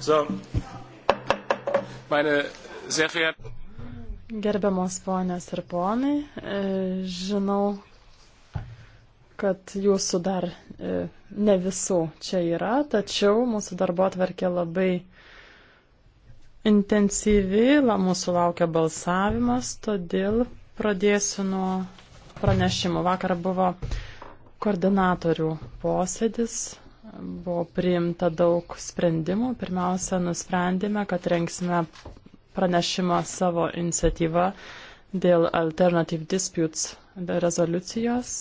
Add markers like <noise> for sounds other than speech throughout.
So, meine sehr verehrten. Gerbiamos ponės ir ponai, e, žinau, kad jūsų dar e, ne visų čia yra, tačiau mūsų darbo atverkė labai intensyvi, mūsų laukia balsavimas, todėl pradėsiu nuo pranešimų. Vakar buvo koordinatorių posėdis, buvo priimta daug sprendimų. Pirmiausia, nusprendėme, kad renksime pranešimą savo iniciatyvą dėl Alternative Disputes rezoliucijos.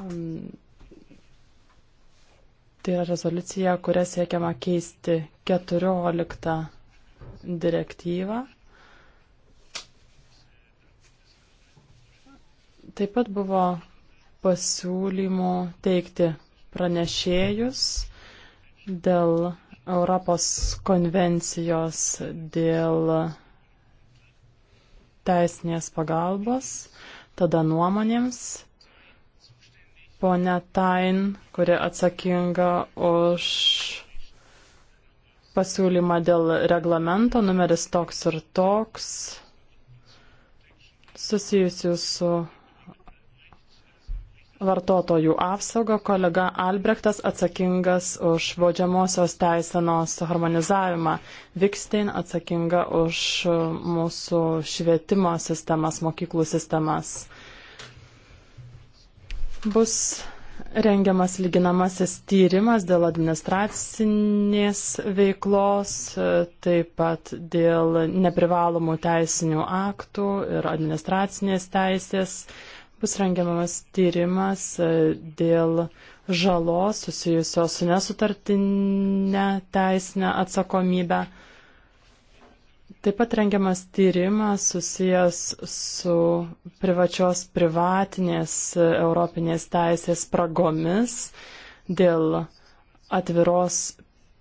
Um, tai yra rezoliucija, kuria siekiama keisti 14 direktyvą. Taip pat buvo pasiūlymų teikti pranešėjus dėl Europos konvencijos dėl teisinės pagalbos, tada nuomonėms. Pone Tain, kuri atsakinga už pasiūlymą dėl reglamento numeris toks ir toks, susijusių su vartotojų apsaugą, kolega Albrechtas atsakingas už baudžiamosios teisenos harmonizavimą, Vikstein atsakinga už mūsų švietimo sistemas, mokyklų sistemas. Bus rengiamas lyginamasis tyrimas dėl administracinės veiklos, taip pat dėl neprivalomų teisinių aktų ir administracinės teisės bus rengiamas tyrimas e, dėl žalos susijusios su nesutartinė teisinė atsakomybė. Taip pat rengiamas tyrimas susijęs su privačios privatinės e, europinės teisės spragomis dėl atviros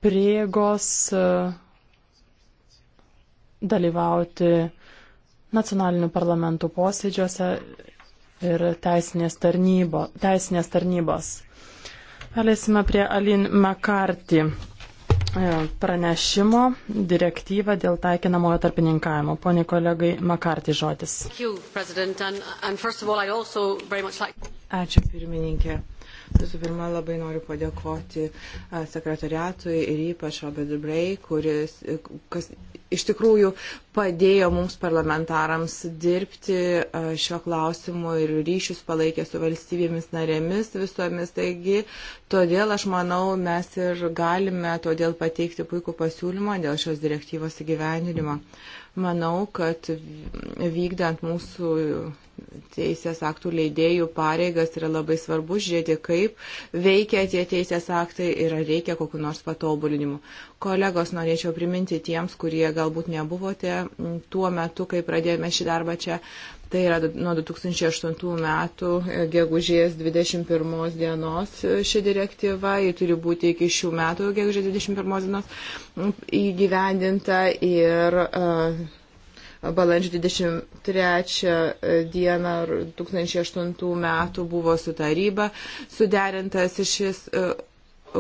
prieigos e, dalyvauti nacionalinių parlamentų posėdžiuose ir teisinės, tarnybo, teisinės tarnybos. Galėsime prie Alin McCarthy e, pranešimo direktyvą dėl taikinamojo tarpininkavimo. Pone kolegai McCarthy žodis. Ačiū, pirmininkė. Visų pirma, labai noriu padėkoti sekretariatui ir ypač Robert Brei, kuris kas, iš tikrųjų padėjo mums parlamentarams dirbti šio klausimu ir ryšius palaikė su valstybėmis narėmis visomis. Taigi, todėl aš manau, mes ir galime todėl pateikti puikų pasiūlymą dėl šios direktyvos įgyvendinimo. Mm. Manau, kad vykdant mūsų teisės aktų leidėjų pareigas yra labai svarbu žiūrėti, kaip veikia tie teisės aktai ir ar reikia kokiu nors patobulinimu. Kolegos, norėčiau priminti tiems, kurie galbūt nebuvote tuo metu, kai pradėjome šį darbą čia, Tai yra nuo 2008 metų e, gegužės 21 dienos e, ši direktyva, ji turi būti iki šių metų gegužės 21 dienos įgyvendinta ir e, balandžio 23 dieną 2008 metų buvo su taryba suderintas šis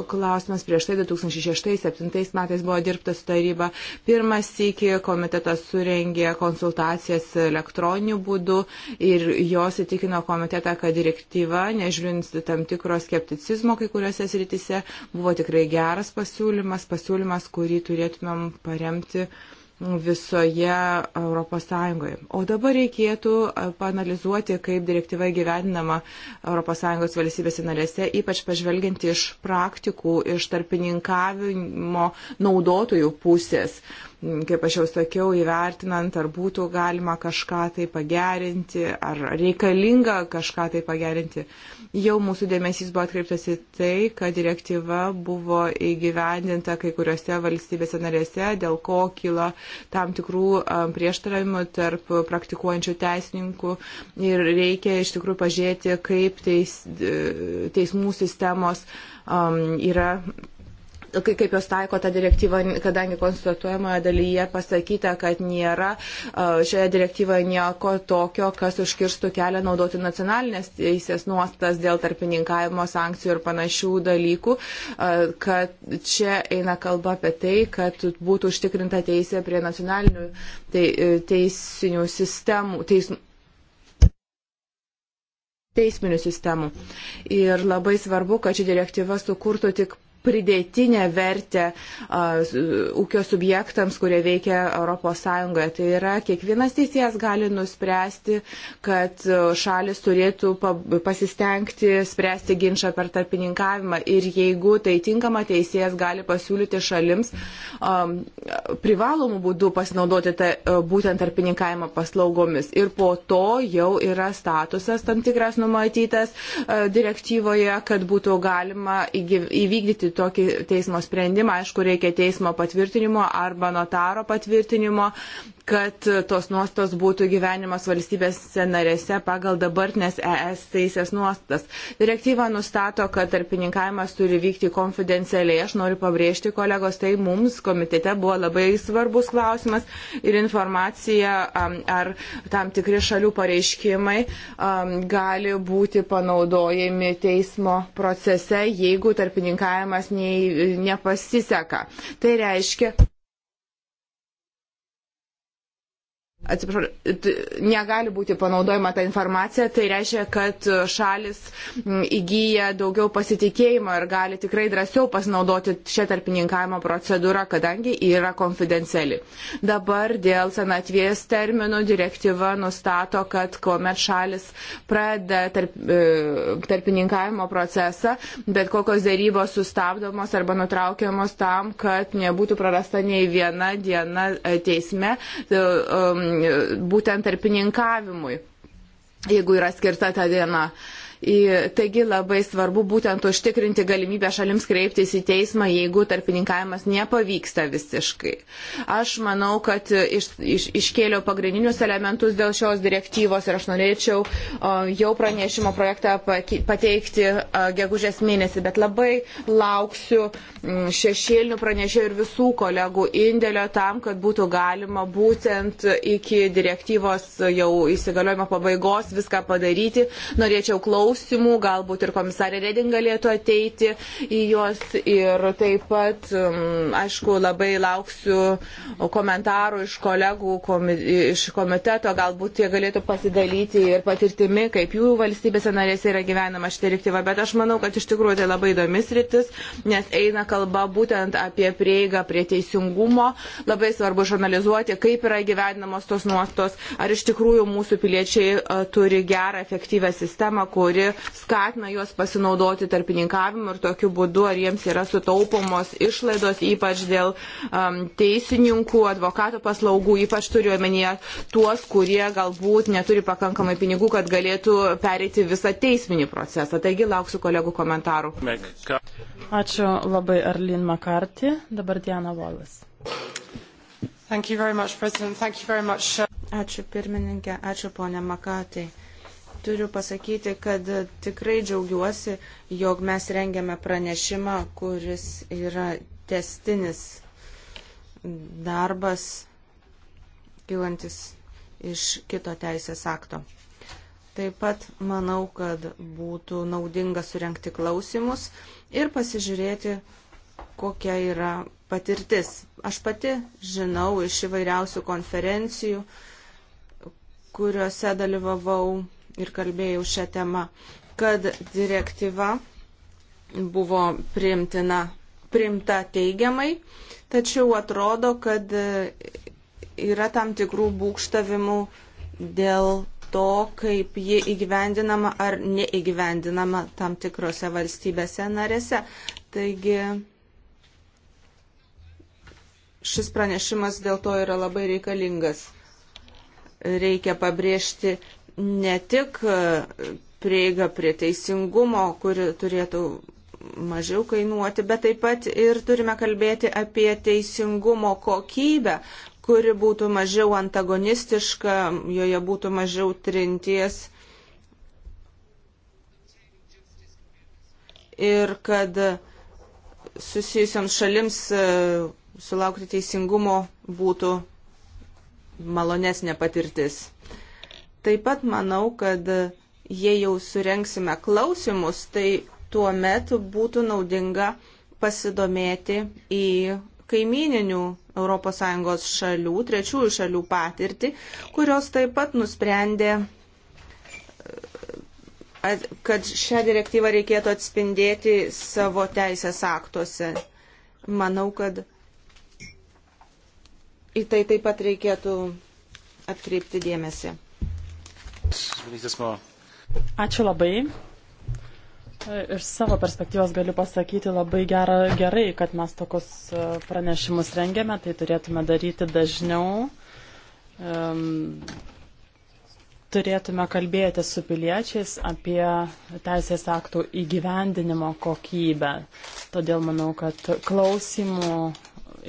klausimas. Prieš tai 2006-2007 metais buvo dirbta su taryba. Pirmas iki komitetas surengė konsultacijas elektroniniu būdu ir jos įtikino komitetą, kad direktyva, nežiūrint tam tikro skepticizmo kai kuriuose srityse, buvo tikrai geras pasiūlymas, pasiūlymas, kurį turėtumėm paremti. Uh, visoje ES. O dabar reikėtų panalizuoti, kaip direktyva gyveninama ES valstybėse narėse, ypač pažvelgiant iš praktikų, iš tarpininkavimo naudotojų pusės. Uh, Mm, kaip aš jau sakiau, įvertinant, ar būtų galima kažką tai pagerinti, ar reikalinga kažką tai pagerinti. Jau mūsų dėmesys buvo atkreiptas į tai, kad direktyva buvo įgyvendinta kai kuriuose valstybėse narėse, dėl ko kilo tam tikrų um, prieštaravimų tarp praktikuojančių teisininkų ir reikia iš tikrųjų pažiūrėti, kaip teis, e, teismų sistemos um, yra kaip jos taiko tą direktyvą, kadangi konstatuojamoje dalyje pasakyta, kad nėra šioje direktyvoje nieko tokio, kas užkirstų kelią naudoti nacionalinės teisės nuostas dėl tarpininkavimo sankcijų ir panašių dalykų, kad čia eina kalba apie tai, kad būtų užtikrinta teisė prie nacionalinių e, teisinių sistemų. Teis, teisminių sistemų. Ir labai svarbu, kad ši direktyva sukurtų tik pridėtinę vertę ūkio subjektams, kurie veikia ES. Tai yra, kiekvienas teisėjas gali nuspręsti, kad e, šalis turėtų pasistengti spręsti ginčą per tarpininkavimą ir jeigu tai tinkama, teisėjas gali pasiūlyti šalims privalomų būdų pasinaudoti ta, e, būtent tarpininkavimo paslaugomis. Ir po to jau yra statusas tam tikras numatytas e, direktyvoje, kad būtų galima įvykdyti tokį teismo sprendimą, aišku, reikia teismo patvirtinimo arba notaro patvirtinimo, kad tos nuostos būtų gyvenimas valstybės scenarėse pagal dabartinės ES teisės nuostas. Direktyva nustato, kad tarpininkavimas turi vykti konfidencialiai. Aš noriu pabrėžti, kolegos, tai mums komitete buvo labai svarbus klausimas ir informacija, ar tam tikri šalių pareiškimai gali būti panaudojami teismo procese, jeigu tarpininkavimas nes nei, nepasiseka. Tai reiškia, atsiprašau, negali būti panaudojama ta informacija, tai reiškia, kad šalis įgyja daugiau pasitikėjimo ir gali tikrai drąsiau pasinaudoti šią tarpininkavimo procedūrą, kadangi yra konfidenciali. Dabar dėl senatvės terminų direktyva nustato, kad kuomet šalis pradeda tarp, e, tarpininkavimo procesą, bet kokios dėrybos sustabdomos arba nutraukiamos tam, kad nebūtų prarasta nei viena diena e, teisme. Tai, um, būtent tarpininkavimui, jeigu yra skirta ta diena. Uh, Taigi labai svarbu būtent užtikrinti galimybę šalims kreiptis į teismą, jeigu tarpininkavimas nepavyksta visiškai. Aš manau, kad iš, iš, iškėliau pagrindinius elementus dėl šios direktyvos ir aš norėčiau o, jau pranešimo projektą pateikti o, gegužės mėnesį, bet labai lauksiu šešėlinių pranešėjų ir visų kolegų indėlio tam, kad būtų galima būtent iki direktyvos jau įsigaliojimo pabaigos viską padaryti. Norėčiau klausyti klausimų, galbūt ir komisarė Reding galėtų ateiti į juos. Ir taip pat, um, aišku, labai lauksiu komentarų iš kolegų iš komiteto, galbūt jie galėtų pasidalyti ir patirtimi, kaip jų valstybėse narėse yra gyvenama ši direktyva. Bet aš manau, kad iš tikrųjų tai labai įdomis rytis, nes eina kalba būtent apie prieigą prie teisingumo. Labai svarbu išanalizuoti, kaip yra gyvenamos tos nuostos, ar iš tikrųjų mūsų piliečiai e, turi gerą, efektyvę sistemą, kuri kuri skatina juos pasinaudoti tarpininkavimu ir tokiu būdu, ar jiems yra sutaupomos išlaidos, ypač dėl um, teisininkų, advokato paslaugų, ypač turiu omenyje tuos, kurie galbūt neturi pakankamai pinigų, kad galėtų pereiti visą teisminį procesą. Taigi lauksiu kolegų komentarų. Ačiū labai Arlin Makarti, dabar Diana Volas. Much, uh, Ačiū pirmininkė, ačiū ponė Makatai. Turiu pasakyti, kad tikrai džiaugiuosi, jog mes rengiame pranešimą, kuris yra testinis darbas kilantis iš kito teisės akto. Taip pat manau, kad būtų naudinga surenkti klausimus ir pasižiūrėti, kokia yra patirtis. Aš pati žinau iš įvairiausių konferencijų, kuriuose dalyvavau ir kalbėjau šią temą, kad direktyva buvo priimtina, priimta teigiamai, tačiau atrodo, kad yra tam tikrų būkštavimų dėl to, kaip ji įgyvendinama ar neįgyvendinama tam tikrose valstybėse narėse. Taigi šis pranešimas dėl to yra labai reikalingas. Reikia pabrėžti ne tik e, prieiga prie teisingumo, kuri turėtų mažiau kainuoti, bet taip pat ir turime kalbėti apie teisingumo kokybę, kuri būtų mažiau antagonistiška, joje būtų mažiau trinties. Ir kad susijusiams šalims e, sulaukti teisingumo būtų malonesnė patirtis. Taip pat manau, kad jei jau surenksime klausimus, tai tuo metu būtų naudinga pasidomėti į kaimininių ES šalių, trečiųjų šalių patirtį, kurios taip pat nusprendė, eh, kad šią direktyvą reikėtų atspindėti savo teisės aktuose. Manau, kad į tai taip pat reikėtų atkreipti dėmesį. Ačiū labai. Iš savo perspektyvos galiu pasakyti labai gerą, gerai, kad mes tokius e, pranešimus rengiame, tai turėtume daryti dažniau. Um, turėtume kalbėti su piliečiais apie teisės aktų įgyvendinimo kokybę. Todėl manau, kad klausimų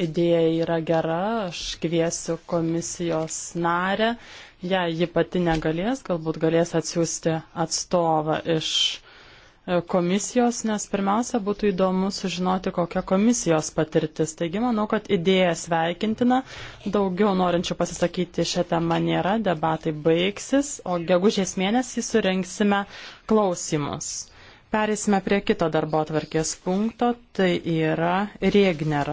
idėja yra gera. Aš kviesiu komisijos narę Jei ji pati negalės, galbūt galės atsiųsti atstovą iš e, komisijos, nes pirmiausia būtų įdomu sužinoti, kokia komisijos patirtis. Taigi manau, kad idėja sveikintina, daugiau norinčių pasisakyti šią temą nėra, debatai baigsis, o gegužės mėnesį surenksime klausimus. Perėsime prie kito darbo atvarkės punkto, tai yra Riegner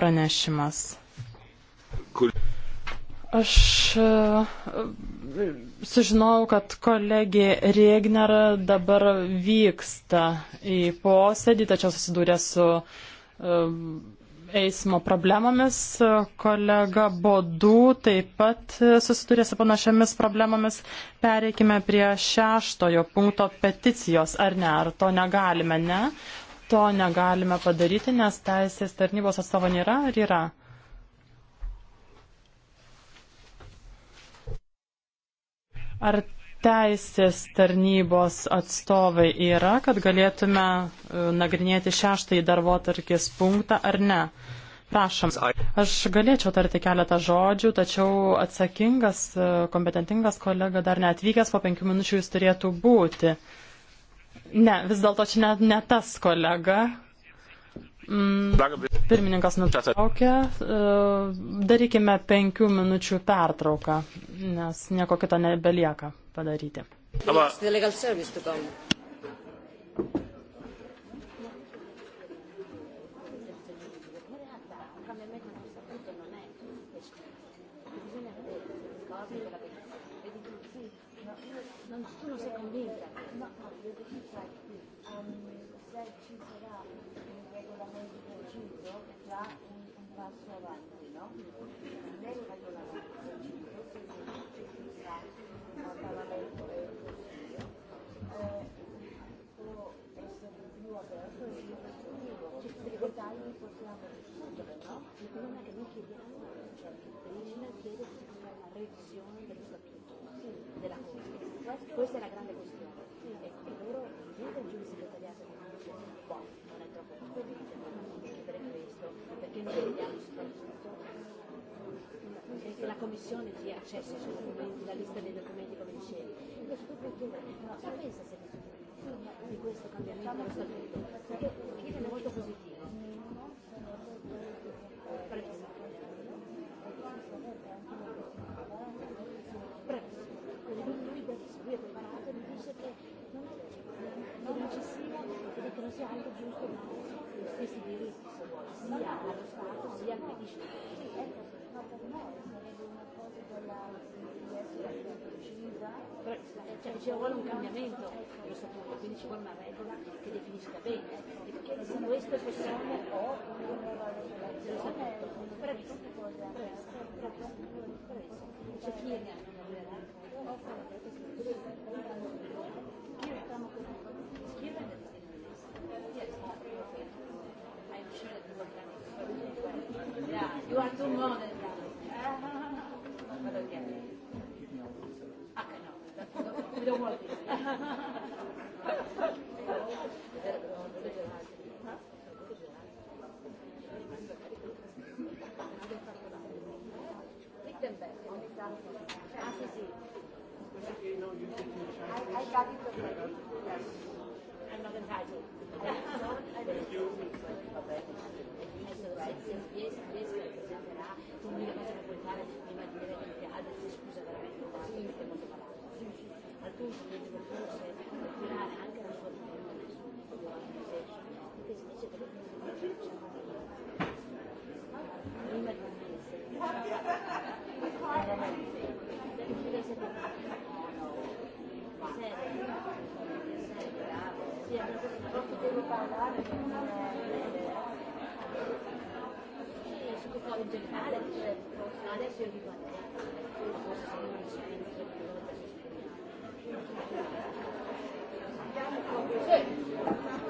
pranešimas. Kur? Aš e, sužinojau, kad kolegė Riegnera dabar vyksta į posėdį, tačiau susidūrė su e, eismo problemomis. Kolega Bodų taip pat susidūrė su panašiamis problemomis. Pereikime prie šeštojo punkto peticijos, ar ne, ar to negalime, ne? To negalime padaryti, nes teisės tarnybos atstovo nėra, ar yra? Ar teisės tarnybos atstovai yra, kad galėtume e, nagrinėti šeštąjį darbo tarkės punktą ar ne? Prašom. Aš galėčiau tarti keletą žodžių, tačiau atsakingas, e, kompetentingas kolega dar neatvykęs, po penkių minučių jis turėtų būti. Ne, vis dėlto čia net ne tas kolega, Pirmininkas nutraukė, e, darykime penkių minučių pertrauką, nes nieko kito nebelieka padaryti. Aber, Questa è la grande questione. E loro chiede il giudice di tagliare con un giudice, boh, non è troppo così, non si chiedere questo, perché noi vediamo soprattutto che la commissione dia accesso ai documenti, la lista dei documenti come dicevi. Invece tu puoi chiedere, però cosa pensa se di questo cambiamento dello statuto? Perché è molto positivo. c'è vuole un cambiamento dello statuto, quindi ci vuole una regola che definisca bene, perché se questo possiamo o oh, dello statuto, previsto, previsto, previsto, c'è chi è Yeah, you are too modern. Eh? Okay we don't want this. Take them back and example. Ah, sì, sì. I, I got it already. Yes. I'm not entitled. Thank you. Yes, yes, yes, yes, yes, yes, yes, yes, yes, yes, yes, yes, yes, yes, adesso io dico a te, forse sono un incidente. Thank you.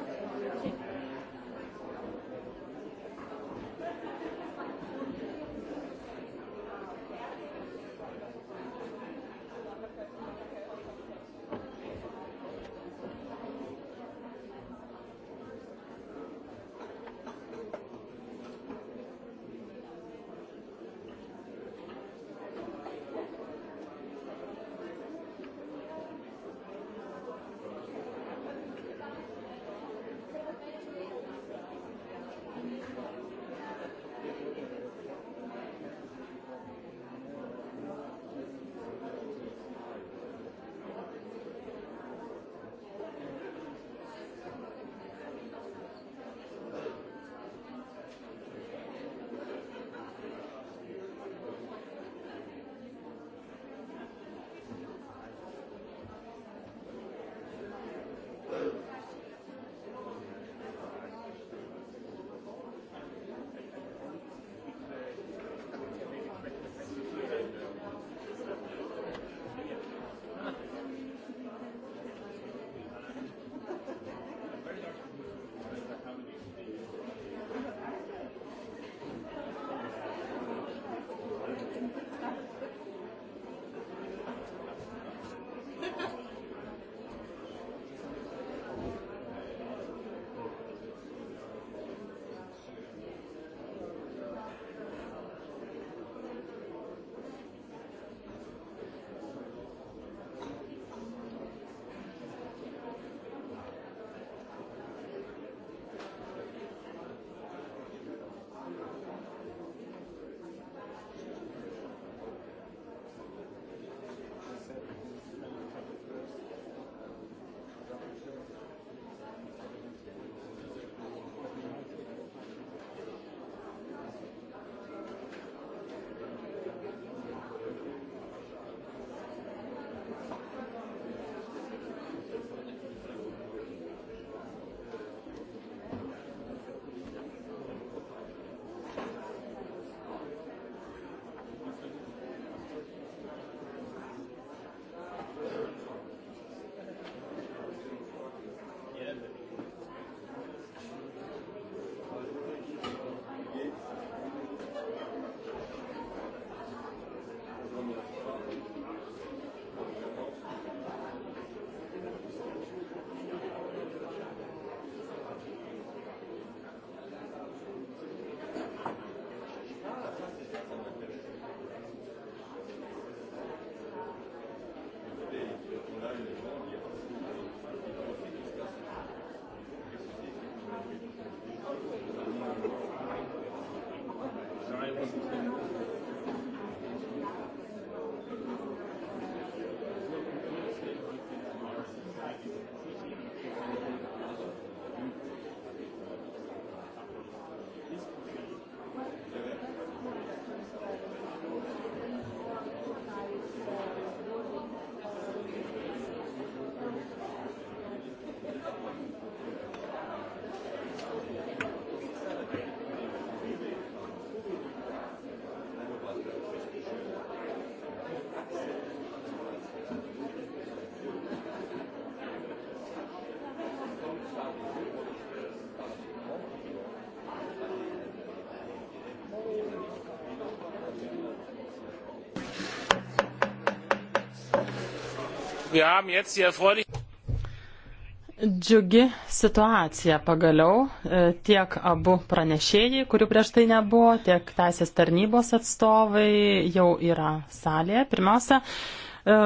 Džiugi situacija pagaliau e, tiek abu pranešėjai, kurių prieš tai nebuvo, tiek teisės tarnybos atstovai jau yra salėje. Pirmiausia, e,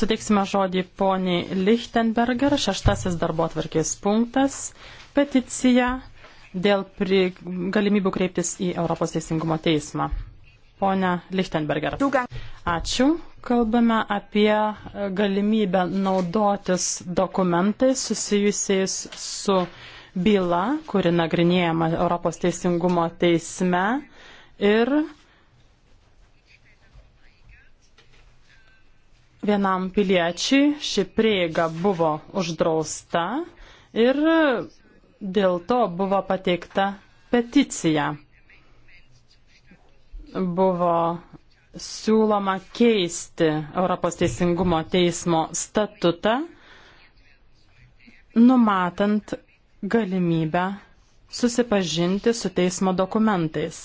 suteiksime žodį poniai Lichtenberger, šeštasis darbo atvarkės punktas, peticija dėl pri, galimybių kreiptis į Europos Teisingumo teismą. Pone Lichtenberger. Ačiū. Kalbame apie e, galimybę naudotis dokumentais susijusiais su byla, kuri nagrinėjama Europos teisingumo teisme ir vienam piliečiui ši prieiga buvo uždrausta ir dėl to buvo pateikta peticija. Buvo siūloma keisti Europos teisingumo teismo statutą, numatant galimybę susipažinti su teismo dokumentais.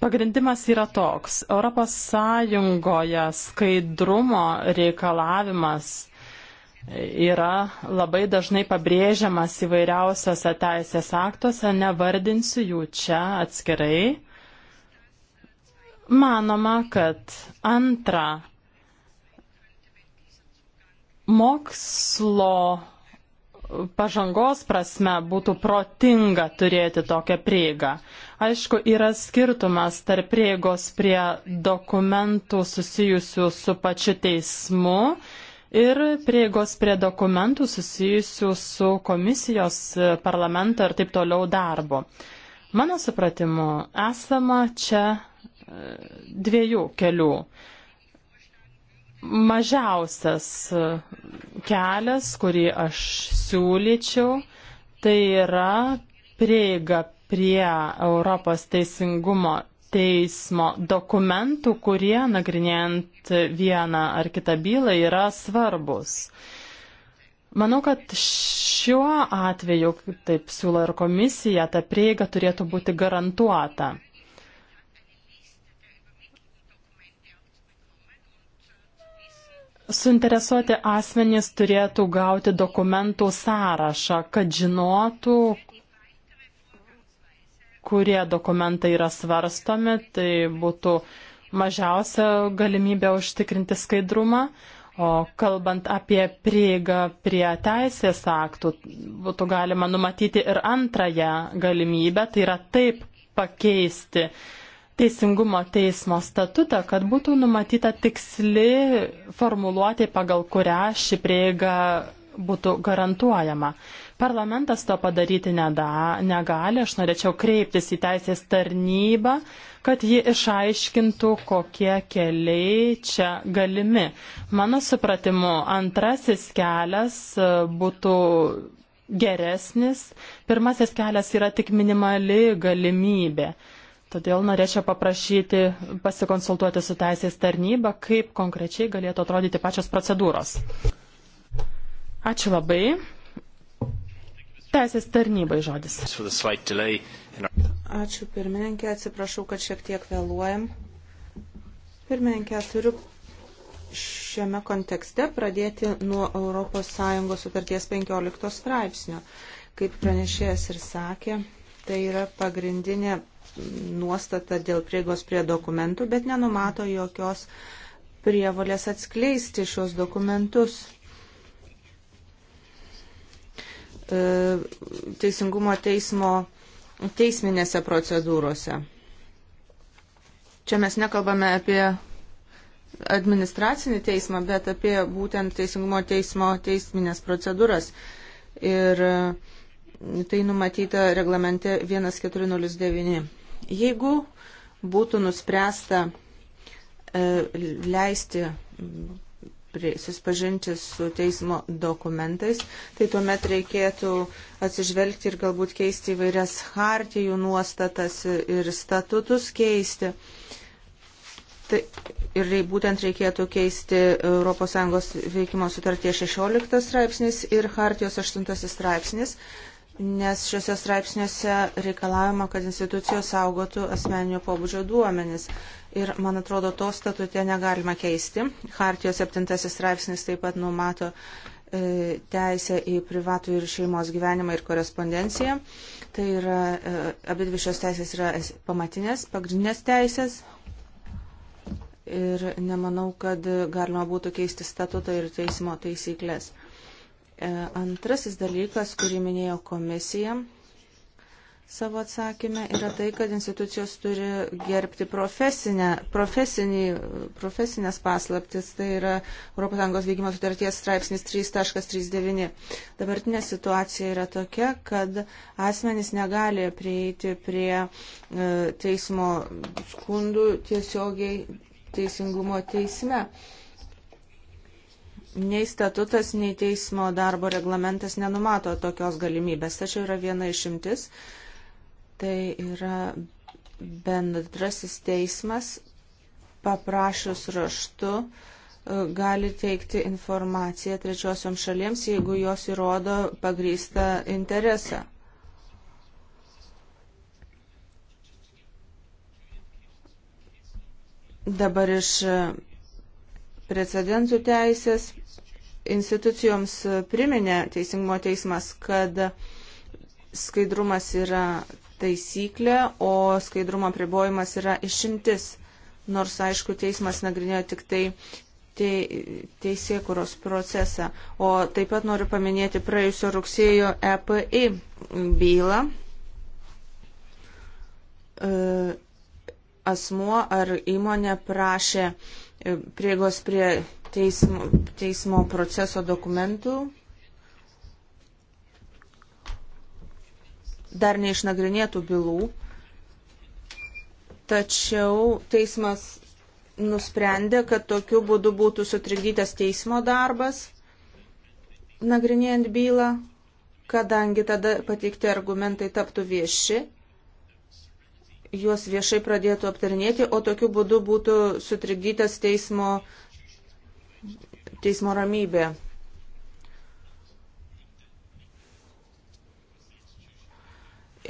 Pagrindimas yra toks. Europos Sąjungoje skaidrumo reikalavimas yra labai dažnai pabrėžiamas įvairiausiose teisės aktuose, nevardinsiu jų čia atskirai. Manoma, kad antra mokslo pažangos prasme būtų protinga turėti tokią prieigą. Aišku, yra skirtumas tarp prieigos prie dokumentų susijusių su pačiu teismu ir prieigos prie dokumentų susijusių su komisijos parlamento ir taip toliau darbu. Mano supratimu, esama čia dviejų kelių. Mažiausias kelias, kurį aš siūlyčiau, tai yra prieiga prie Europos teisingumo teismo dokumentų, kurie nagrinėjant vieną ar kitą bylą yra svarbus. Manau, kad šiuo atveju, taip siūlo ir komisija, ta prieiga turėtų būti garantuota. Suinteresuoti asmenys turėtų gauti dokumentų sąrašą, kad žinotų, kurie dokumentai yra svarstomi, tai būtų mažiausia galimybė užtikrinti skaidrumą. O kalbant apie prieigą prie teisės aktų, būtų galima numatyti ir antrąją galimybę, tai yra taip pakeisti uh, Teisingumo teismo statutą, kad būtų numatyta tiksli formuluotė, pagal kurią ši prieiga būtų garantuojama. Parlamentas to padaryti neda, negali, aš norėčiau kreiptis į teisės tarnybą, kad ji išaiškintų, kokie keliai čia galimi. Mano supratimu, antrasis kelias e, būtų geresnis, pirmasis kelias yra tik minimali galimybė. Todėl norėčiau paprašyti pasikonsultuoti su teisės tarnyba, kaip konkrečiai galėtų atrodyti pačios procedūros. Ačiū labai. Teisės tarnybai žodis. Ačiū pirmininkė, atsiprašau, kad šiek tiek vėluojam. Pirmininkė, turiu šiame kontekste pradėti nuo ES sutarties 15 straipsnio. Kaip pranešėjas ir sakė, tai yra pagrindinė nuostata dėl prieigos prie dokumentų, bet nenumato jokios prievalės atskleisti šios dokumentus. E, teisingumo teismo teisminėse procedūrose. Čia mes nekalbame apie administracinį teismą, bet apie būtent teisingumo teismo teisminės procedūras. Ir tai numatyta reglamente 1409. Jeigu būtų nuspręsta e, leisti susipažinti su teismo dokumentais, tai tuomet reikėtų atsižvelgti ir galbūt keisti įvairias hartijų nuostatas ir statutus keisti. Tai, ir būtent reikėtų keisti ES veikimo sutarties 16 straipsnis ir hartijos 8 straipsnis nes šiuose straipsniuose reikalavimo, kad institucijos saugotų asmeninio pobūdžio duomenis. Ir, man atrodo, to statute negalima keisti. Hartijos septintasis straipsnis taip pat numato e, teisę į privatų ir šeimos gyvenimą ir korespondenciją. Tai yra, e, abi dvi šios teisės yra pamatinės, pagrindinės teisės. Ir nemanau, kad galima būtų keisti statutą ir teismo taisyklės. E, antrasis dalykas, kurį minėjo komisija savo atsakymę, yra tai, kad institucijos turi gerbti profesinės paslaptis, tai yra ES veikimo sutarties straipsnis 3.39. Dabartinė situacija yra tokia, kad asmenys negali prieiti prie e, teismo skundų tiesiogiai teisingumo teisme. Nei statutas, nei teismo darbo reglamentas nenumato tokios galimybės, tačiau yra viena išimtis. Tai yra bendrasis teismas paprašus raštu e, gali teikti informaciją trečiosiom šalims, jeigu jos įrodo pagrįstą interesą. Dabar iš e, precedentų teisės institucijoms priminė Teisingumo teismas, kad skaidrumas yra taisyklė, o skaidrumo pribojimas yra išimtis. Nors, aišku, teismas nagrinėjo tik tai te, teisėkuros procesą. O taip pat noriu paminėti praėjusio rugsėjo EPI bylą. E, asmuo ar įmonė prašė e, prieigos prie teismo, teismo proceso dokumentų dar neišnagrinėtų bylų, tačiau teismas nusprendė, kad tokiu būdu būtų sutrikdytas teismo darbas nagrinėjant bylą, kadangi tada pateikti argumentai taptų vieši, juos viešai pradėtų aptarinėti, o tokiu būdu būtų sutrikdytas teismo teismo ramybė.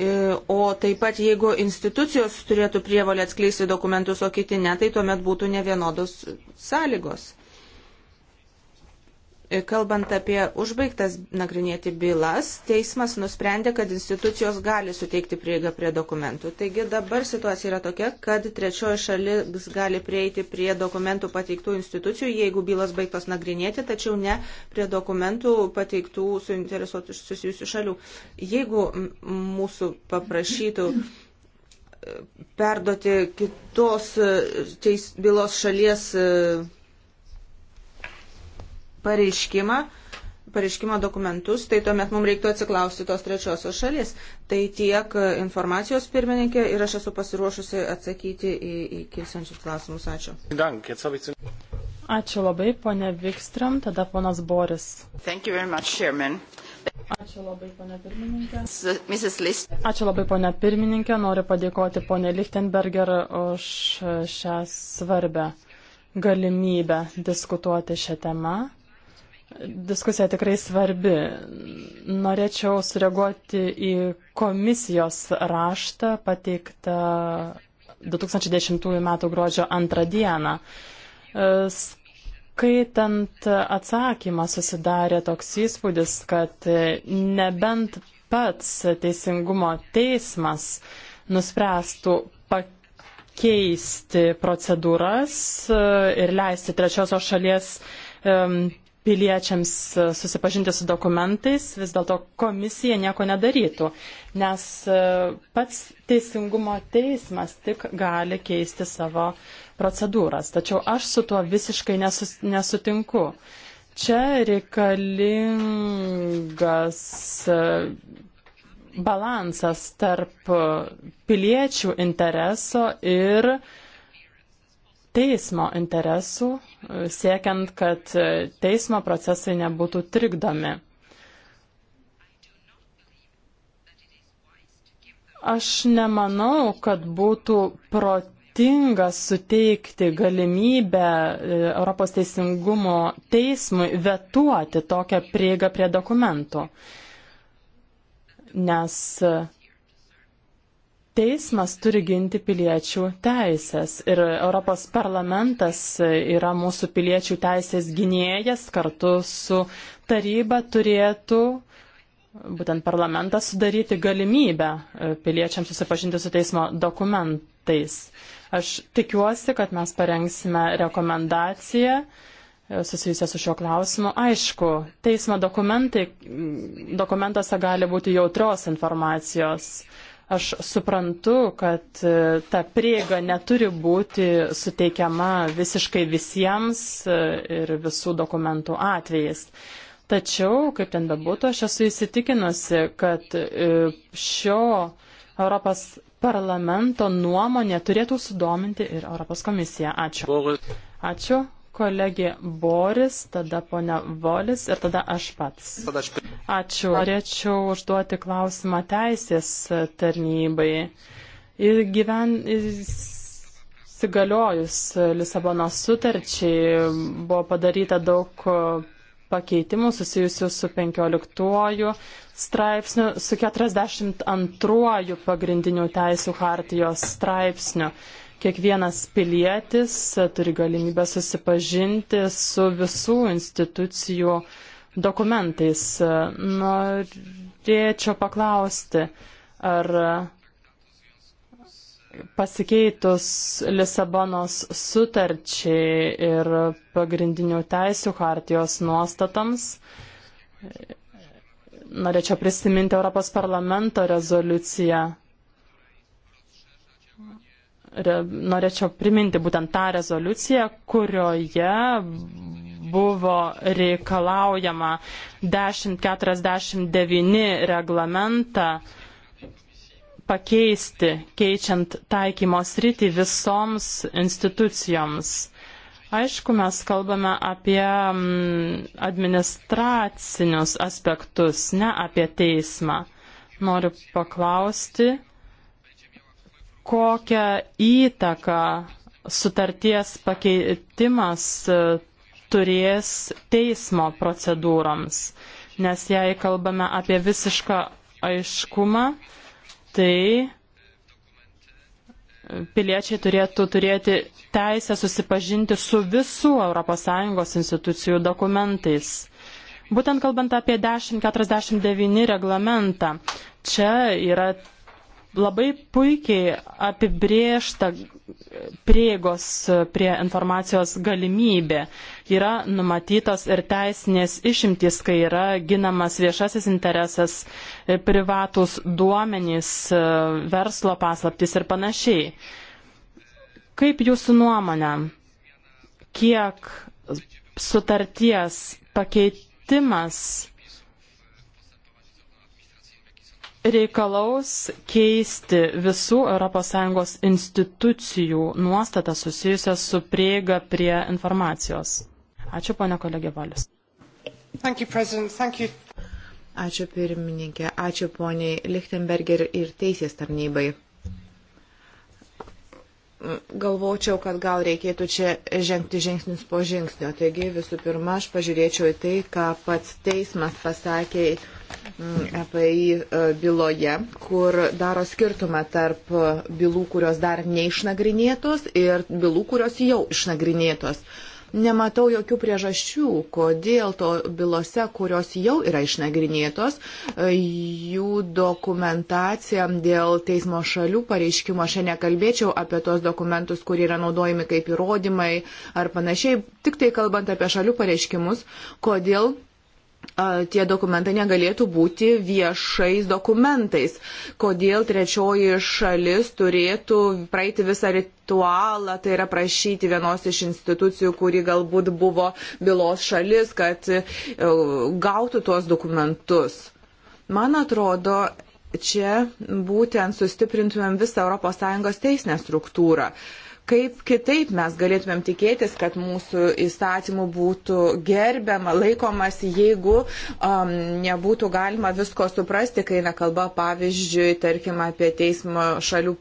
E, o taip pat, jeigu institucijos turėtų prievalę atskleisti dokumentus, o kiti ne, tai tuomet būtų nevienodos sąlygos. Kalbant apie užbaigtas nagrinėti bylas, teismas nusprendė, kad institucijos gali suteikti prieigą prie dokumentų. Taigi dabar situacija yra tokia, kad trečioji šalis gali prieiti prie dokumentų pateiktų institucijų, jeigu bylas baigtos nagrinėti, tačiau ne prie dokumentų pateiktų suinteresuotų susijusių šalių. Jeigu mūsų paprašytų e, perduoti kitos e, teis, bylos šalies e, pareiškimą, pareiškimo dokumentus, tai tuomet mums reiktų atsiklausti tos trečiosios šalies. Tai tiek e, informacijos pirmininkė ir aš esu pasiruošusi atsakyti į, į kilsiančius klausimus. Ačiū. Ačiū labai, ponė Vikstram, tada ponas Boris. Much, chairman. Ačiū labai, ponė pirmininkė. Ačiū labai, ponė pirmininkė. Noriu padėkoti ponė Lichtenberger už šią svarbę galimybę diskutuoti šią temą. Diskusija tikrai svarbi. Norėčiau sureaguoti į komisijos raštą pateiktą 2010 m. gruodžio 2 d. E, skaitant atsakymą susidarė toks įspūdis, kad nebent pats teisingumo teismas nuspręstų pakeisti procedūras e, ir leisti trečiosios šalies piliečiams e, susipažinti su dokumentais, vis dėlto komisija nieko nedarytų, nes e, pats teisingumo teismas tik gali keisti savo procedūras. Tačiau aš su tuo visiškai nesus, nesutinku. Čia reikalingas e, balansas tarp piliečių intereso ir uh, teismo interesų, e, siekiant, kad e, teismo procesai nebūtų trikdomi. Aš nemanau, kad būtų protinga suteikti galimybę e, Europos teisingumo teismui vetuoti tokią prieigą prie dokumentų, nes Teismas turi ginti piliečių teisės ir Europos parlamentas yra mūsų piliečių teisės gynėjas kartu su taryba turėtų, būtent parlamentas, sudaryti galimybę e, piliečiams susipažinti su teismo dokumentais. Aš tikiuosi, kad mes parengsime rekomendaciją e, susijusią su šiuo klausimu. Aišku, teismo dokumentuose gali būti jautrios informacijos Aš suprantu, kad e, ta prieiga neturi būti suteikiama visiškai visiems e, ir visų dokumentų atvejais. Tačiau, kaip ten bebūtų, aš esu įsitikinusi, kad e, šio Europos parlamento nuomonė turėtų sudominti ir Europos komisiją. Ačiū. Ačiū, kolegė Boris, tada ponia Volis ir tada aš pats. Ačiū. Norėčiau užduoti klausimą teisės tarnybai. Ir gyven, įsigaliojus Lisabonos sutarčiai buvo padaryta daug pakeitimų susijusių su 15 straipsniu, su 42 pagrindinių teisų hartijos straipsniu. Kiekvienas pilietis turi galimybę susipažinti su visų institucijų dokumentais. Norėčiau paklausti, ar pasikeitus Lisabonos sutarčiai ir pagrindinių teisių hartijos nuostatams, norėčiau prisiminti Europos parlamento rezoliuciją norėčiau priminti būtent tą rezoliuciją, kurioje buvo reikalaujama 1049 reglamentą pakeisti, keičiant taikymo sritį visoms institucijoms. Aišku, mes kalbame apie mm, administracinius aspektus, ne apie teismą. Noriu paklausti, kokią įtaką sutarties pakeitimas e, turės teismo procedūroms. Nes jei kalbame apie visišką aiškumą, tai piliečiai turėtų turėti teisę susipažinti su visų ES institucijų dokumentais. Būtent kalbant apie 1049 reglamentą, čia yra labai puikiai apibriešta prieigos prie informacijos galimybė. Yra numatytos ir teisinės išimtys, kai yra ginamas viešasis interesas, e, privatus duomenys, e, verslo paslaptys ir panašiai. Kaip jūsų nuomonė, kiek sutarties pakeitimas reikalaus keisti visų ES institucijų nuostatą susijusią su prieiga prie informacijos. Ačiū, ponia kolegė Valius. Ačiū pirmininkė, ačiū poniai Lichtenberger ir teisės tarnybai galvočiau, kad gal reikėtų čia žengti žingsnis po žingsnio. Taigi visų pirma, aš pažiūrėčiau į tai, ką pats teismas pasakė API mm, e, byloje, kur daro skirtumą tarp e, bylų, kurios dar neišnagrinėtos ir bylų, kurios jau išnagrinėtos. Nematau jokių priežasčių, kodėl to bylose, kurios jau yra išnagrinėtos, e, jų dokumentacija dėl teismo šalių pareiškimo, aš nekalbėčiau apie tos dokumentus, kurie yra naudojami kaip įrodymai ar panašiai, tik tai kalbant apie šalių pareiškimus, kodėl tie dokumentai negalėtų būti viešais dokumentais. Kodėl trečioji šalis turėtų praeiti visą ritualą, tai yra prašyti vienos iš institucijų, kuri galbūt buvo bylos šalis, kad e, gautų tuos dokumentus. Man atrodo, čia būtent sustiprintumėm visą ES teisinę struktūrą. Uh, Kaip kitaip mes galėtumėm tikėtis, kad mūsų įstatymų būtų gerbiama, laikomas, jeigu um, nebūtų galima visko suprasti, kai eina kalba, pavyzdžiui, tarkim, apie teismo šalių,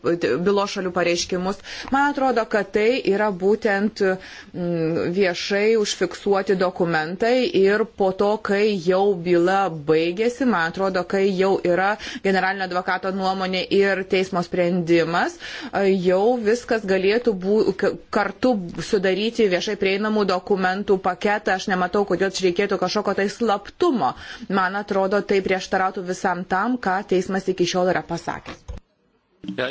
bylo šalių pareiškimus. Man atrodo, kad tai yra būtent mm, viešai užfiksuoti dokumentai ir po to, kai jau byla baigėsi, man atrodo, kai jau yra generalinio advokato nuomonė ir teismo sprendimas, jau viskas galėtų galėtų bū, kartu sudaryti viešai prieinamų dokumentų paketą. Aš nematau, kodėl čia reikėtų kažkokio tai slaptumo. Man atrodo, tai prieštarautų visam tam, ką teismas iki šiol yra pasakęs. Ja,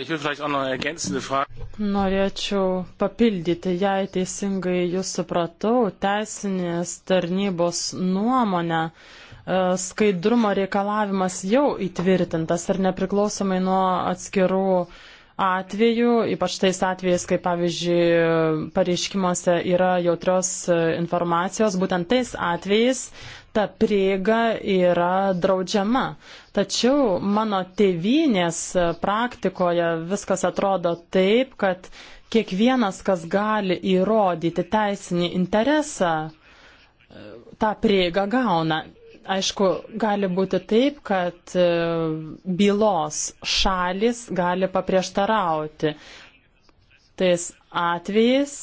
Norėčiau papildyti, jei teisingai jūs supratau, teisinės tarnybos nuomonę e, skaidrumo reikalavimas jau įtvirtintas ir nepriklausomai nuo atskirų uh, atveju, ypač tais atvejais, kai pavyzdžiui pareiškimuose yra jautrios e, informacijos, būtent tais atvejais ta prieiga yra draudžiama. Tačiau mano tėvynės praktikoje viskas atrodo taip, kad kiekvienas, kas gali įrodyti teisinį interesą, e, tą prieigą gauna. Aišku, gali būti taip, kad e, bylos šalis gali paprieštarauti. Tais atvejais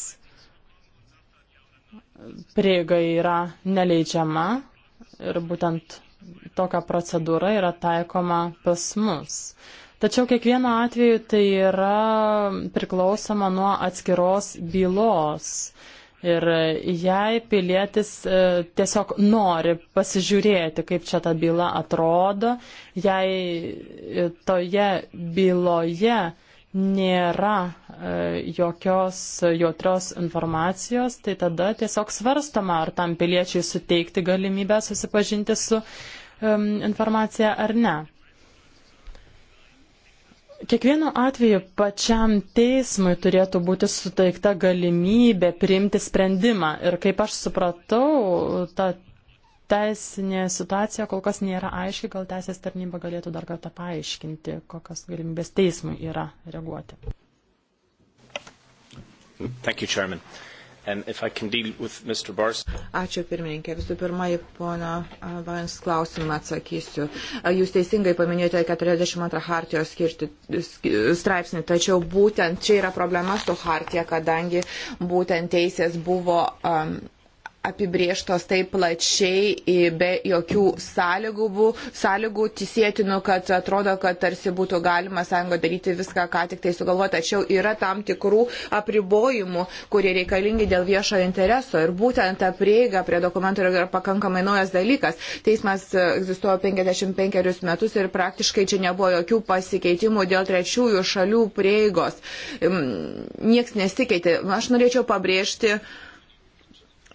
prieiga yra neleidžiama ir būtent tokia procedūra yra taikoma pas mus. Tačiau kiekvieno atveju tai yra priklausoma nuo atskiros bylos. Ir jei pilietis e, tiesiog nori pasižiūrėti, kaip čia ta byla atrodo, jei e, toje byloje nėra e, jokios jautrios informacijos, tai tada tiesiog svarstama, ar tam piliečiui suteikti galimybę susipažinti su um, informacija ar ne. Kiekvienu atveju pačiam teismui turėtų būti suteikta galimybė priimti sprendimą. Ir kaip aš supratau, ta teisinė situacija kol kas nėra aiški, gal teisės tarnyba galėtų dar kartą paaiškinti, kokias galimybės teismui yra reaguoti. Thank you, Chairman. Uh, Ačiū pirmininkė. Visų pirma, į pono Vans klausimą atsakysiu. Jūs teisingai paminėjote 42 hartijos skirti, straipsnį, tačiau būtent čia yra problema su hartija, kadangi būtent teisės buvo. Um, apibrieštos taip plačiai be jokių sąlygų, sąlygų tisėtinų, kad atrodo, kad tarsi būtų galima sąjungo daryti viską, ką tik tai sugalvoti, tačiau yra tam tikrų apribojimų, kurie reikalingi dėl viešo intereso ir būtent ta prieiga prie dokumentų yra pakankamai naujas dalykas. Teismas egzistuoja 55 metus ir praktiškai čia nebuvo jokių pasikeitimų dėl trečiųjų šalių prieigos. Niekas nesikeitė. Aš norėčiau pabrėžti,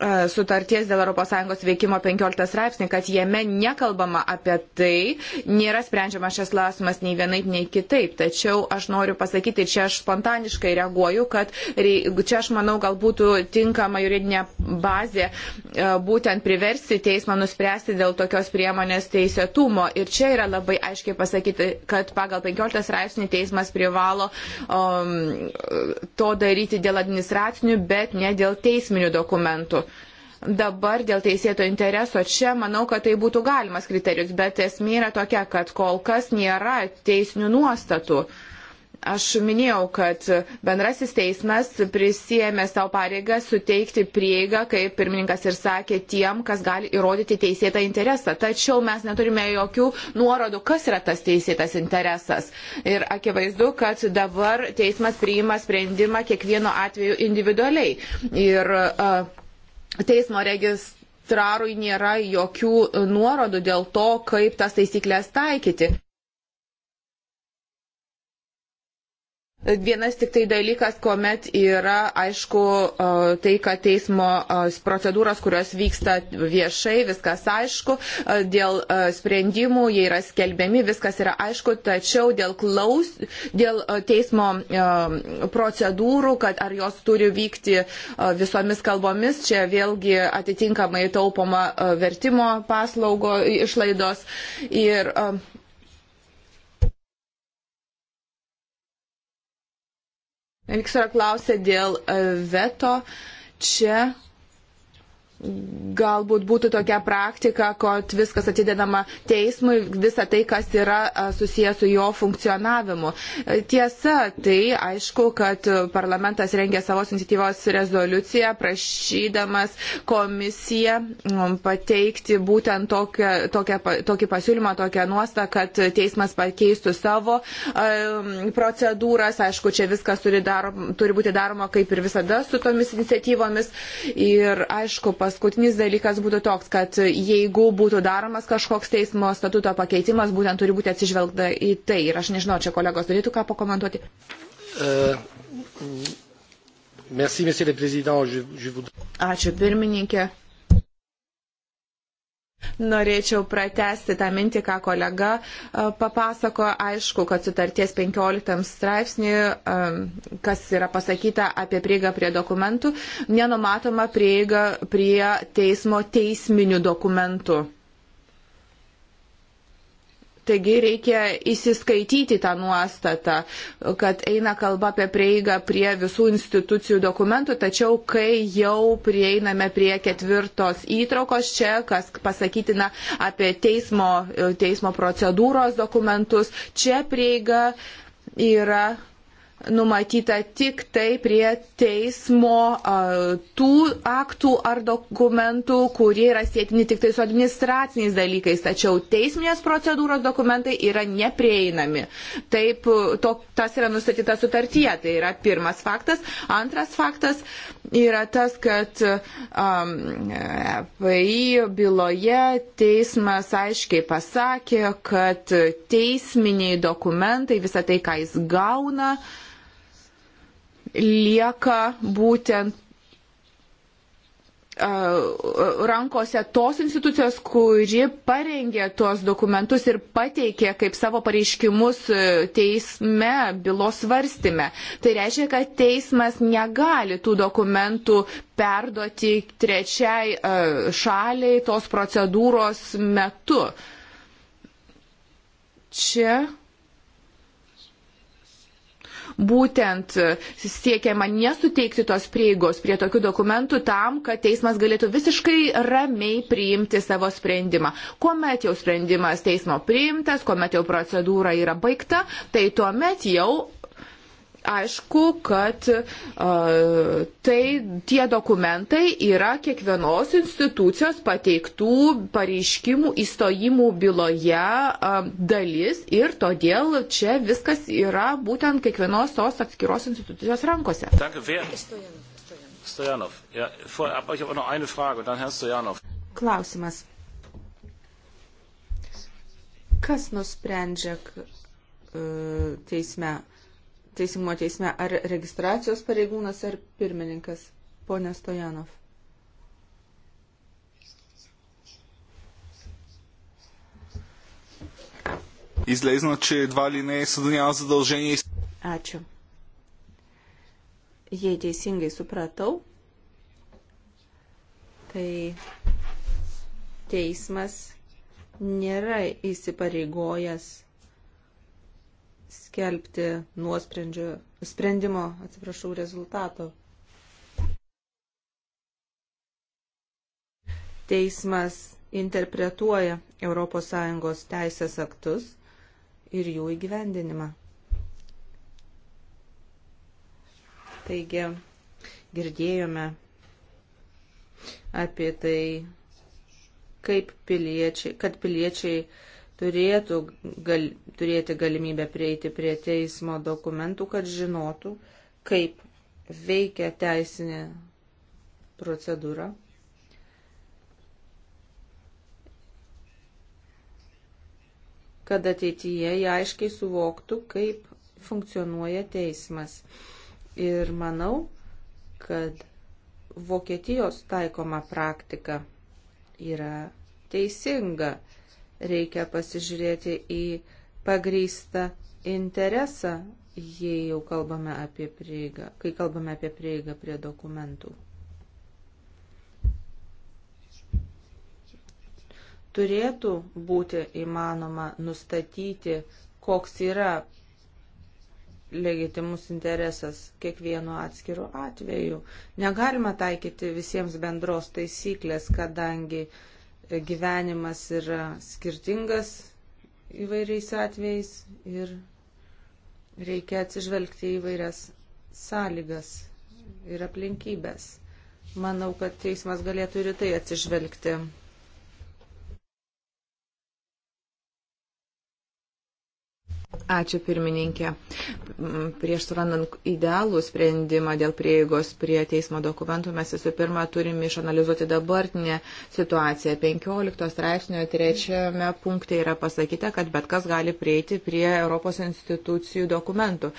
E, sutarties dėl ES veikimo 15 straipsnį, kad jame nekalbama apie tai, nėra sprendžiamas šis klausimas nei vienaip, nei kitaip. Tačiau aš noriu pasakyti, čia aš spontaniškai reaguoju, kad čia aš manau galbūt tinkama juridinė bazė e, būtent priversti teismą nuspręsti dėl tokios priemonės teisėtumo. Ir čia yra labai aiškiai pasakyti, kad pagal 15 straipsnį teismas privalo um, to daryti dėl administracinių, bet ne dėl teisminių dokumentų. Dabar dėl teisėto intereso čia manau, kad tai būtų galimas kriterijus, bet esmė yra tokia, kad kol kas nėra teisinių nuostatų aš minėjau, kad bendrasis teismas prisėmė savo pareigą suteikti prieigą, kaip pirmininkas ir sakė, tiem, kas gali įrodyti teisėtą interesą. Tačiau mes neturime jokių nuorodų, kas yra tas teisėtas interesas. Ir akivaizdu, kad dabar teismas priima sprendimą kiekvieno atveju individualiai. Ir, uh, teismo registrarui nėra jokių nuorodų dėl to, kaip tas taisyklės taikyti. Vienas tik tai dalykas, kuomet yra aišku e, tai, kad teismo e, procedūros, kurios vyksta viešai, viskas aišku, e, dėl sprendimų jie yra skelbiami, viskas yra aišku, tačiau dėl, klaus, dėl teismo procedūrų, kad ar jos turi vykti visomis kalbomis, čia vėlgi atitinkamai taupoma vertimo paslaugo išlaidos. Ir, Viktora klausė dėl e, veto. Čia galbūt būtų tokia praktika, kad viskas atidedama teismui, visa tai, kas yra susijęs su jo funkcionavimu. E, tiesa, tai aišku, kad parlamentas rengė savo iniciatyvos rezoliuciją, prašydamas komisiją pateikti būtent tokią, tokią, tokį pasiūlymą, tokią nuostą, kad teismas pakeistų savo procedūras. Aišku, čia viskas turi, daro, turi būti daroma kaip ir visada su tomis iniciatyvomis. Ir, aišku, pas paskutinis dalykas būtų toks, kad jeigu būtų daromas kažkoks teismo statuto pakeitimas, būtent turi būti atsižvelgta į tai. Ir aš nežinau, čia kolegos turėtų ką pakomentuoti. Uh, merci, je, je vous... Ačiū pirmininkė. Norėčiau pratesti tą mintį, ką kolega e, papasako. Aišku, kad sutarties 15 straipsnį, e, kas yra pasakyta apie prieigą prie dokumentų, nenumatoma prieiga prie teismo teisminių dokumentų. Taigi reikia įsiskaityti tą nuostatą, kad eina kalba apie prieigą prie visų institucijų dokumentų, tačiau kai jau prieiname prie ketvirtos įtraukos čia, kas pasakytina apie teismo, teismo procedūros dokumentus, čia prieiga yra numatyta tik tai prie teismo a, tų aktų ar dokumentų, kurie yra sėtini tik tai su administraciniais dalykais, tačiau teisminės procedūros dokumentai yra neprieinami. Taip, to, tas yra nustatyta sutartyje, tai yra pirmas faktas. Antras faktas yra tas, kad FAI byloje teismas aiškiai pasakė, kad teisminiai dokumentai, visą tai, ką jis gauna, lieka būtent rankose tos institucijos, kuri parengė tuos dokumentus ir pateikė kaip savo pareiškimus e, teisme, bylos svarstime. Tai reiškia, kad teismas negali tų dokumentų perduoti trečiai e, šaliai tos procedūros metu. Čia būtent siekiama nesuteikti tos prieigos prie tokių dokumentų tam, kad teismas galėtų visiškai ramiai priimti savo sprendimą. Kuomet jau sprendimas teismo priimtas, kuomet jau procedūra yra baigta, tai tuomet jau aišku, kad a, tai tie dokumentai yra kiekvienos institucijos pateiktų pareiškimų įstojimų byloje a, dalis ir todėl čia viskas yra būtent kiekvienos tos atskiros institucijos rankose. Klausimas. Kas nusprendžia e, teisme, teisingumo teisme ar registracijos pareigūnas ar pirmininkas, ponė Stojanov. Излезна, че едва ли не съда няма задължение. Ačiū. Jei teisingai supratau, tai teismas nėra įsipareigojęs skelbti nuosprendžio, sprendimo, atsiprašau, rezultato. Teismas interpretuoja ES teisės aktus ir jų įgyvendinimą. Taigi, girdėjome apie tai, kaip piliečiai, kad piliečiai turėtų gal, turėti galimybę prieiti prie teismo dokumentų, kad žinotų, kaip veikia teisinė procedūra. kad ateityje jie aiškiai suvoktų, kaip funkcionuoja teismas. Ir manau, kad Vokietijos taikoma praktika yra teisinga Reikia pasižiūrėti į pagrįstą interesą, jei jau kalbame apie prieigą, kai kalbame apie prieigą prie dokumentų. Turėtų būti įmanoma nustatyti, koks yra legitimus interesas kiekvienu atskiru atveju. Negalima taikyti visiems bendros taisyklės, kadangi uh, gyvenimas yra skirtingas įvairiais atvejais ir reikia atsižvelgti į vairias sąlygas ir aplinkybės. Manau, kad teismas galėtų ir tai atsižvelgti Ačiū pirmininkė. Prieš surandant idealų sprendimą dėl prieigos prie teismo dokumentų, mes visų pirma turime išanalizuoti dabartinę situaciją. 15 straipsnio trečiame punkte yra pasakyta, kad bet kas gali prieiti prie Europos institucijų dokumentų.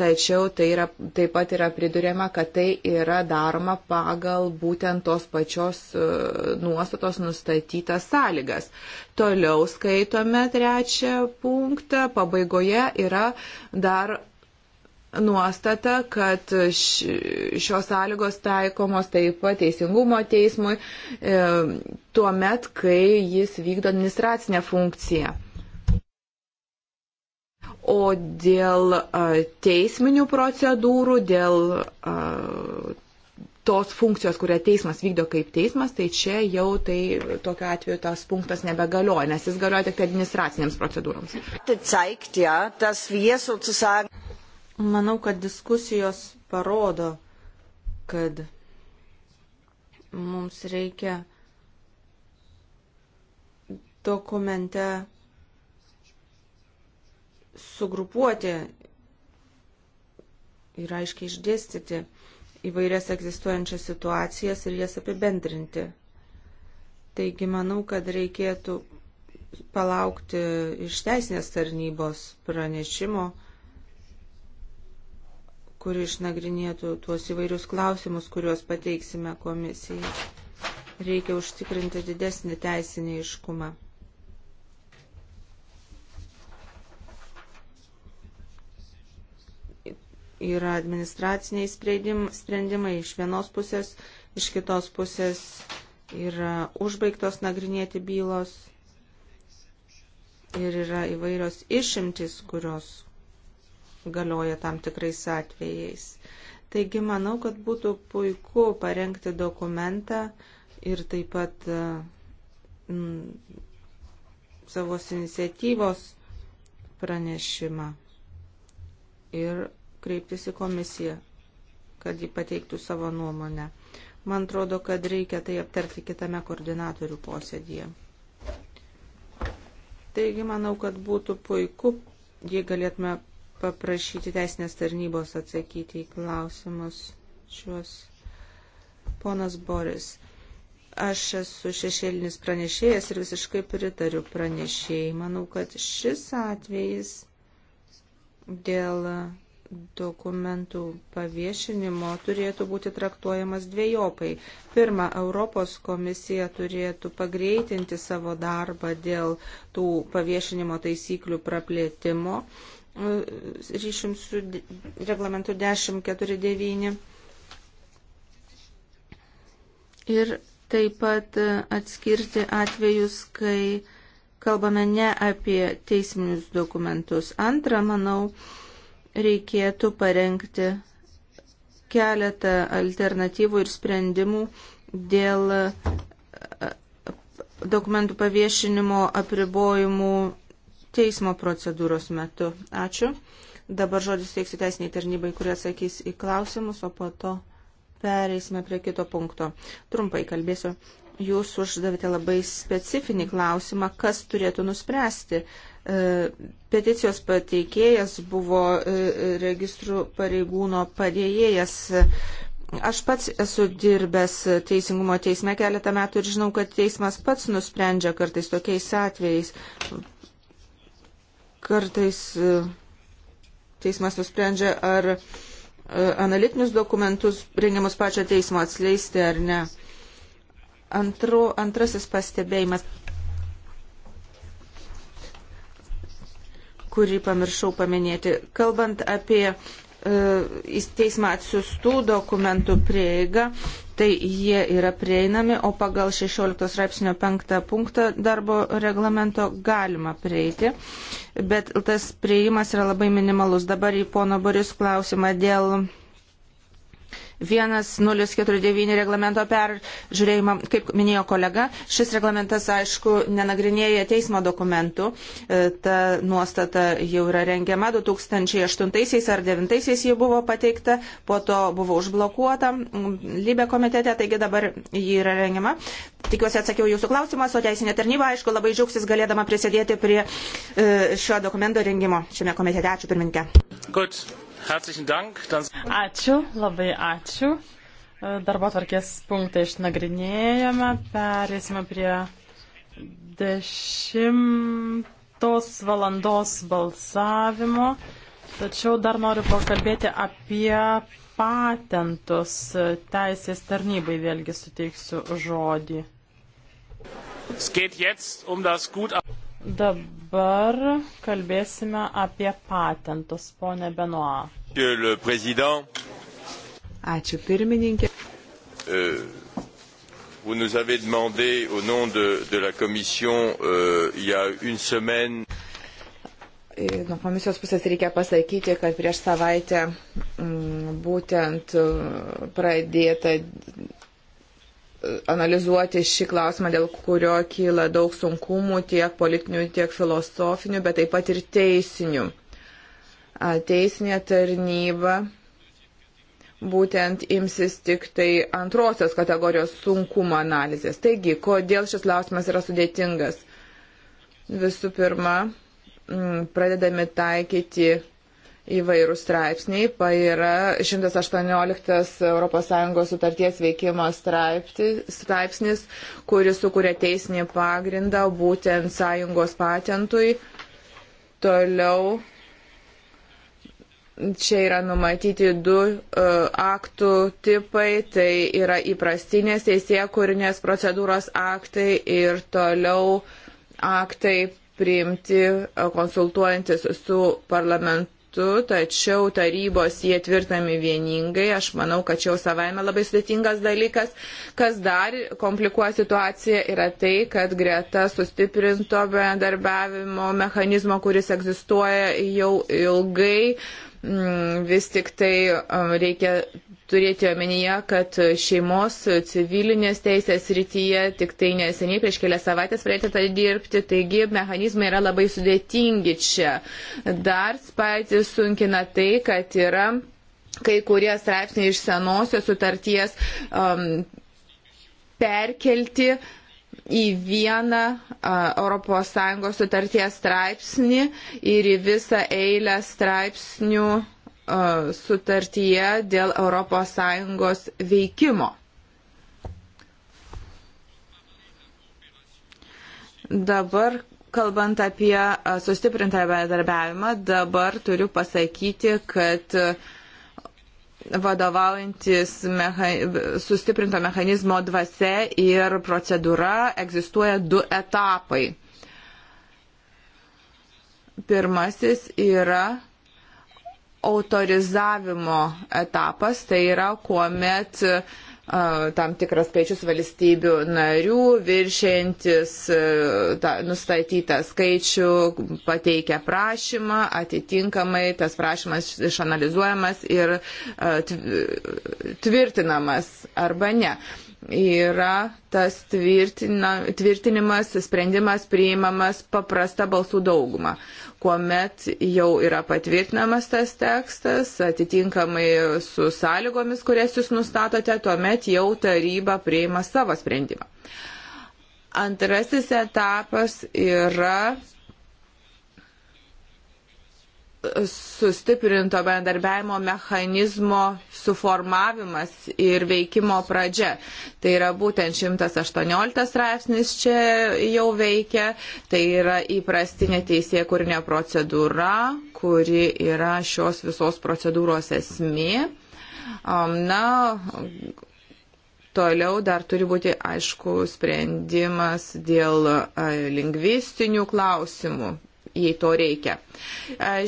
Tačiau tai yra, taip pat yra pridurėma, kad tai yra daroma pagal būtent tos pačios e, nuostatos nustatytas sąlygas. Toliau skaitome trečią punktą. Pabaigoje yra dar nuostata, kad šios sąlygos taikomos taip pat teisingumo teismui e, tuo met, kai jis vykdo administracinę funkciją. O dėl e, teisminių procedūrų, dėl e, tos funkcijos, kurią teismas vykdo kaip teismas, tai čia jau tai tokiu atveju tas punktas nebegalioja, nes jis galioja tik administracinėms procedūroms. Tai Manau, kad diskusijos parodo, kad mums reikia dokumente sugrupuoti ir aiškiai išdėstyti įvairias egzistuojančias situacijas ir jas apibendrinti. Taigi manau, kad reikėtų palaukti iš teisinės tarnybos pranešimo, kuri išnagrinėtų tuos įvairius klausimus, kuriuos pateiksime komisijai. Reikia užtikrinti didesnį teisinį iškumą. yra administraciniai sprendimai iš vienos pusės, iš kitos pusės yra užbaigtos nagrinėti bylos ir yra įvairios išimtis, kurios galioja tam tikrais atvejais. Taigi manau, kad būtų puiku parengti dokumentą ir taip pat e, mm, savos iniciatyvos pranešimą ir kreiptis į komisiją, kad ji pateiktų savo nuomonę. Man atrodo, kad reikia tai aptarti kitame koordinatorių posėdėje. Taigi, manau, kad būtų puiku, jei galėtume paprašyti teisinės tarnybos atsakyti į klausimus šiuos. Ponas Boris, aš esu šešėlinis pranešėjas ir visiškai pritariu pranešėjai. Manau, kad šis atvejis dėl dokumentų paviešinimo turėtų būti traktuojamas dviejopai. Pirma, Europos komisija turėtų pagreitinti savo darbą dėl tų paviešinimo taisyklių praplėtimo e, ryšim su reglamentu 1049. Ir taip pat e, atskirti atvejus, kai kalbame ne apie teisminius dokumentus. Antra, manau, reikėtų parengti keletą alternatyvų ir sprendimų dėl e, e, dokumentų paviešinimo apribojimų teismo procedūros metu. Ačiū. Dabar žodis teiksiu teisiniai tarnybai, kurie atsakys į klausimus, o po to pereisime prie kito punkto. Trumpai kalbėsiu. Jūs uždavėte labai specifinį klausimą, kas turėtų nuspręsti, E, peticijos pateikėjas buvo e, registrų pareigūno padėjėjas. Aš pats esu dirbęs Teisingumo teisme keletą metų ir žinau, kad teismas pats nusprendžia kartais tokiais atvejais. Kartais e, teismas nusprendžia, ar analitinius dokumentus rengiamus pačio teismo atskleisti ar ne. Antru, antrasis pastebėjimas. kurį pamiršau paminėti. Kalbant apie e, į teismą atsiųstų dokumentų prieiga, tai jie yra prieinami, o pagal 16 straipsnio 5 punktą darbo reglamento galima prieiti, bet tas prieimas yra labai minimalus. Dabar į pono Boris klausimą dėl 1049 reglamento peržiūrėjimą. Kaip minėjo kolega, šis reglamentas, aišku, nenagrinėja teismo dokumentų. E, ta nuostata jau yra rengiama 2008 ar 2009 ji buvo pateikta, po to buvo užblokuota Libė komitete, taigi dabar ji yra rengiama. Tikiuosi atsakiau jūsų klausimas, o teisinė tarnyba, aišku, labai džiaugsis galėdama prisidėti prie e, šio dokumento rengimo šiame komitete. Ačiū pirmininkė. Good. Ačiū, labai ačiū. Darbo tvarkės punktą išnagrinėjome, perėsime prie dešimtos valandos balsavimo, tačiau dar noriu pakalbėti apie patentus. Teisės tarnybai vėlgi suteiksiu žodį. Es geht jetzt um das Gutachten. Dabar kalbėsime apie patentus, ponė Benoa. Ačiū pirmininkė. Euh, vous nous avez demandé au nom de, de la Commission euh, il y a une semaine. E, Nuo komisijos pusės reikia pasakyti, kad prieš savaitę m, mm, būtent uh, pradėta analizuoti šį klausimą, dėl kurio kyla daug sunkumų tiek politinių, tiek filosofinių, bet taip pat ir teisinių. Teisinė tarnyba būtent imsis tik tai antrosios kategorijos sunkumo analizės. Taigi, kodėl šis klausimas yra sudėtingas? Visų pirma, pradedami taikyti įvairūs straipsniai. Pa yra 118 ES sutarties veikimo straipsnis, kuris sukuria teisinį pagrindą būtent sąjungos patentui. Toliau čia yra numatyti du uh, aktų tipai, tai yra įprastinės teisėkūrinės procedūros aktai ir toliau aktai priimti e, konsultuojantis su parlamentu kartu, tačiau tarybos jie tvirtami vieningai. Aš manau, kad čia jau savaime labai sudėtingas dalykas. Kas dar komplikuoja situaciją yra tai, kad greta sustiprinto bendarbiavimo mechanizmo, kuris egzistuoja jau ilgai, mm, vis tik tai um, reikia turėti omenyje, kad šeimos civilinės teisės rytyje tik tai neseniai prieš kelias savaitės pradėta dirbti, taigi mechanizmai yra labai sudėtingi čia. Dar spatį sunkina tai, kad yra kai kurie straipsniai iš senosios sutarties um, perkelti į vieną uh, ES sutarties straipsnį ir į visą eilę straipsnių sutartyje dėl ES veikimo. Dabar, kalbant apie sustiprintą bendarbiavimą, dabar turiu pasakyti, kad vadovaujantis meha sustiprinto mechanizmo dvasia ir procedūra egzistuoja du etapai. Pirmasis yra autorizavimo etapas, tai yra kuomet e, tam tikras skaičius valstybių narių viršintis e, ta, nustatytą skaičių pateikia prašymą, atitinkamai tas prašymas išanalizuojamas ir e, tvirtinamas arba ne yra tas tvirtina, tvirtinimas, sprendimas priimamas paprasta balsų dauguma, kuomet jau yra patvirtinamas tas tekstas, atitinkamai su sąlygomis, kurias jūs nustatote, tuomet jau taryba priima savo sprendimą. Antrasis etapas yra sustiprinto bendarbiavimo mechanizmo suformavimas ir veikimo pradžia. Tai yra būtent 118 straipsnis čia jau veikia, tai yra įprastinė teisė kūrinė procedūra, kuri yra šios visos procedūros esmė. Na, Toliau dar turi būti aišku sprendimas dėl e, lingvistinių klausimų jei to reikia.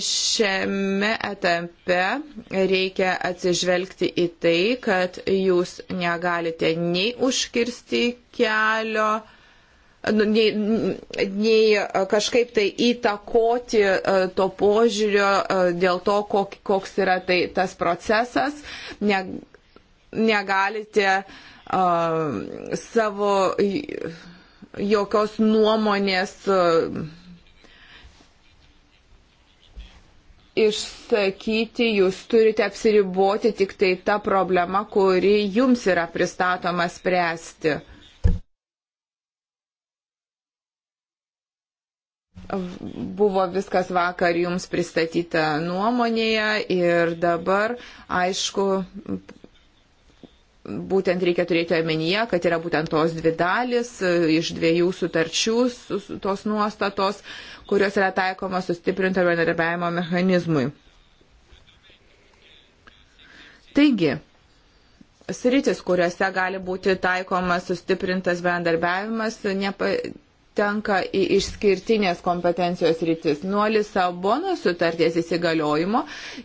Šiame etape reikia atsižvelgti į tai, kad jūs negalite nei užkirsti kelio, nu, nei, nei kažkaip tai įtakoti to požiūrio dėl to, koks yra tai, tas procesas. Ne, negalite uh, savo jokios nuomonės uh, išsakyti, jūs turite apsiriboti tik tai tą problemą, kuri jums yra pristatoma spręsti. Buvo viskas vakar jums pristatyta nuomonėje ir dabar, aišku, būtent reikia turėti omenyje, kad yra būtent tos dvi dalis iš dviejų sutarčių tos nuostatos, kurios yra taikomos sustiprinto bendradarbiavimo mechanizmui. Taigi, sritis, kuriuose gali būti taikomas sustiprintas bendarbiavimas, nepa, tenka į išskirtinės kompetencijos rytis. Nuo Lisabono sutarties įsigaliojimo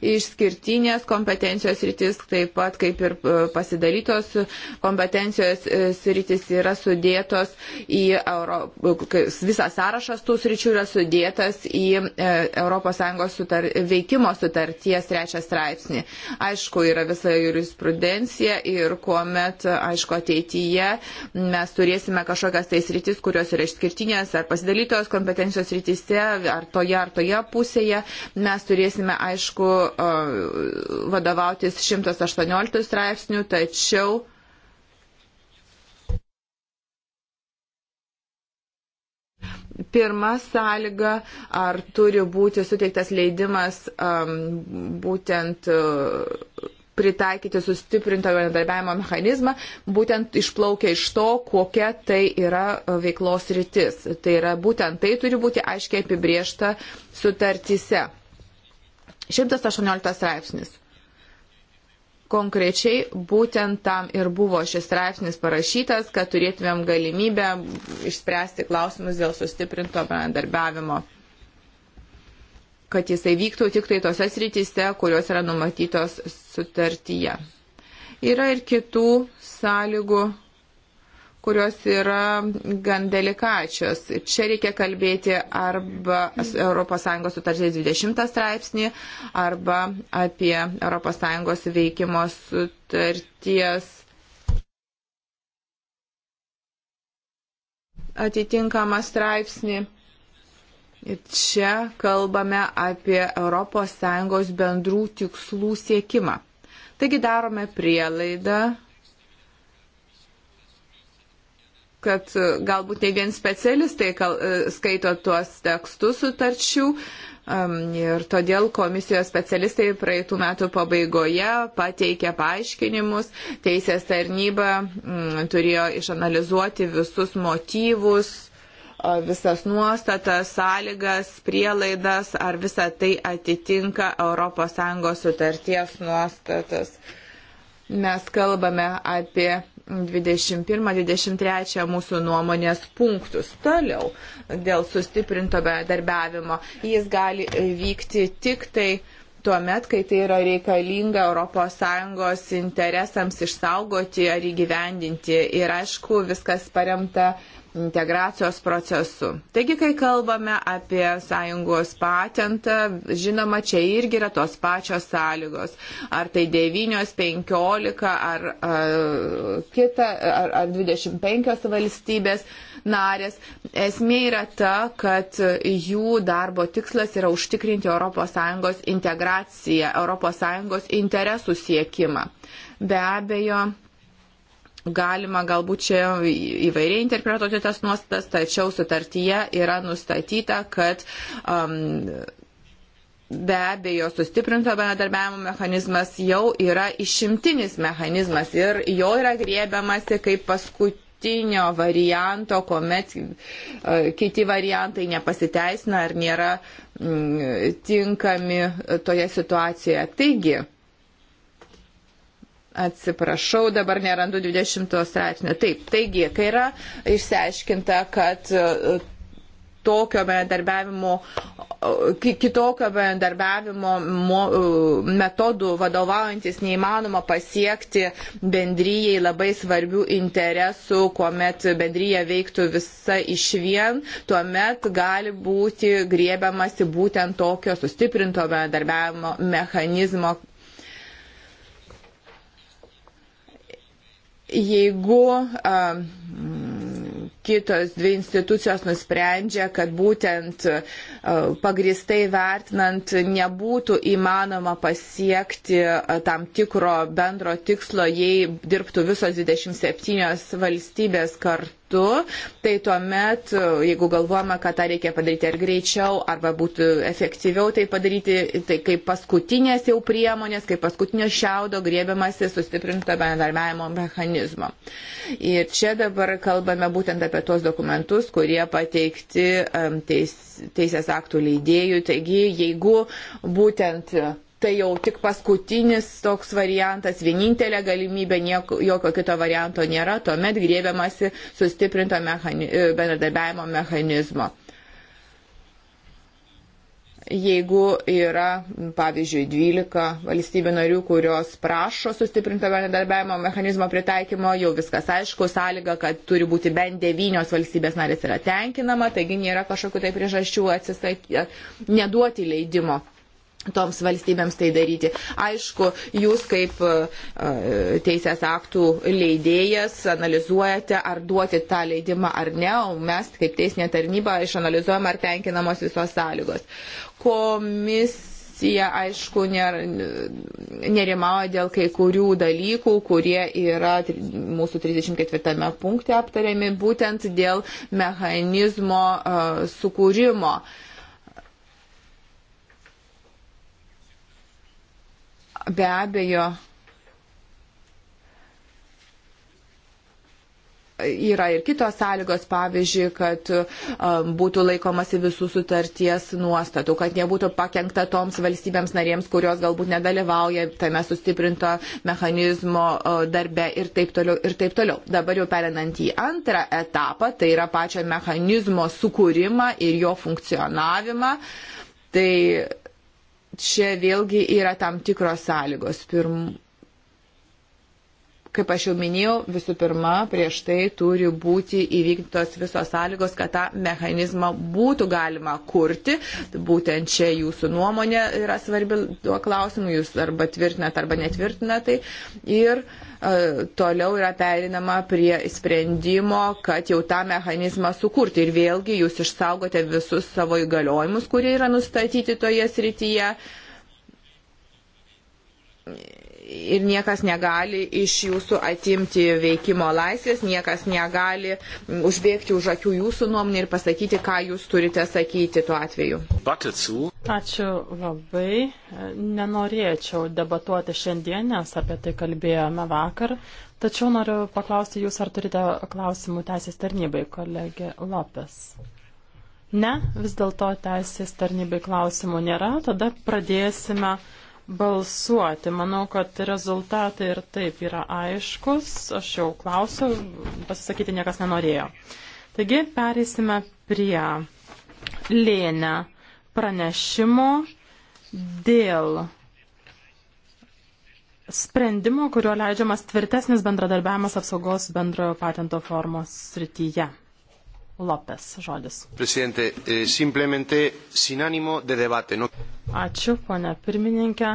išskirtinės kompetencijos rytis, taip pat kaip ir e, pasidalytos kompetencijos e, rytis yra sudėtos į Euro, visas sąrašas tų sričių yra sudėtas į ES sutar, veikimo sutarties trečią straipsnį. Aišku, yra visa jurisprudencija ir kuomet, aišku, ateityje mes turėsime kažkokias tais rytis, kurios yra išskirtinės išskirtinės ar pasidalytos kompetencijos rytise, ar toje, ar toje pusėje, mes turėsime, aišku, vadovautis 118 straipsnių, tačiau pirma sąlyga, ar turi būti suteiktas leidimas um, būtent uh, pritaikyti sustiprintą bendradarbiavimo mechanizmą, būtent išplaukia iš to, kokia tai yra e, veiklos rytis. Tai yra būtent tai turi būti aiškiai apibriešta sutartyse. 118 straipsnis. Konkrečiai būtent tam ir buvo šis straipsnis parašytas, kad turėtumėm galimybę išspręsti klausimus dėl sustiprinto bendarbiavimo kad jisai vyktų tik tai tose srityse, kurios yra numatytos sutartyje. Yra ir kitų sąlygų, kurios yra gan delikačios. Čia reikia kalbėti arba ES sutarties 20 straipsnį, arba apie ES veikimo sutarties atitinkamą straipsnį. Čia kalbame apie ES bendrų tikslų siekimą. Taigi darome prielaidą, kad galbūt ne vien specialistai e, skaito tuos tekstus sutarčių, Ir todėl komisijos specialistai praeitų metų pabaigoje pateikė paaiškinimus, teisės tarnyba m, turėjo išanalizuoti visus motyvus, visas nuostatas, sąlygas, prielaidas, ar visa tai atitinka ES sutarties nuostatas. Mes kalbame apie 21-23 mūsų nuomonės punktus. Toliau dėl sustiprinto bedarbiavimo jis gali vykti tik tai tuo met, kai tai yra reikalinga ES interesams išsaugoti ar įgyvendinti. Ir aišku, viskas paremta integracijos procesu. Taigi, kai kalbame apie sąjungos patentą, žinoma, čia irgi yra tos pačios sąlygos. Ar tai 9, 15 ar, ar, kita, ar, ar 25 valstybės narės. Esmė yra ta, kad jų darbo tikslas yra užtikrinti ES integraciją, ES interesų siekimą. Be abejo, Galima galbūt čia įvairiai interpretuoti tas nuostatas, tačiau sutartyje yra nustatyta, kad um, be abejo sustiprinto bendradarbiavimo mechanizmas jau yra išimtinis mechanizmas ir jo yra griebiamasi kaip paskutinė dabartinio varianto, kuomet uh, kiti variantai nepasiteisina ar nėra mm, tinkami toje situacijoje. Taigi, Atsiprašau, dabar nerandu 20 straipsnio. Taip, taigi, kai yra išsiaiškinta, kad e, tokio bendarbiavimo, kitokio bendarbiavimo e, metodų vadovaujantis neįmanoma pasiekti bendryjai labai svarbių interesų, kuomet bendryje veiktų visa iš vien, tuomet gali būti griebiamasi būtent tokio sustiprinto bendarbiavimo mechanizmo jeigu a, mm, kitos dvi institucijos nusprendžia, kad būtent a, pagristai vertinant nebūtų įmanoma pasiekti a, tam tikro bendro tikslo, jei dirbtų visos 27 valstybės kartu mastu, tai tuomet, jeigu galvojame, kad tą reikia padaryti ar greičiau, arba būtų efektyviau tai padaryti, tai kaip paskutinės jau priemonės, kaip paskutinio šiaudo grėbiamasi sustiprinto bendarbiavimo mechanizmo. Ir čia dabar kalbame būtent apie tos dokumentus, kurie pateikti teis, teisės aktų leidėjų. Taigi, jeigu būtent tai jau tik paskutinis toks variantas, vienintelė galimybė, nieko, jokio kito varianto nėra, tuomet grėbiamasi sustiprinto mechani, e, bendradarbiavimo mechanizmo. Jeigu yra, pavyzdžiui, 12 valstybių narių, kurios prašo sustiprinto bendradarbiavimo mechanizmo pritaikymo, jau viskas aišku, sąlyga, kad turi būti bent 9 valstybės narės yra tenkinama, taigi nėra kažkokiu tai priežasčių atsisakyti, neduoti leidimo toms valstybėms tai daryti. Aišku, jūs kaip e, e, teisės aktų leidėjas analizuojate, ar duoti tą leidimą ar ne, o mes kaip teisinė tarnyba išanalizuojam, ar tenkinamos visos sąlygos. Komis Rusija, aišku, nerimauja dėl kai kurių dalykų, kurie yra mūsų 34 punkte aptariami, būtent dėl mechanizmo uh, sukūrimo. Uh, be abejo yra ir kitos sąlygos, pavyzdžiui, kad būtų laikomasi visų sutarties nuostatų, kad nebūtų pakengta toms valstybėms narėms, kurios galbūt nedalyvauja tame sustiprinto mechanizmo darbe ir taip toliau. Ir taip toliau. Dabar jau perinant į antrą etapą, tai yra pačio mechanizmo sukūrimą ir jo funkcionavimą. Tai čia vėlgi yra tam tikros sąlygos. Pirm, kaip aš jau minėjau, visų pirma, prieš tai turi būti įvykdytos visos sąlygos, kad tą mechanizmą būtų galima kurti. Būtent čia jūsų nuomonė yra svarbi tuo klausimu, jūs arba tvirtinat, arba netvirtinat tai. Ir e, toliau yra perinama prie sprendimo, kad jau tą mechanizmą sukurti. Ir vėlgi jūs išsaugote visus savo įgaliojimus, kurie yra nustatyti toje srityje ir niekas negali iš jūsų atimti veikimo laisvės, niekas negali užbėgti už akių jūsų nuomonę ir pasakyti, ką jūs turite sakyti tuo atveju. Ačiū labai. Nenorėčiau debatuoti šiandien, nes apie tai kalbėjome vakar. Tačiau noriu paklausti jūs, ar turite klausimų teisės tarnybai, kolegė Lopes. Ne, vis dėlto teisės tarnybai klausimų nėra. Tada pradėsime balsuoti. Manau, kad rezultatai ir taip yra aiškus. Aš jau klausiu, pasisakyti niekas nenorėjo. Taigi, pereisime prie lėnę pranešimo dėl sprendimo, kuriuo leidžiamas tvirtesnis bendradarbiavimas apsaugos bendrojo patento formos srityje. Lopes žodis. Presidente, eh, simplemente sinanimo de debate. No... Ačiū, ponia pirmininkė.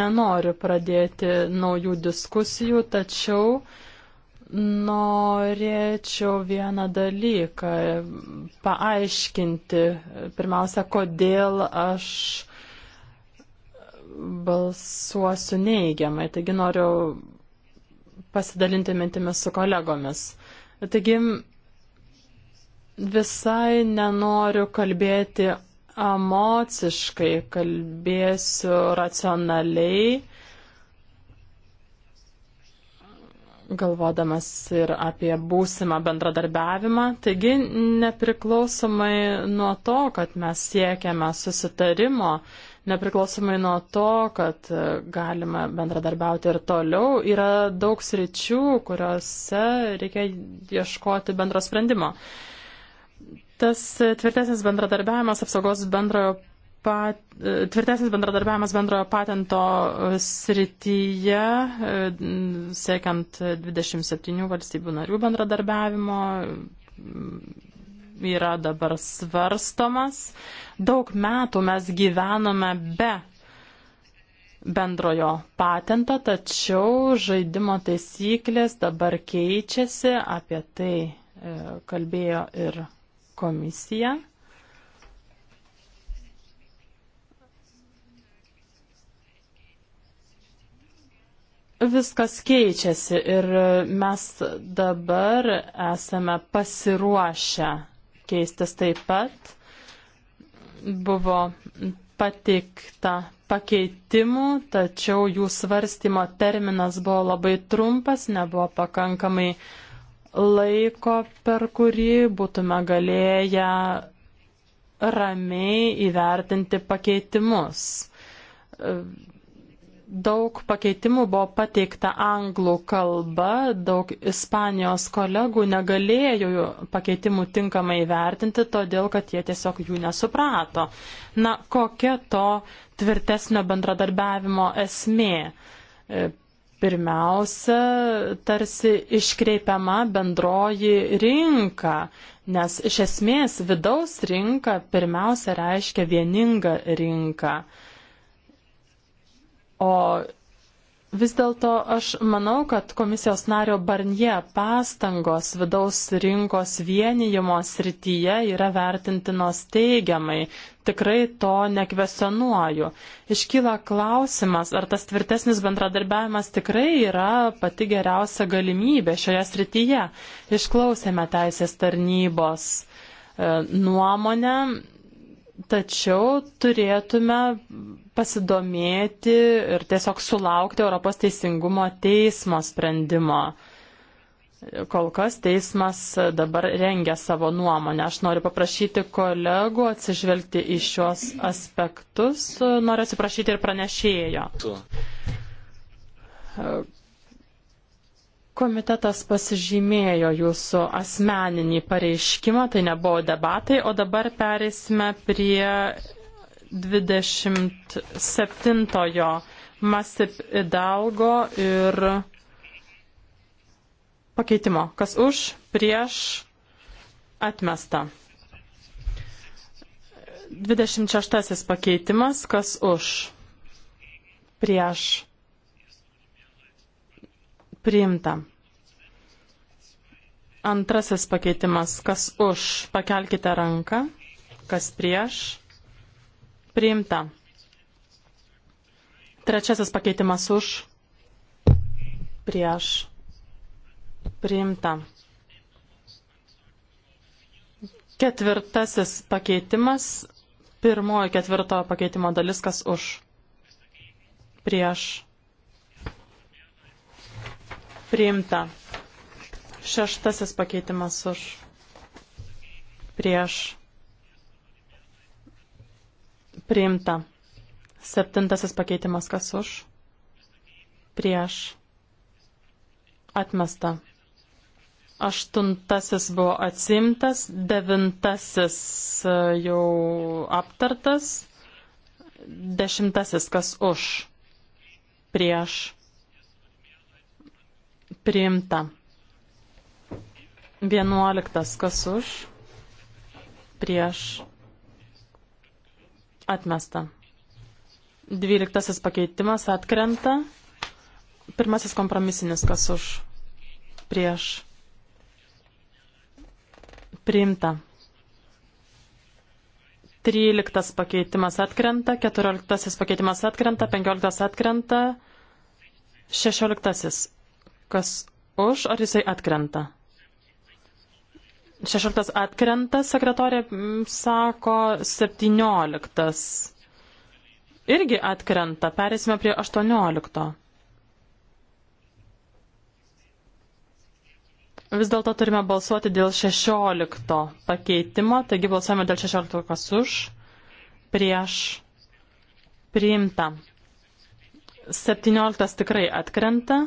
Nenoriu pradėti naujų diskusijų, tačiau norėčiau vieną dalyką paaiškinti. Pirmiausia, kodėl aš balsuosiu neigiamai. Taigi noriu pasidalinti mintimis su kolegomis. Taigi visai nenoriu kalbėti emociškai, kalbėsiu racionaliai, galvodamas ir apie būsimą bendradarbiavimą. Taigi, nepriklausomai nuo to, kad mes siekiame susitarimo, nepriklausomai nuo to, kad galima bendradarbiauti ir toliau, yra daug sričių, kuriuose reikia ieškoti bendro sprendimo tas tvirtesnis bendradarbiavimas apsaugos bendrojo pat, tvirtesnis bendradarbiavimas bendrojo patento e, srityje, e, siekiant 27 valstybių narių bendradarbiavimo, yra dabar svarstomas. Daug metų mes gyvenome be bendrojo patento, tačiau žaidimo taisyklės dabar keičiasi, apie tai e, kalbėjo ir komisija. Viskas keičiasi ir mes dabar esame pasiruošę keistis taip pat. Buvo pateikta pakeitimų, tačiau jų svarstymo terminas buvo labai trumpas, nebuvo pakankamai uh, laiko, per kurį būtume galėję ramiai įvertinti pakeitimus. Daug pakeitimų buvo pateikta anglų kalba, daug Ispanijos kolegų negalėjo pakeitimų tinkamai įvertinti, todėl kad jie tiesiog jų nesuprato. Na, kokia to tvirtesnio bendradarbiavimo esmė? pirmiausia, tarsi iškreipiama bendroji rinka, nes iš esmės vidaus rinka pirmiausia reiškia vieningą rinką. O Vis dėlto aš manau, kad komisijos nario Barnie pastangos vidaus rinkos vienijimo srityje yra vertintinos teigiamai. Tikrai to nekvesionuoju. Iškyla klausimas, ar tas tvirtesnis bendradarbiavimas tikrai yra pati geriausia galimybė šioje srityje. Išklausėme teisės tarnybos e, nuomonę Tačiau turėtume pasidomėti ir tiesiog sulaukti Europos teisingumo teismo sprendimo. Kol kas teismas dabar rengia savo nuomonę. Aš noriu paprašyti kolegų atsižvelgti į šios aspektus. Noriu atsiprašyti ir pranešėjo. Tu Komitetas pasižymėjo jūsų asmeninį pareiškimą, tai nebuvo debatai, o dabar pereisime prie 27-ojo Masip Idalgo ir pakeitimo. Kas už, prieš, atmesta. 26-asis pakeitimas, kas už, prieš, atmesta Priimta. Antrasis pakeitimas. Kas už? Pakelkite ranką. Kas prieš? Priimta. Trečiasis pakeitimas už. Prieš. Priimta. Ketvirtasis pakeitimas pirmoji ketvirto pakeitimo dalis, kas už, prieš, Priimta. Šeštasis pakeitimas už. Prieš. Priimta. Septintasis pakeitimas kas už. Prieš. Atmesta. Aštuntasis buvo atsimtas, devintasis e, jau aptartas, dešimtasis kas už, prieš, Priimta. Vienuoliktas kas už, prieš, atmesta. Dvyliktasis pakeitimas atkrenta. Pirmasis kompromisinis kas už, prieš, priimta. Tryliktas pakeitimas atkrenta, keturioliktasis pakeitimas atkrenta, penkioliktas atkrenta, šešioliktasis Kas už, ar jisai atkrenta? Šešioliktas atkrenta, sekretorė mm, sako, septynioliktas irgi atkrenta. Perėsime prie aštuoniolikto. Vis dėlto turime balsuoti dėl šešiolikto pakeitimo, taigi balsuojame dėl šešiolikto kas už, prieš, priimta. Septynioliktas tikrai atkrenta.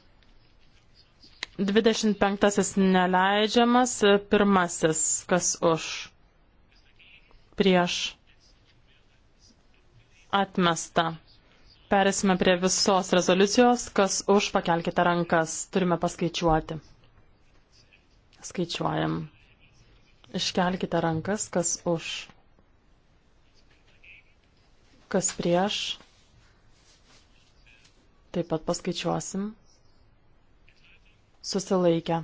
25 neleidžiamas, pirmasis kas už, prieš, atmesta. Perėsime prie visos rezoliucijos, kas už, pakelkite rankas, turime paskaičiuoti. Skaičiuojam. Iškelkite rankas, kas už, kas prieš. Taip pat paskaičiuosim susilaikė.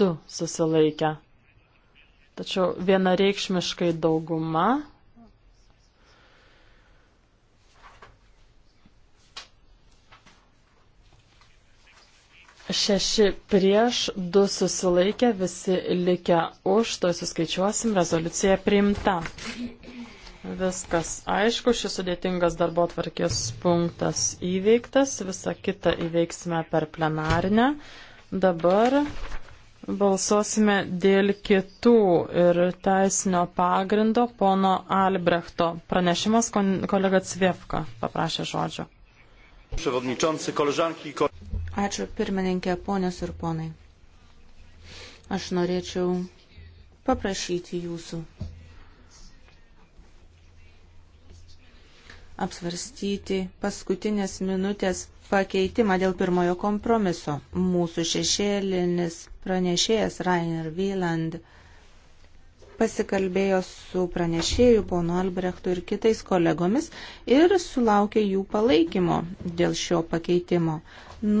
Du susilaikė. Tačiau vienareikšmiškai dauguma Šeši prieš, du susilaikė, visi likę už, to suskaičiuosim, rezoliucija priimta. Viskas aišku, šis sudėtingas darbo atvarkės punktas įveiktas, visą kitą įveiksime per plenarinę. Dabar balsuosime dėl kitų ir teisinio pagrindo pono Albrechto. Pranešimas kolega Cvievka paprašė žodžio. Ačiū pirmininkė, ponios ir ponai. Aš norėčiau paprašyti jūsų apsvarstyti paskutinės minutės pakeitimą dėl pirmojo kompromiso. Mūsų šešėlinis pranešėjas Rainer Wieland pasikalbėjo su pranešėju ponu Albrechtu ir kitais kolegomis ir sulaukė jų palaikymo dėl šio pakeitimo.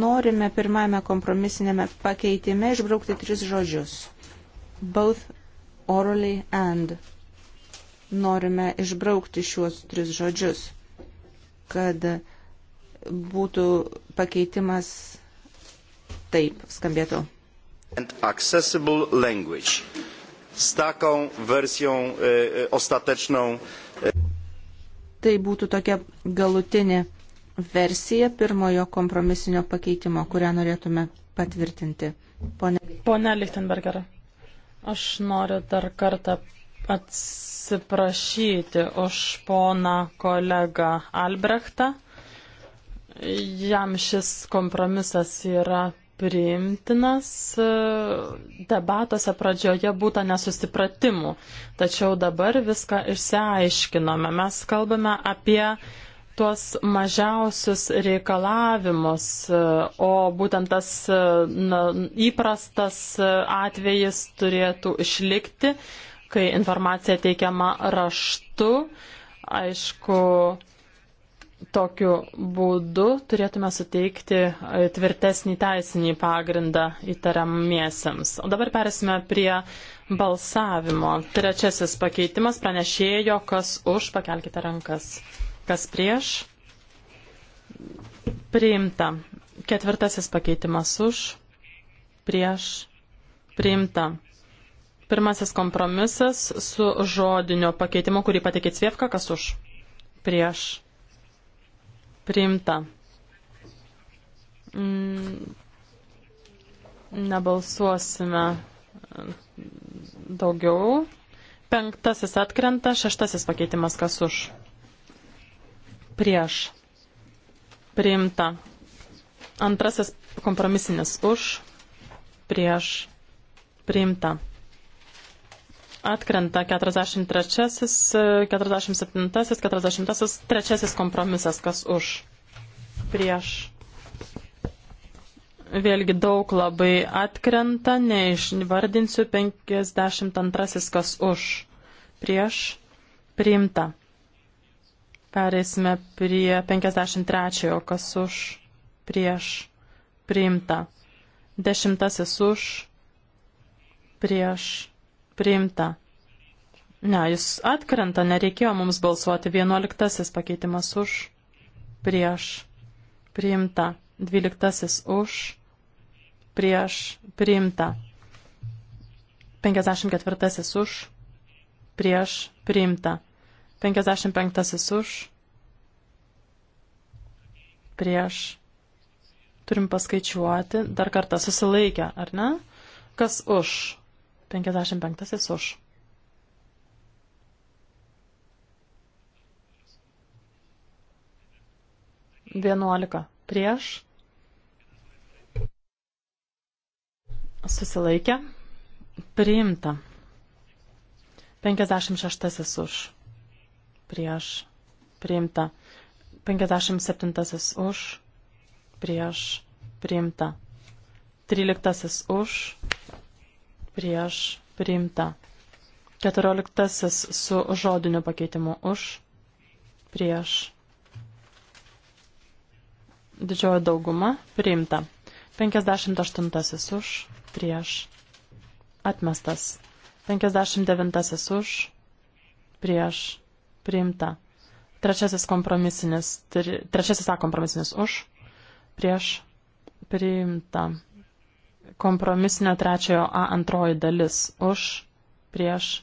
Norime pirmame kompromisinėme pakeitime išbraukti tris žodžius. Both orally and. Norime išbraukti šiuos tris žodžius kad būtų pakeitimas taip skambėtų. And accessible language. Z taką wersją e, e, ostateczną. E. Tai būtų tokia galutinė versija pirmojo kompromisinio pakeitimo, kurią norėtume patvirtinti. Pone, Pone Lichtenberger, aš noriu dar kartą atsiprašyti už poną kolegą Albrechtą. Jam šis kompromisas yra priimtinas. Debatuose pradžioje būta nesusipratimų, tačiau dabar viską išsiaiškinome. Mes kalbame apie tuos mažiausius reikalavimus, o būtent tas na, įprastas atvejis turėtų išlikti kai informacija teikiama raštu. Aišku, tokiu būdu turėtume suteikti e, tvirtesnį teisinį pagrindą įtariamiesiems. O dabar perėsime prie balsavimo. Trečiasis pakeitimas pranešėjo, kas už, pakelkite rankas. Kas prieš? Priimta. Ketvirtasis pakeitimas už, prieš, priimta. Pirmasis kompromisas su žodinio pakeitimu, kurį patikė Cvievka, kas už? Prieš. Priimta. Mm, nebalsuosime daugiau. Penktasis atkrenta, šeštasis pakeitimas kas už. Prieš. Priimta. Antrasis kompromisinis už. Prieš. Priimta. Atkrenta 43, 47, 43 kompromisas, kas už. Prieš. Vėlgi daug labai atkrenta, neišvardinsiu 52, kas už. Prieš. Priimta. Pereisime prie 53, kas už. Prieš. Priimta. Dešimtasis už. Prieš Priimta. Ne, jis atkrenta, nereikėjo mums balsuoti. Vienuoliktasis pakeitimas už, prieš, priimta. Dvyliktasis už, prieš, priimta. Penkiasdešimt ketvirtasis už, prieš, priimta. Penkiasdešimt penktasis už, prieš. Turim paskaičiuoti. Dar kartą susilaikę, ar ne? Kas už? 55 už. Vienuolika prieš. Susilaikė. Priimta. 56 už. Prieš. Priimta. 57 už. Prieš. Priimta. 13 už prieš priimta. Keturioliktasis su žodiniu pakeitimu už prieš didžioji dauguma priimta. 58 už prieš atmestas. 59 už prieš priimta. Trečiasis kompromisinis, trečiasis A kompromisinis už prieš priimta kompromisinio trečiojo A antroji dalis už, prieš,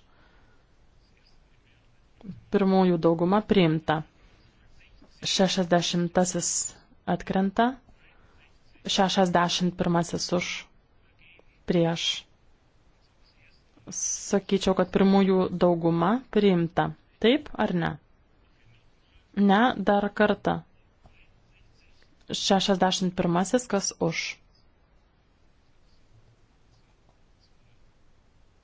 pirmųjų dauguma priimta. 60 atkrenta, 61 už, prieš. Sakyčiau, kad pirmųjų dauguma priimta. Taip ar ne? Ne, dar kartą. 61 kas už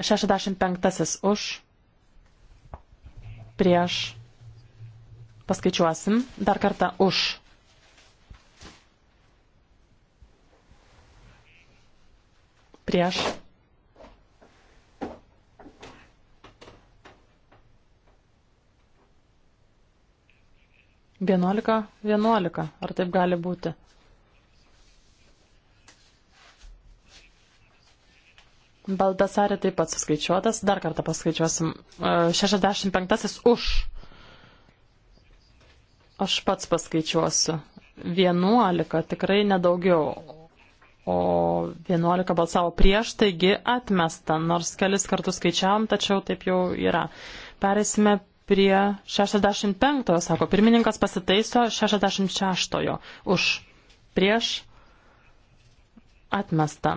65 už. Prieš. Paskaičiuosim. Dar kartą už. Prieš. Vienuolika, vienuolika. Ar taip gali būti? Baldasarė taip pat suskaičiuotas. Dar kartą paskaičiuosim. 65 e, už. Aš pats paskaičiuosiu. 11 tikrai nedaugiau. O 11 balsavo prieš, taigi atmesta. Nors kelis kartus skaičiavom, tačiau taip jau yra. Perėsime prie 65, sako pirmininkas pasitaiso 66 už prieš atmesta.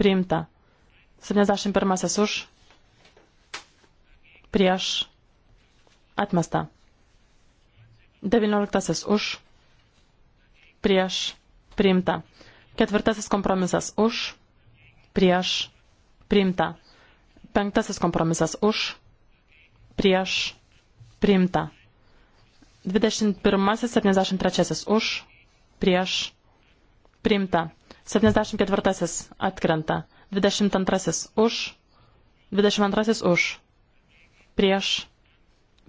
priimta. 71 už, prieš, atmesta. 19 už, prieš, priimta. Ketvirtasis kompromisas už, prieš, priimta. Penktasis kompromisas už, prieš, priimta. 21, 73 už, prieš, priimta. 74 atkrenta. 22 už. 22 už. Prieš.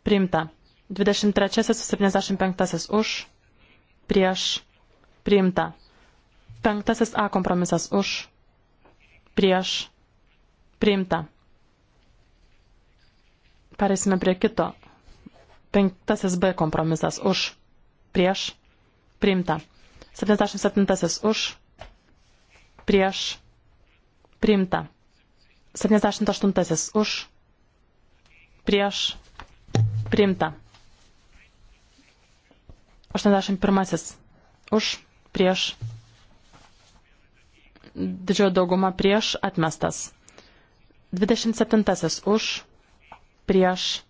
Priimta. 23 75 už. Prieš. Priimta. 5 A kompromisas už. Prieš. Priimta. Pereisime prie kito. 5 B kompromisas už. Prieš. Priimta. 77 už prieš priimta. 78 už prieš priimta. 81 už prieš didžiojo dauguma prieš atmestas. 27 už prieš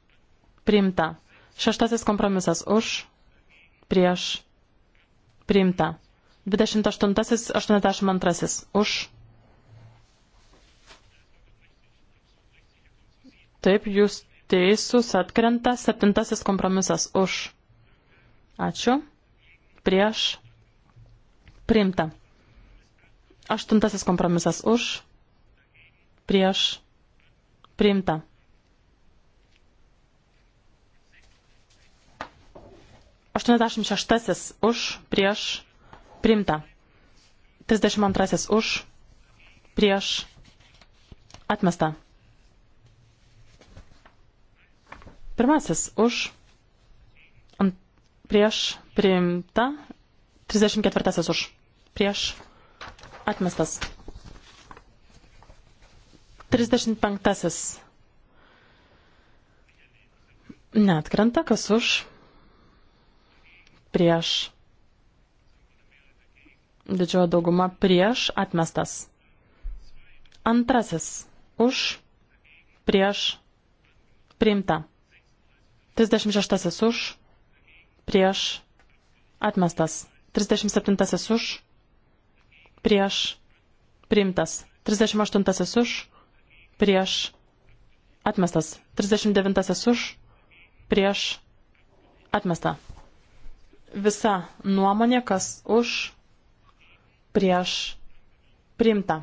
priimta. Šeštasis kompromisas už prieš priimta. 28, 82 už. Taip, jūs teisūs atkrenta septintasis kompromisas už. Ačiū. Prieš. Priimta. Aštuntasis kompromisas už. Prieš. Priimta. Aštuoniasdešimt šeštasis už. Prieš. Primta. 32 už, prieš, atmesta. Pirmasis už, ant, prieš, priimta. 34 už, prieš, atmestas. 35. Net krenta, kas už, prieš, atmestas Didžioji dauguma prieš atmestas. Antrasis už prieš priimta. 36 už prieš atmestas. 37 už prieš priimtas. 38 už prieš atmestas. 39 už prieš atmestą. Visa nuomonė, kas už prieš primtą.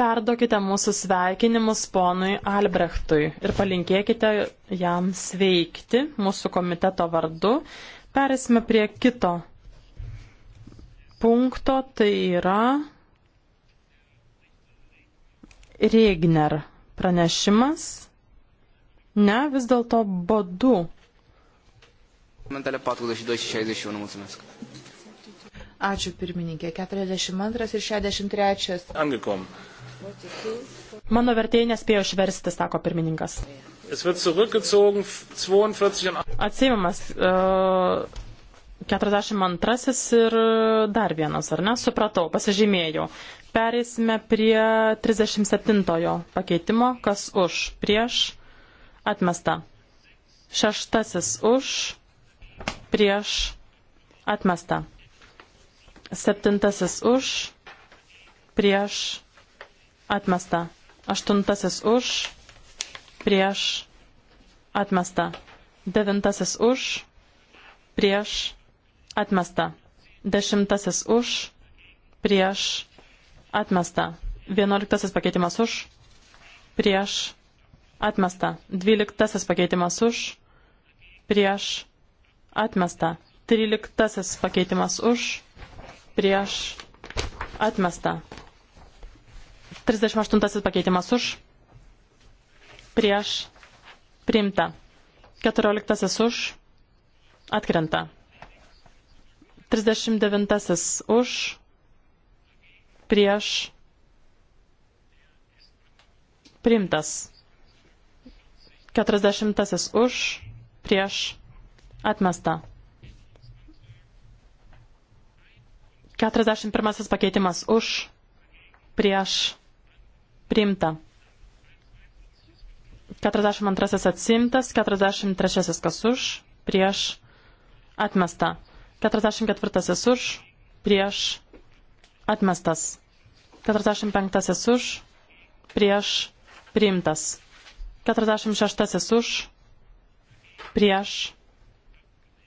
Perdokite mūsų sveikinimus ponui Albrechtui ir palinkėkite jam sveikti mūsų komiteto vardu. Perėsime prie kito punkto, tai yra Regner pranešimas. Ne, vis dėlto bodu Momentele 42 și 61, mulțumesc. Ačiū pirmininkė, 42 ir 63. Angekom. Mano vertėjai nespėjo išversti, sako pirmininkas. Atsimimas uh, 42 ir dar vienas, ar ne? Supratau, pasižymėjau. Pereisime prie 37 pakeitimo, kas už, prieš, atmesta. Šeštasis už, prieš atmestą. Septintasis už prieš atmestą. Aštuntasis už prieš atmestą. Devintasis už prieš atmestą. Dešimtasis už prieš atmestą. Vienuoliktasis pakeitimas už prieš atmestą. Dvyliktasis pakeitimas už prieš atmestą atmesta. Tryliktasis pakeitimas už, prieš, atmesta. 38 pakeitimas už, prieš, priimta. 14 už, atkrenta. 39 už, prieš, priimtas. 40 už, prieš, Atmesta. 41 pakeitimas už, prieš, priimta. 42 atsimtas, 43 kas už, prieš, atmesta. 44 už, prieš, atmestas. 45 už, prieš, priimtas. 46 už, prieš, atmestas.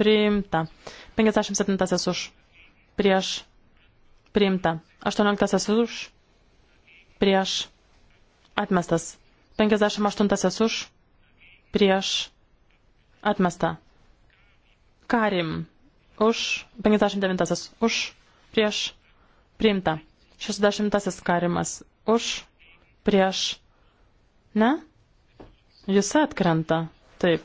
priimta. 57 už, prieš, priimta. 18 už, prieš, atmestas. 58 už, prieš, atmesta. Karim už, 59 už, prieš, priimta. 60 karimas už, prieš, ne? Jis atkrenta. Taip.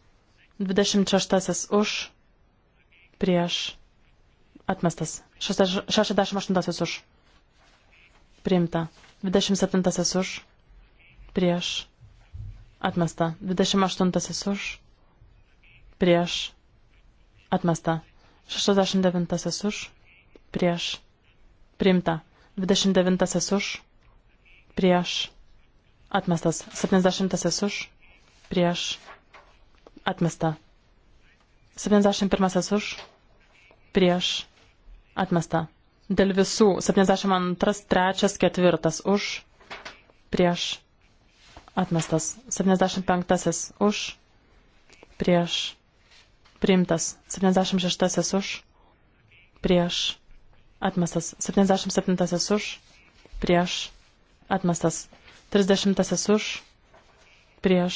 26 už, prieš, atmestas. 68 už, priimta. 27 už, prieš, atmesta. 28 už, prieš, atmesta. 69 už, prieš, priimta. 29 už, prieš, atmestas. 70 už, prieš, atmesta Atmesta. 71 už. Prieš. Atmesta. Dėl visų. 72, 3, 4 už. Prieš. Atmestas. 75 už. Prieš. Priimtas. 76 už. Prieš. Atmestas. 77 už. Prieš. Atmestas. 30 už. Prieš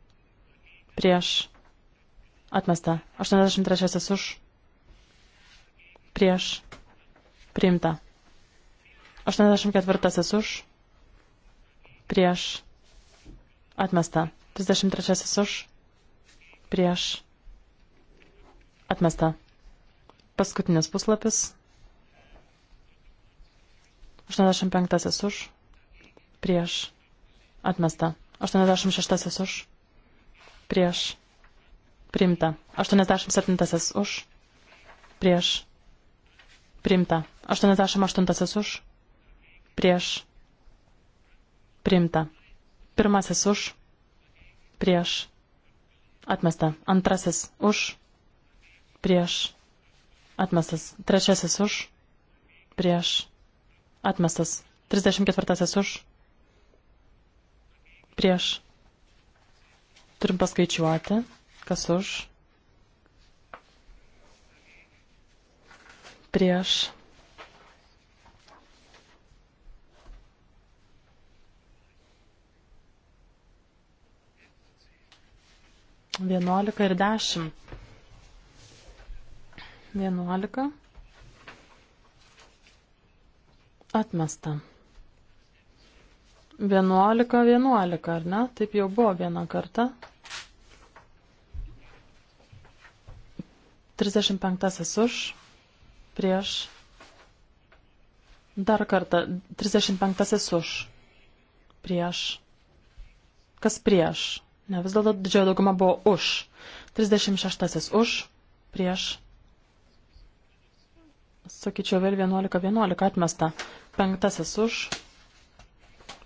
prieš atmesta. 83 už prieš priimta. 84 už prieš atmesta. 33 už prieš atmesta. Paskutinis puslapis. 85 už prieš atmesta. 86 už prieš primta. 87 už prieš primta. 88 už prieš primta. Pirmasis už prieš atmesta. Antrasis už prieš atmestas. Trečiasis už prieš atmestas. 34 už prieš Turim paskaičiuoti, kas už. Prieš. Vienuolika ir dešimt. Vienuolika. Atmesta. 11, 11, ar ne? Taip jau buvo vieną kartą. 35 už, prieš, dar kartą, 35 už, prieš, kas prieš, ne, vis dėlto didžioji dauguma buvo už, 36 už, prieš, sakyčiau vėl 11-11 atmesta, 5 už,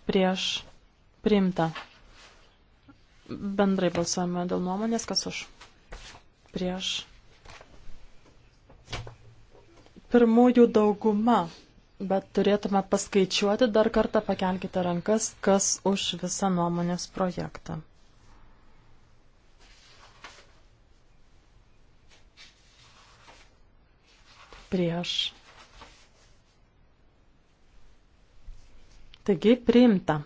prieš, priimta. Bendrai balsuojame dėl nuomonės, kas už prieš pirmųjų dauguma, bet turėtume paskaičiuoti dar kartą, pakelkite rankas, kas už visą nuomonės projektą. Prieš. Taigi priimta.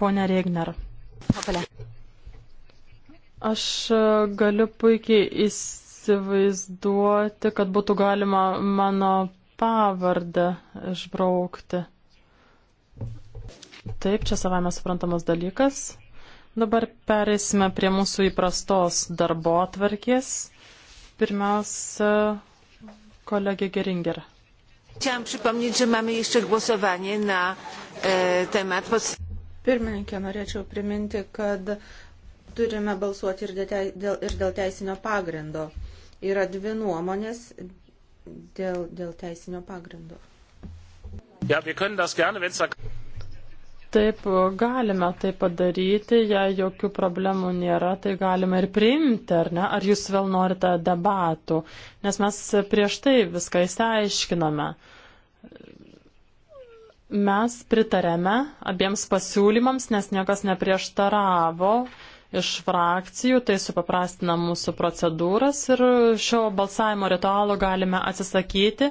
Pone Regner. Opelė. Aš e, galiu puikiai įsivaizduoti, kad būtų galima mano pavardę išbraukti. Taip, čia savame suprantamas dalykas. Dabar pereisime prie mūsų įprastos darbo atvarkės. Pirmiausia, kolegė Geringer. Chciałam przypomnieć, że mamy jeszcze głosowanie na e, temat. Pirmininkė, norėčiau priminti, kad turime balsuoti ir dėl, ir dėl teisinio pagrindo. Yra dvi nuomonės dėl, dėl teisinio pagrindo. Ja, gerne, Taip, galime tai padaryti, jei jokių problemų nėra, tai galime ir priimti, ar ne? Ar jūs vėl norite debatų? Nes mes prieš tai viską įsiaiškiname. Mes pritarėme abiems pasiūlymams, nes niekas neprieštaravo iš frakcijų, tai supaprastina mūsų procedūras ir šio balsavimo ritualo galime atsisakyti.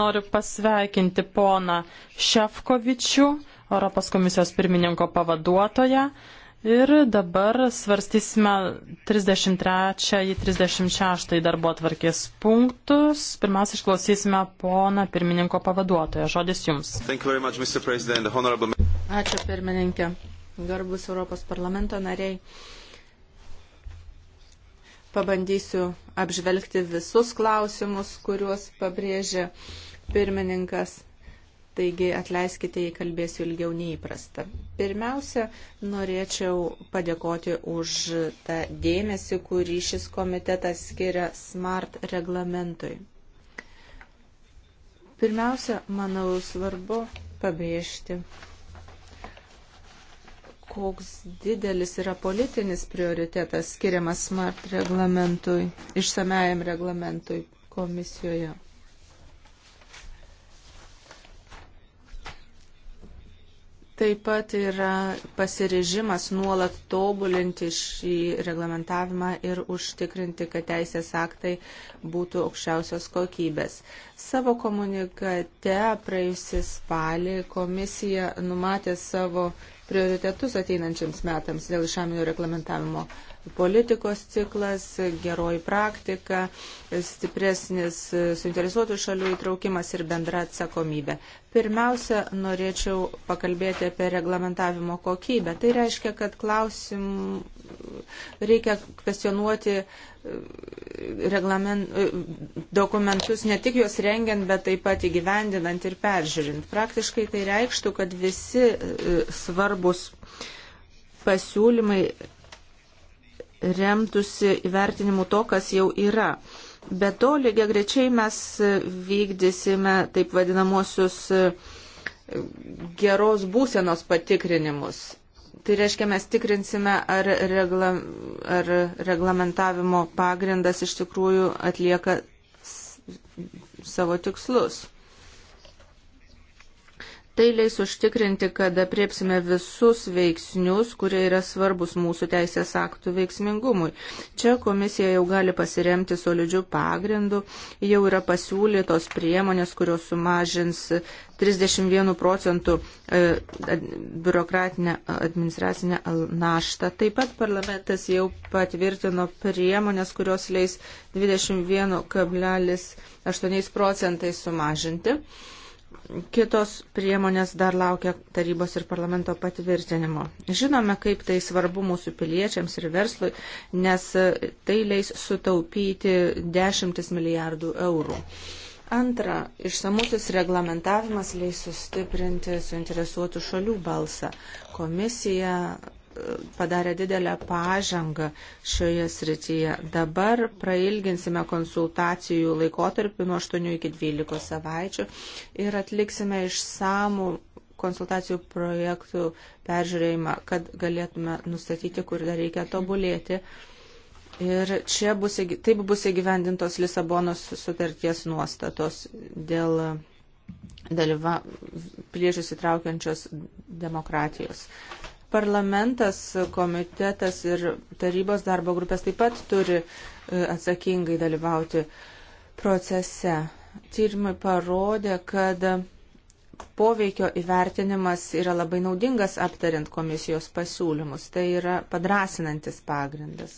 Noriu pasveikinti poną Šefkovičių, Europos komisijos pirmininko pavaduotoją. Ir dabar svarstysime 33-36 darbo atvarkės punktus. Pirmiausia, išklausysime poną pirmininko pavaduotoją. Žodis jums. Much, Honorable... Ačiū pirmininkė garbus Europos parlamento nariai. Pabandysiu apžvelgti visus klausimus, kuriuos pabrėžė pirmininkas. Taigi atleiskite, jei kalbėsiu ilgiau neįprasta. Pirmiausia, norėčiau padėkoti už tą dėmesį, kurį šis komitetas skiria SMART reglamentui. Pirmiausia, manau, svarbu pabrėžti koks didelis yra politinis prioritetas skiriamas smart reglamentui, išsameiam reglamentui komisijoje. Taip pat yra pasirežimas nuolat tobulinti šį reglamentavimą ir užtikrinti, kad teisės aktai būtų aukščiausios kokybės. Savo komunikate praėjusį spalį komisija numatė savo prioritetus ateinančiams metams dėl išaminio reglamentavimo politikos ciklas, geroji praktika, stipresnis suinteresuotų šalių įtraukimas ir bendra atsakomybė. Pirmiausia, norėčiau pakalbėti apie reglamentavimo kokybę. Tai reiškia, kad klausim reikia kvestionuoti e, reglament, e, dokumentus ne tik juos rengiant, bet taip pat įgyvendinant ir peržiūrint. Praktiškai tai reikštų, kad visi e, svarbus pasiūlymai remtųsi įvertinimu to, kas jau yra. Be to, lygiai grečiai mes vykdysime taip vadinamosius e, geros būsenos patikrinimus. Tai reiškia, mes tikrinsime, ar, regla, ar reglamentavimo pagrindas iš tikrųjų atlieka savo tikslus. Tai leis užtikrinti, kad apriepsime visus veiksnius, kurie yra svarbus mūsų teisės aktų veiksmingumui. Čia komisija jau gali pasiremti solidžių pagrindų, jau yra pasiūlytos priemonės, kurios sumažins 31 procentų e, biurokratinę administracinę naštą. Taip pat parlamentas jau patvirtino priemonės, kurios leis 21,8 procentai sumažinti Kitos priemonės dar laukia tarybos ir parlamento patvirtinimo. Žinome, kaip tai svarbu mūsų piliečiams ir verslui, nes tai leis sutaupyti dešimtis milijardų eurų. Antra, išsamusis reglamentavimas leis sustiprinti suinteresuotų šalių balsą. Komisija padarė didelę pažangą šioje srityje. Dabar prailginsime konsultacijų laikotarpį nuo 8 iki 12 savaičių ir atliksime išsamų konsultacijų projektų peržiūrėjimą, kad galėtume nustatyti, kur dar reikia tobulėti. Ir čia bus, taip bus įgyvendintos Lisabonos sutarties nuostatos dėl dalyva, priežius įtraukiančios demokratijos. Parlamentas, komitetas ir tarybos darbo grupės taip pat turi e, atsakingai dalyvauti procese. Tyrimai parodė, kad poveikio įvertinimas yra labai naudingas aptariant komisijos pasiūlymus. Tai yra padrasinantis pagrindas.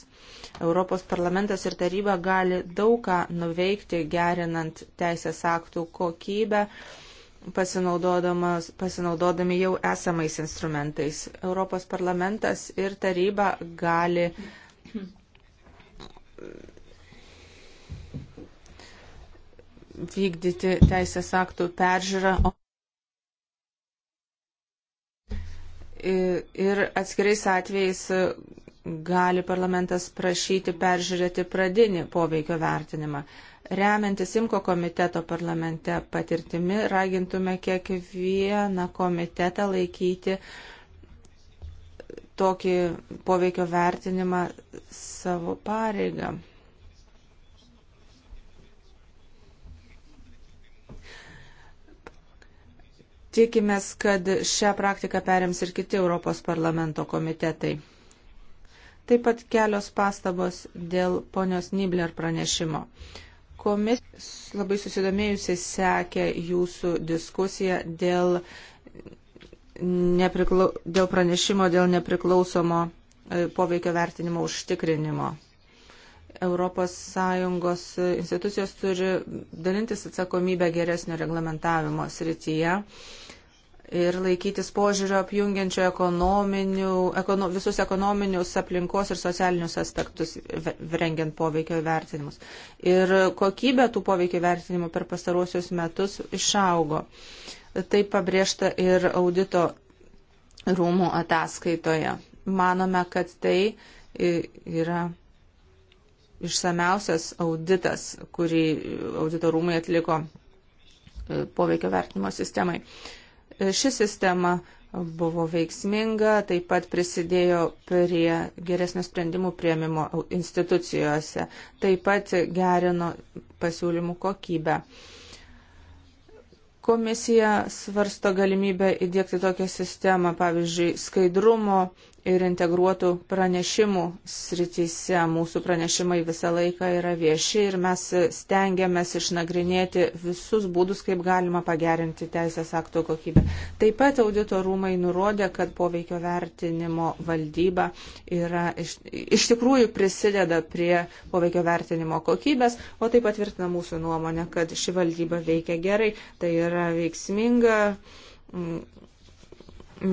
Europos parlamentas ir taryba gali daug ką nuveikti, gerinant teisės aktų kokybę, uh, pasinaudodami jau esamais instrumentais. Europos parlamentas ir taryba gali vykdyti teisės aktų peržiūrą. Ir atskirais atvejais gali parlamentas prašyti peržiūrėti pradinį poveikio vertinimą remiantis Imko komiteto parlamente patirtimi, ragintume kiekvieną komitetą laikyti tokį poveikio vertinimą savo pareigą. Tikimės, kad šią praktiką perims ir kiti Europos parlamento komitetai. Taip pat kelios pastabos dėl ponios Nibler pranešimo. Uh, Komisija labai susidomėjusi sekė jūsų diskusiją dėl, nepriklau, dėl pranešimo dėl nepriklausomo e, poveikio vertinimo užtikrinimo. ES institucijos turi dalintis atsakomybę geresnio reglamentavimo srityje ir laikytis požiūrio apjungiančio ekonominių, ekono, visus ekonominius aplinkos ir socialinius aspektus, rengiant poveikio vertinimus. Ir kokybė tų poveikio vertinimų per pastaruosius metus išaugo. Tai pabrėžta ir audito rūmų ataskaitoje. Manome, kad tai yra išsameusias auditas, kurį audito rūmai atliko poveikio vertinimo sistemai. Uh, ši sistema buvo veiksminga, taip pat prisidėjo prie geresnio sprendimų prieimimo institucijose, taip pat gerino pasiūlymų kokybę. Komisija svarsto galimybę įdėkti tokią sistemą, pavyzdžiui, skaidrumo ir integruotų pranešimų srityse. Mūsų pranešimai visą laiką yra vieši ir mes stengiamės išnagrinėti visus būdus, kaip galima pagerinti teisės akto kokybę. Taip pat audito rūmai nurodė, kad poveikio vertinimo valdyba yra, iš, iš tikrųjų prisideda prie poveikio vertinimo kokybės, o taip pat tvirtina mūsų nuomonę, kad ši valdyba veikia gerai, tai yra veiksminga mm,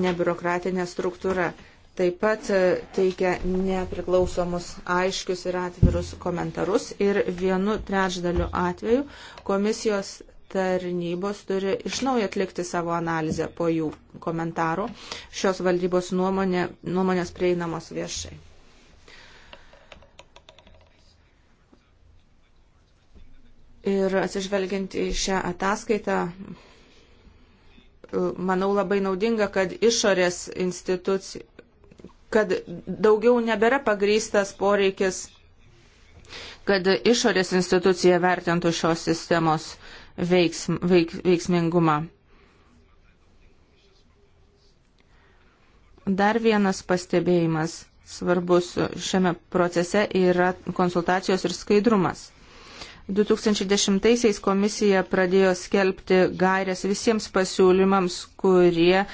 nebiurokratinė struktūra taip pat e, teikia nepriklausomus aiškius ir atvirus komentarus ir vienu trečdaliu atveju komisijos tarnybos turi iš naujo atlikti savo analizę po jų komentarų šios valdybos nuomonė, nuomonės prieinamos viešai. Ir atsižvelgiant į šią ataskaitą, manau labai naudinga, kad išorės institucijų kad daugiau nebėra pagrystas poreikis, kad išorės institucija vertintų šios sistemos veiksm, veik, veiksmingumą. Dar vienas pastebėjimas svarbus šiame procese yra konsultacijos ir skaidrumas. 2010-aisiais komisija pradėjo skelbti gairias visiems pasiūlymams, kurie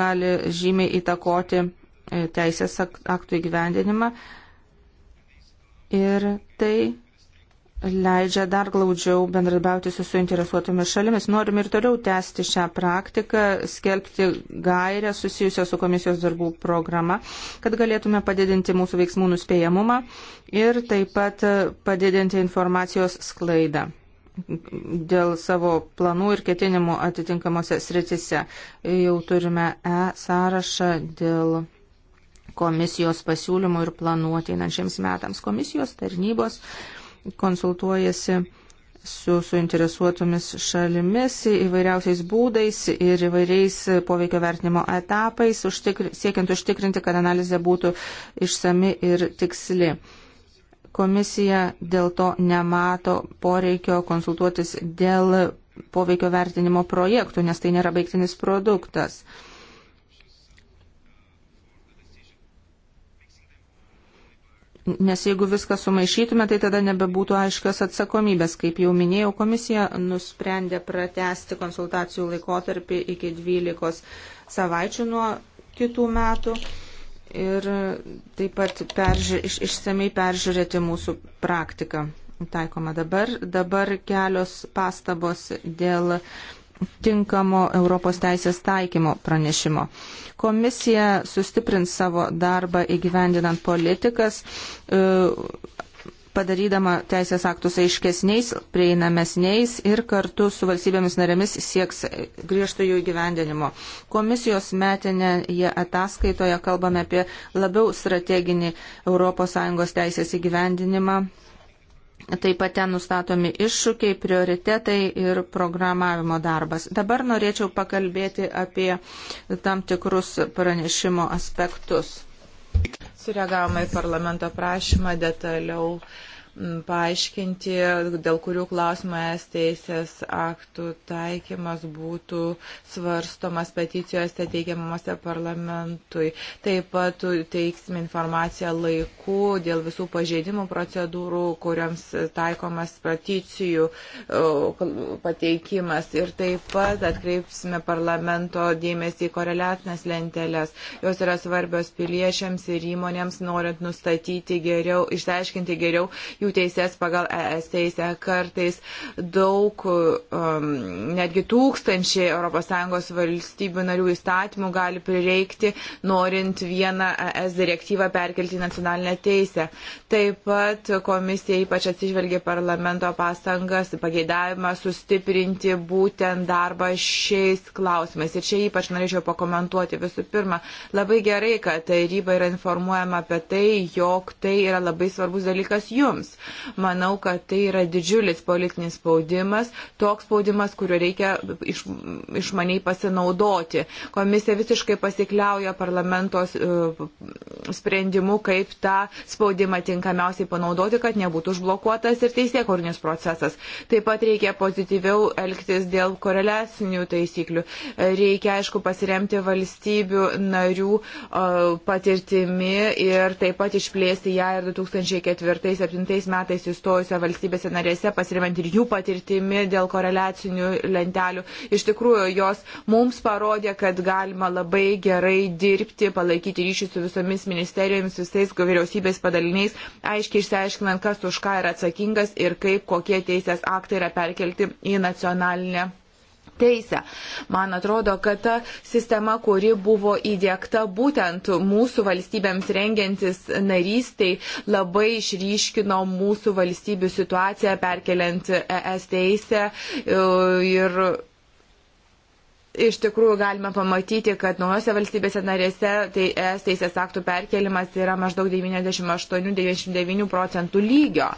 gali žymiai įtakoti teisės aktų įgyvendinimą ir tai leidžia dar glaudžiau bendradarbiauti su suinteresuotomis šalimis. Norim ir toliau tęsti šią praktiką, skelbti gairę susijusią su komisijos darbų programa, kad galėtume padidinti mūsų veiksmų nuspėjamumą ir taip pat padidinti informacijos sklaidą dėl savo planų ir ketinimų atitinkamose sritise. Jau turime E sąrašą dėl komisijos pasiūlymų ir planų ateinančiams metams. Komisijos tarnybos konsultuojasi su suinteresuotomis šalimis įvairiausiais būdais ir įvairiais poveikio vertinimo etapais, užtikri, siekiant užtikrinti, kad analizė būtų išsami ir tiksli. Komisija dėl to nemato poreikio konsultuotis dėl poveikio vertinimo projektų, nes tai nėra baigtinis produktas. Nes jeigu viską sumaišytume, tai tada nebebūtų aiškios atsakomybės. Kaip jau minėjau, komisija nusprendė pratesti konsultacijų laikotarpį iki 12 savaičių nuo kitų metų ir taip pat perži, iš, išsamei peržiūrėti mūsų praktiką taikomą dabar. Dabar kelios pastabos dėl tinkamo Europos teisės taikymo pranešimo. Komisija sustiprins savo darbą įgyvendinant politikas, e, padarydama teisės aktus aiškesniais, prieinamesniais ir kartu su valstybėmis narėmis sieks griežto jų įgyvendinimo. Komisijos metinėje ataskaitoje kalbame apie labiau strateginį ES teisės įgyvendinimą Taip pat ten nustatomi iššūkiai, prioritetai ir programavimo darbas. Dabar norėčiau pakalbėti apie tam tikrus pranešimo aspektus. Sureagavome į parlamento prašymą detaliau paaiškinti, dėl kurių klausimų es teisės aktų taikymas būtų svarstomas peticijose teikiamuose parlamentui. Taip pat teiksime informaciją laiku dėl visų pažeidimų procedūrų, kuriams taikomas peticijų pateikimas. Ir taip pat atkreipsime parlamento dėmesį į koreliacinės lentelės. Jos yra svarbios piliečiams ir įmonėms, norint nustatyti geriau, išsiaiškinti geriau jų jų teisės pagal ES teisę. Kartais daug, um, netgi tūkstančiai ES valstybių narių įstatymų gali prireikti, norint vieną ES direktyvą perkelti į nacionalinę teisę. Taip pat komisija ypač atsižvelgia parlamento pastangas, pageidavimą sustiprinti būtent darbą šiais klausimais. Ir čia ypač norėčiau pakomentuoti visų pirma. Labai gerai, kad taryba yra informuojama apie tai, jog tai yra labai svarbus dalykas jums metus. Manau, kad tai yra didžiulis politinis spaudimas, toks spaudimas, kuriuo reikia iš, išmaniai pasinaudoti. Komisija visiškai pasikliauja parlamento e, sprendimu, kaip tą spaudimą tinkamiausiai panaudoti, kad nebūtų užblokuotas ir teisėkornis procesas. Taip pat reikia pozityviau elgtis dėl koreliacinių taisyklių. Reikia, aišku, pasiremti valstybių narių e, patirtimi ir taip pat išplėsti ją ir 2004-2007 kitais metais įstojusią valstybėse narėse, pasirimant ir jų patirtimi dėl koreliacinių lentelių. Iš tikrųjų, jos mums parodė, kad galima labai gerai dirbti, palaikyti ryšį su visomis ministerijomis, visais vyriausybės padaliniais, aiškiai išsiaiškinant, kas už ką yra atsakingas ir kaip kokie teisės aktai yra perkelti į nacionalinę teisę. Man atrodo, kad ta sistema, kuri buvo įdėkta būtent mūsų valstybėms rengiantis narystiai, labai išryškino mūsų valstybių situaciją perkeliant ES teisę e, ir iš tikrųjų galime pamatyti, kad naujose valstybėse narėse tai es teisės aktų perkelimas yra maždaug 98-99 procentų lygio.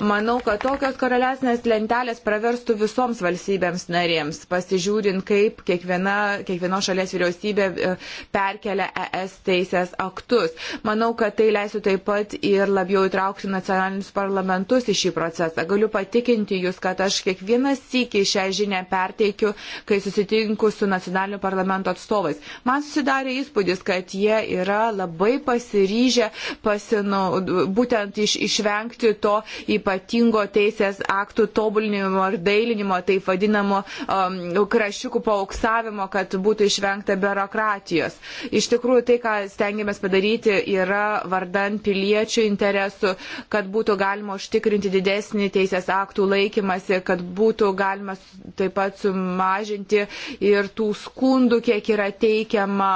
Manau, kad tokios koreliacinės lentelės praverstų visoms valstybėms narėms, pasižiūrint, kaip kiekviena, kiekvienos šalies vyriausybė e, perkelia ES teisės aktus. Manau, kad tai leisų taip pat ir labiau įtraukti nacionalinius parlamentus į šį procesą. Galiu patikinti Jūs, kad aš kiekvieną sykį šią žinę perteikiu, kai susitinku susitikus su nacionaliniu parlamento atstovais. Man susidarė įspūdis, kad jie yra labai pasiryžę pasinau, būtent iš, išvengti to ypatingo teisės aktų tobulinimo ar dailinimo, taip vadinamo um, kraščiukų paauksavimo, kad būtų išvengta biurokratijos. Iš tikrųjų, tai, ką stengiamės padaryti, yra vardan piliečių interesų, kad būtų galima užtikrinti didesnį teisės aktų laikymasi, kad būtų galima taip pat sumažinti ir tų skundų, kiek yra teikiama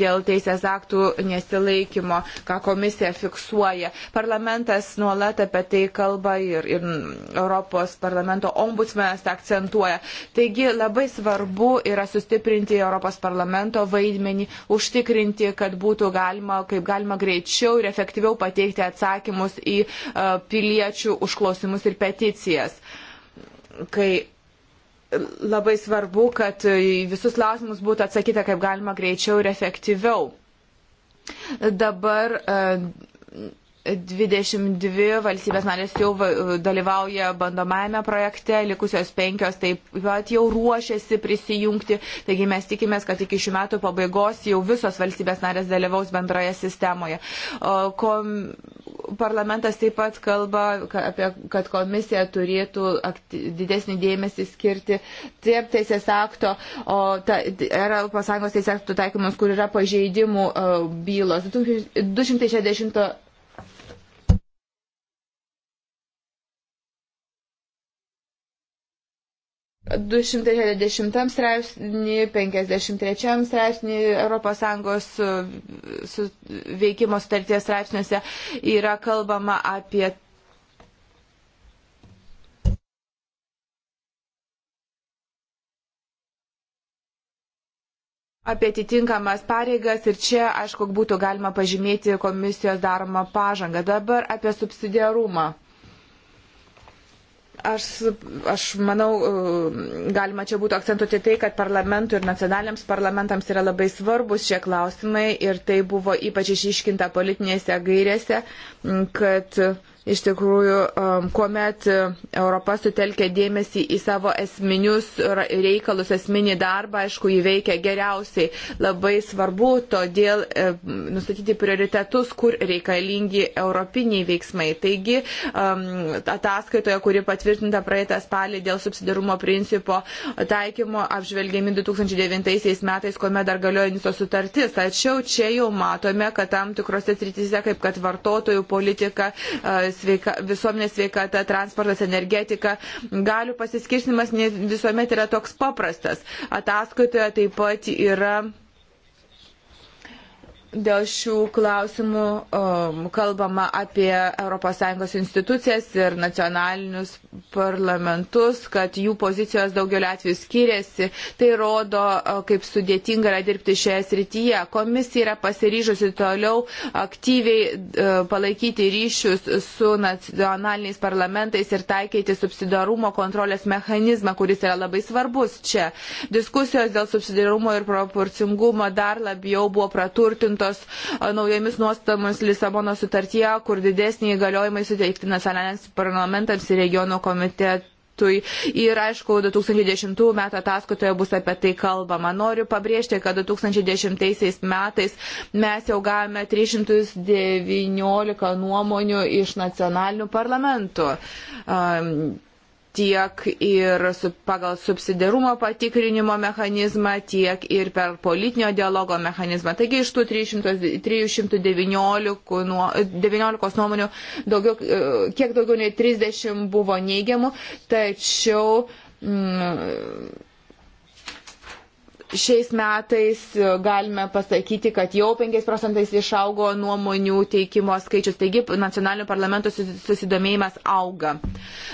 dėl teisės aktų nesilaikymo, ką komisija fiksuoja. Parlamentas nuolat apie tai kalba ir, ir Europos parlamento ombudsmenas tą akcentuoja. Taigi labai svarbu yra sustiprinti Europos parlamento vaidmenį, užtikrinti, kad būtų galima, kaip galima greičiau ir efektyviau pateikti atsakymus į piliečių užklausimus ir peticijas. Kai labai svarbu, kad į visus klausimus būtų atsakyta kaip galima greičiau ir efektyviau. Dabar 22 e, valstybės narės jau dalyvauja bandomajame projekte, likusios penkios taip pat jau ruošiasi prisijungti. Taigi mes tikimės, kad iki šių metų pabaigos jau visos valstybės narės dalyvaus bendroje sistemoje. Kom Parlamentas taip pat kalba apie, kad komisija turėtų didesnį dėmesį skirti tiek teisės akto, o ta, yra pasąjungos teisės aktų taikymas, kur yra pažeidimų e, bylos. 260 260 straipsnį, 53 straipsnį ES e, su veikimo sutarties straipsniuose yra kalbama apie. apie atitinkamas pareigas ir čia, aišku, būtų galima pažymėti komisijos daromą pažangą. Dabar apie subsidiarumą. Aš, aš manau, e, galima čia būtų akcentuoti tai, kad parlamentui ir nacionaliniams parlamentams yra labai svarbus šie klausimai ir tai buvo ypač išiškinta politinėse gairėse, kad Iš tikrųjų, um, kuomet e, Europa sutelkia dėmesį į savo esminius reikalus, esminį darbą, aišku, įveikia geriausiai. Labai svarbu todėl e, nustatyti prioritetus, kur reikalingi europiniai veiksmai. Taigi, um, ataskaitoje, kuri patvirtinta praeitą spalį dėl subsidarumo principo taikymo, apžvelgiami 2009 metais, kuomet dar galiojo Niso sutartis. Tačiau čia jau matome, kad tam tikrose srityse, kaip kad vartotojų politika, e, sveika, visuomenės sveikata, transportas, energetika, galių pasiskirstimas ne visuomet yra toks paprastas. Ataskaitoje taip pat yra dėl šių klausimų um, kalbama apie ES institucijas ir nacionalinius parlamentus, kad jų pozicijos daugeliu atveju skiriasi. Tai rodo, uh, kaip sudėtinga yra dirbti šioje srityje. Komisija yra pasiryžusi toliau aktyviai uh, palaikyti ryšius su nacionaliniais parlamentais ir taikyti subsidarumo kontrolės mechanizmą, kuris yra labai svarbus čia. Diskusijos dėl subsidarumo ir proporcingumo dar labiau buvo praturtintos patvirtintos naujomis nuostamomis Lisabono sutartyje, kur didesnį įgaliojimai suteikti nacionaliniams parlamentams ir regionų komitetams biudžetui. Ir aišku, 2010 metų ataskaitoje bus apie tai kalbama. Noriu pabrėžti, kad 2010 metais mes jau gavome 319 nuomonių iš nacionalinių parlamentų. Um, tiek ir pagal subsidiarumo patikrinimo mechanizmą, tiek ir per politinio dialogo mechanizmą. Taigi iš tų 300, 319 nuo, 19 nuomonių daugiau, e, kiek daugiau nei 30 buvo neigiamų, tačiau mm, šiais metais e, galime pasakyti, kad jau 5 procentais išaugo nuomonių teikimo skaičius, taigi nacionalinių parlamentų susidomėjimas auga.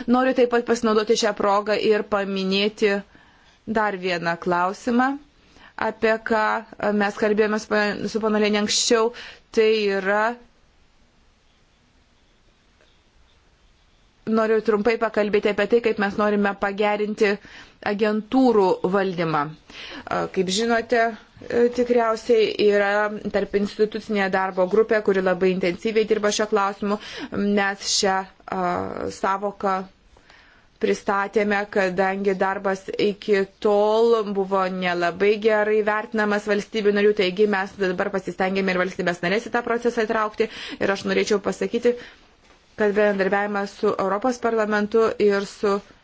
Noriu taip pat pasinaudoti šią progą ir paminėti dar vieną klausimą, apie ką e, mes kalbėjome su panolėnė anksčiau, tai yra. Noriu trumpai pakalbėti apie tai, kaip mes norime pagerinti uh, agentūrų valdymą. Kaip žinote, e, tikriausiai yra tarp institucinė darbo grupė, kuri labai intensyviai dirba šio klausimu. Mes šią savoką pristatėme, kadangi darbas iki tol buvo nelabai gerai vertinamas valstybių narių, taigi mes dabar pasistengėme ir valstybės narės į tą procesą įtraukti. Ir aš norėčiau pasakyti, kad bendarbiavimas su Europos parlamentu ir su uh,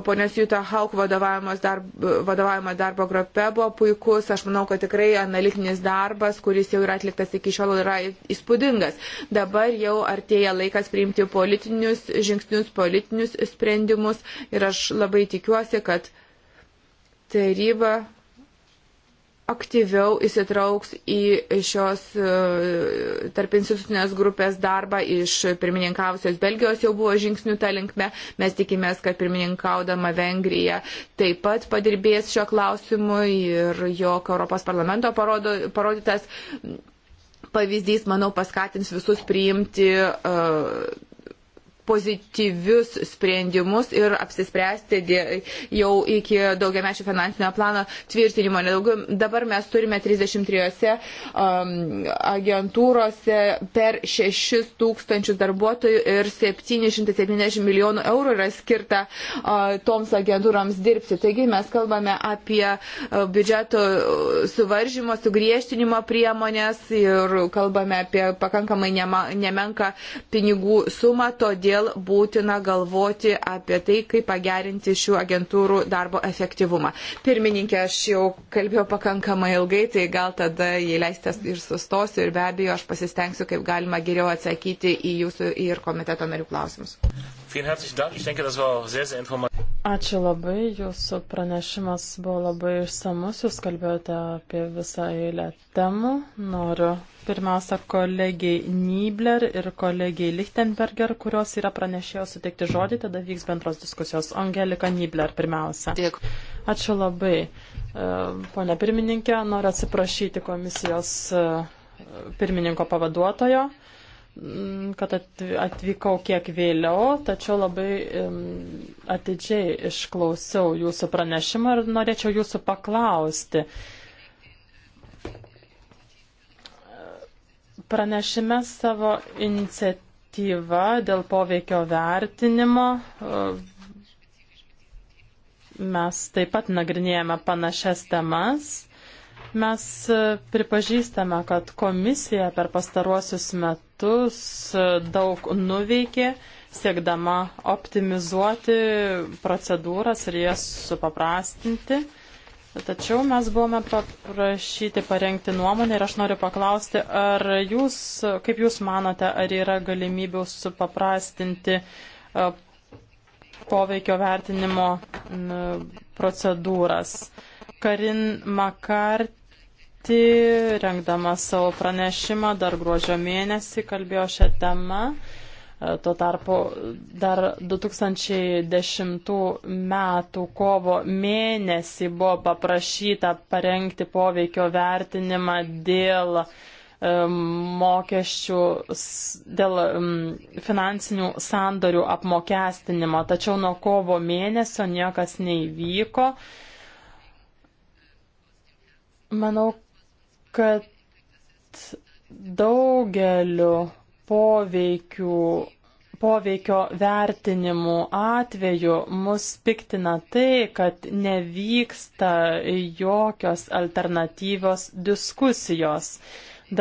ponios Juta Hauk vadovavimas darb, vadovavimo darbo grupe buvo puikus. Aš manau, kad tikrai analitinis darbas, kuris jau yra atliktas iki šiol, yra įspūdingas. Dabar jau artėja laikas priimti politinius žingsnius, politinius sprendimus ir aš labai tikiuosi, kad taryba aktyviau įsitrauks į šios e, tarp institucinės grupės darbą. Iš pirmininkavusios Belgijos jau buvo žingsnių tą linkme. Mes tikimės, kad pirmininkaudama Vengrija taip pat padirbės šio klausimu ir jog Europos parlamento parodo, parodytas pavyzdys, manau, paskatins visus priimti. Uh, pozityvius sprendimus ir apsispręsti jau iki daugiamečio finansinio plano tvirtinimo. Nedaugiau. Dabar mes turime 33 um, agentūrose per 6 tūkstančius darbuotojų ir 770 milijonų eurų yra skirta uh, toms agentūroms dirbti. Taigi mes kalbame apie uh, biudžeto suvaržymo, sugriežtinimo priemonės ir kalbame apie pakankamai nema, nemenką pinigų sumą. Todėl todėl būtina galvoti apie tai, kaip pagerinti šių agentūrų darbo efektyvumą. Pirmininkė, aš jau kalbėjau pakankamai ilgai, tai gal tada, jei leistės, ir sustosiu ir be abejo, aš pasistengsiu, kaip galima geriau atsakyti į jūsų ir komiteto narių klausimus. Ačiū labai, jūsų pranešimas buvo labai išsamus, jūs kalbėjote apie visą eilę temų. Noriu pirmiausia kolegiai Nibler ir kolegiai Lichtenberger, kurios yra pranešėjo suteikti žodį, tada vyks bendros diskusijos. Angelika Nibler pirmiausia. Dėkui. Ačiū labai. E, pone pirmininkė, noriu atsiprašyti komisijos e, pirmininko pavaduotojo. Mm, kad atvykau kiek vėliau, tačiau labai atidžiai išklausiau jūsų pranešimą ir norėčiau jūsų paklausti. Pranešime savo iniciatyvą dėl poveikio vertinimo e, mes taip pat nagrinėjame panašias temas. Mes pripažįstame, kad komisija per pastaruosius metus daug nuveikė, siekdama optimizuoti procedūras ir jas supaprastinti. Tačiau mes buvome paprašyti parengti nuomonę ir aš noriu paklausti, ar jūs, kaip jūs manote, ar yra galimybių supaprastinti e, poveikio vertinimo procedūras. Karin Makart pati, rengdama savo pranešimą, dar gruodžio mėnesį kalbėjo šią temą. E, tuo tarpu dar 2010 metų kovo mėnesį buvo paprašyta parengti poveikio vertinimą dėl e, mokesčių, dėl finansinių sandorių apmokestinimo, tačiau nuo kovo mėnesio niekas neįvyko. Manau, kad daugeliu poveikių, poveikio vertinimų atveju mus piktina tai, kad nevyksta jokios alternatyvios diskusijos.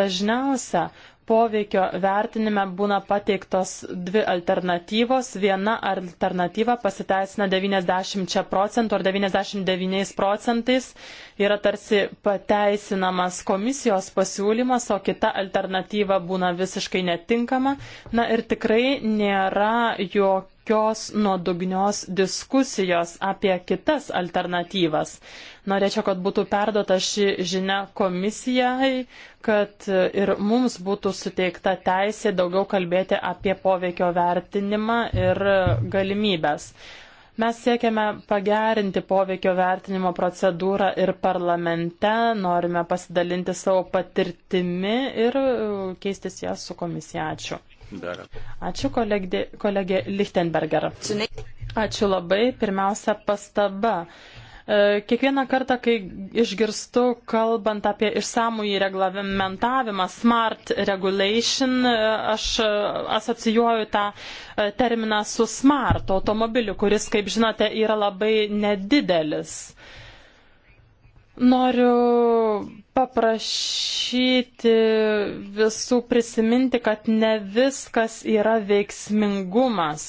Dažniausia poveikio vertinime būna pateiktos dvi alternatyvos. Viena alternatyva pasiteisina 90 procentų ar 99 procentais, yra tarsi pateisinamas komisijos pasiūlymas, o kita alternatyva būna visiškai netinkama. Na ir tikrai nėra jokio jokios nuodugnios diskusijos apie kitas alternatyvas. Norėčiau, kad būtų perdota ši žinia komisijai, kad ir mums būtų suteikta teisė daugiau kalbėti apie poveikio vertinimą ir galimybės. Mes siekiame pagerinti poveikio vertinimo procedūrą ir parlamente, norime pasidalinti savo patirtimi ir keistis ją su komisija. Ačiū. Ačiū kolegė, kolegė Lichtenberger. Ačiū labai. Pirmiausia pastaba. E, kiekvieną kartą, kai išgirstu, kalbant apie išsamų įreglamentavimą, smart regulation, e, aš asocijuoju tą e, terminą su smart automobiliu, kuris, kaip žinote, yra labai nedidelis. Uh, Noriu paprašyti visų prisiminti, kad ne viskas yra veiksmingumas.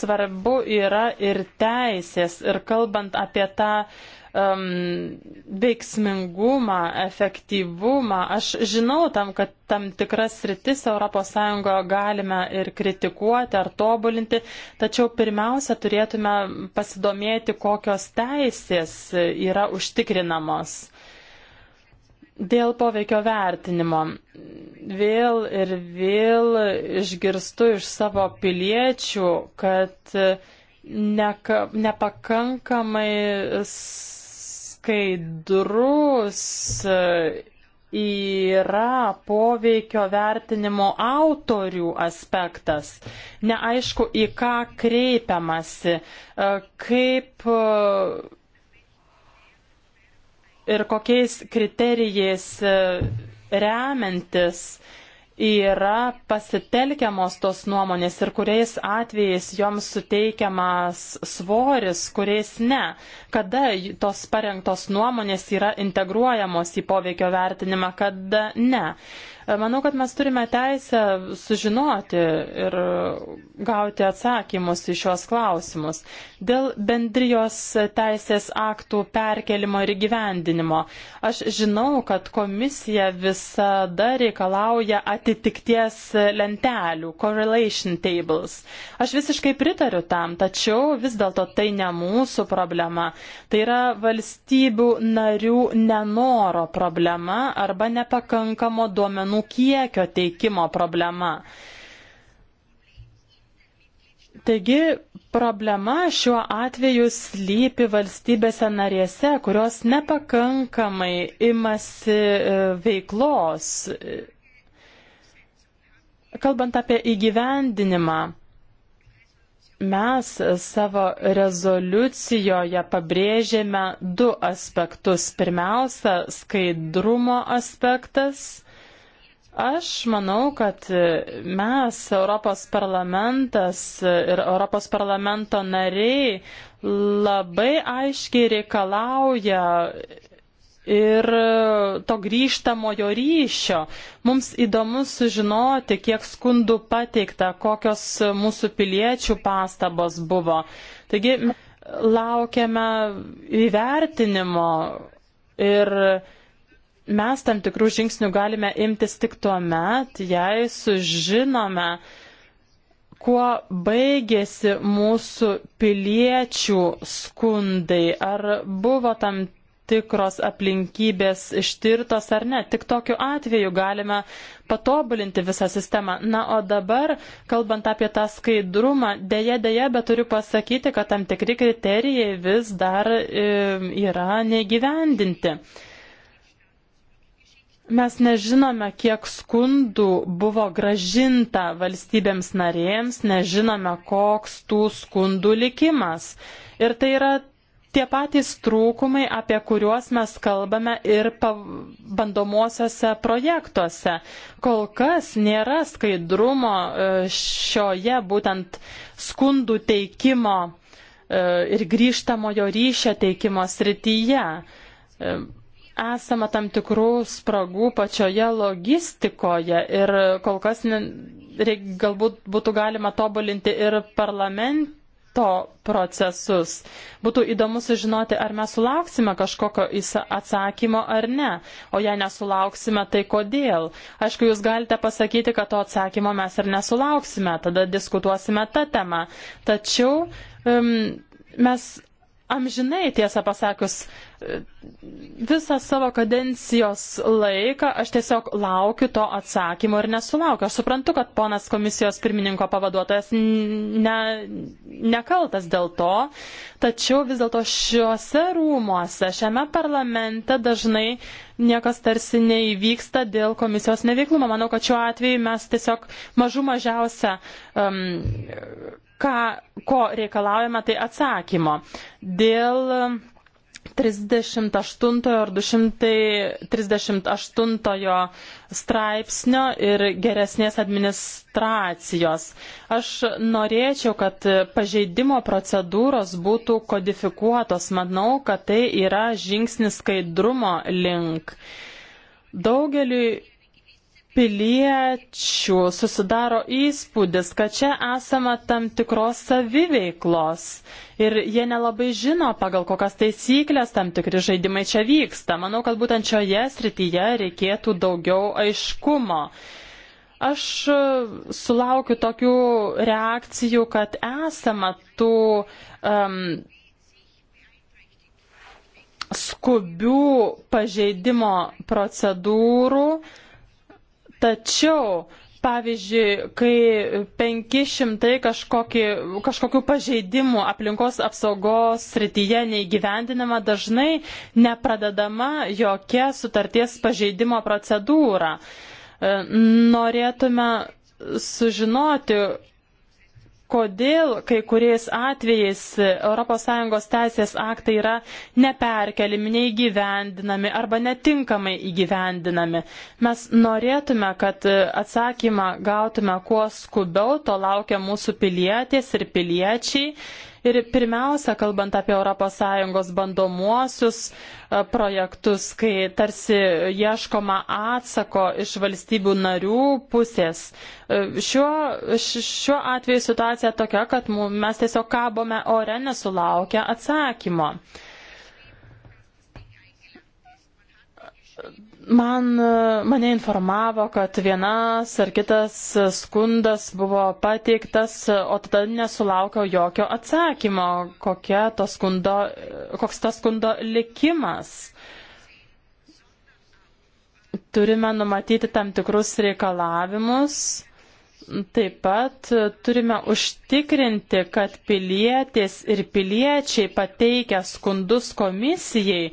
Svarbu yra ir teisės. Ir kalbant apie tą um, veiksmingumą, efektyvumą. Aš žinau tam, kad tam tikras sritis ES galime ir kritikuoti ar tobulinti, tačiau pirmiausia turėtume pasidomėti, kokios teisės yra užtikrinamos. Dėl poveikio vertinimo. Vėl ir vėl išgirstu iš savo piliečių, kad nepakankamai skaidrus e, yra poveikio vertinimo autorių aspektas. Neaišku, į ką kreipiamasi, e, kaip e, ir kokiais kriterijais remiantis yra pasitelkiamos tos nuomonės ir kuriais atvejais joms suteikiamas svoris, kuriais ne, kada tos parengtos nuomonės yra integruojamos į poveikio vertinimą, kada ne. Manau, kad mes turime teisę sužinoti ir gauti atsakymus į šios klausimus. Dėl bendrijos teisės aktų perkelimo ir gyvendinimo. Aš žinau, kad komisija visada reikalauja atitikties lentelių, correlation tables. Aš visiškai pritariu tam, tačiau vis dėlto tai ne mūsų problema. Tai yra valstybių narių nenoro problema arba nepakankamo duomenų duomenų kiekio teikimo problema. Taigi problema šiuo atveju slypi valstybėse narėse, kurios nepakankamai imasi e, veiklos. Kalbant apie įgyvendinimą, mes savo rezoliucijoje pabrėžėme du aspektus. Pirmiausia, skaidrumo aspektas Aš manau, kad mes, Europos parlamentas ir Europos parlamento nariai, labai aiškiai reikalauja ir to grįžtamojo ryšio. Mums įdomu sužinoti, kiek skundų pateikta, kokios mūsų piliečių pastabos buvo. Taigi laukiame įvertinimo ir mes tam tikrų žingsnių galime imtis tik tuo met, jei sužinome, kuo baigėsi mūsų piliečių skundai, ar buvo tam tikros aplinkybės ištirtos ar ne. Tik tokiu atveju galime patobulinti visą sistemą. Na, o dabar, kalbant apie tą skaidrumą, dėje, dėje, bet turiu pasakyti, kad tam tikri kriterijai vis dar e, yra negyvendinti. Mes nežinome, kiek skundų buvo gražinta valstybėms narėms, nežinome, koks tų skundų likimas. Ir tai yra tie patys trūkumai, apie kuriuos mes kalbame ir bandomuosiuose projektuose. Kol kas nėra skaidrumo e, šioje būtent skundų teikimo e, ir grįžtamojo ryšio teikimo srityje. E, esama tam tikrų spragų pačioje logistikoje ir kol kas ne, reik, galbūt būtų galima tobulinti ir parlamento procesus. Būtų įdomu sužinoti, ar mes sulauksime kažkokio atsakymo ar ne, o jei nesulauksime, tai kodėl. Aišku, jūs galite pasakyti, kad to atsakymo mes ir nesulauksime, tada diskutuosime tą temą. Tačiau um, mes amžinai, tiesą pasakius, visą savo kadencijos laiką aš tiesiog laukiu to atsakymo ir nesulaukiu. Aš suprantu, kad ponas komisijos pirmininko pavaduotojas ne, nekaltas dėl to, tačiau vis dėlto šiuose rūmuose, šiame parlamente dažnai niekas tarsi neįvyksta dėl komisijos neveiklumo. Manau, kad šiuo atveju mes tiesiog mažų mažiausia. Um, Ką, ko reikalaujame, tai atsakymo. Dėl 38 ar 238 straipsnio ir geresnės administracijos. Aš norėčiau, kad pažeidimo procedūros būtų kodifikuotos. Manau, kad tai yra žingsnis skaidrumo link. Daugeliui piliečių susidaro įspūdis, kad čia esama tam tikros saviveiklos ir jie nelabai žino, pagal kokias taisyklės tam tikri žaidimai čia vyksta. Manau, kad būtent šioje srityje reikėtų daugiau aiškumo. Aš sulaukiu tokių reakcijų, kad esama tų um, skubių pažeidimo procedūrų, uh, Tačiau, pavyzdžiui, kai 500 kažkokį, kažkokių pažeidimų aplinkos apsaugos srityje neįgyvendinama, dažnai nepradedama jokia sutarties pažeidimo procedūra. E, norėtume sužinoti, kodėl kai kuriais atvejais ES teisės aktai yra neperkeliami, neįgyvendinami arba netinkamai įgyvendinami. Mes norėtume, kad atsakymą gautume kuo skubiau, to laukia mūsų pilietės ir piliečiai. Ir pirmiausia, kalbant apie ES bandomuosius e, projektus, kai tarsi ieškoma atsako iš valstybių narių pusės. E, šiuo, šiuo atveju situacija tokia, kad mes tiesiog kabome ore nesulaukę atsakymo Man, mane informavo, kad vienas ar kitas skundas buvo pateiktas, o tada nesulaukiau jokio atsakymo, to skundo, koks tas skundo likimas turime numatyti tam tikrus reikalavimus Taip pat e, turime užtikrinti, kad pilietės ir piliečiai pateikę skundus komisijai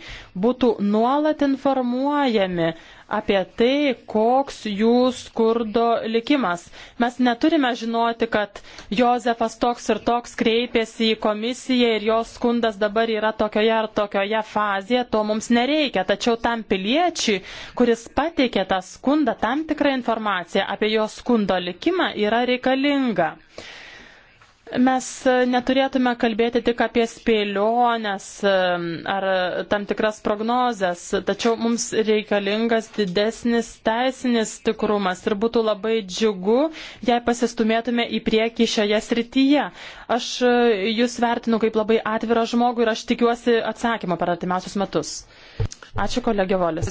būtų nuolat informuojami apie tai, koks jų skurdo likimas. Mes neturime žinoti, kad Jozefas toks ir toks kreipėsi į komisiją ir jos skundas dabar yra tokioje ar tokioje fazėje, to mums nereikia. Tačiau tam piliečiui, kuris pateikė tą skundą, tam tikrą informaciją apie jo skundo likimą yra reikalinga. Mes e, neturėtume kalbėti tik apie spėliones e, ar tam tikras prognozes, tačiau mums reikalingas didesnis teisinis tikrumas ir būtų labai džiugu, jei pasistumėtume į priekį šioje srityje. Aš e, jūs vertinu kaip labai atvirą žmogų ir aš tikiuosi atsakymą per artimiausius metus. Ačiū kolegė Volis.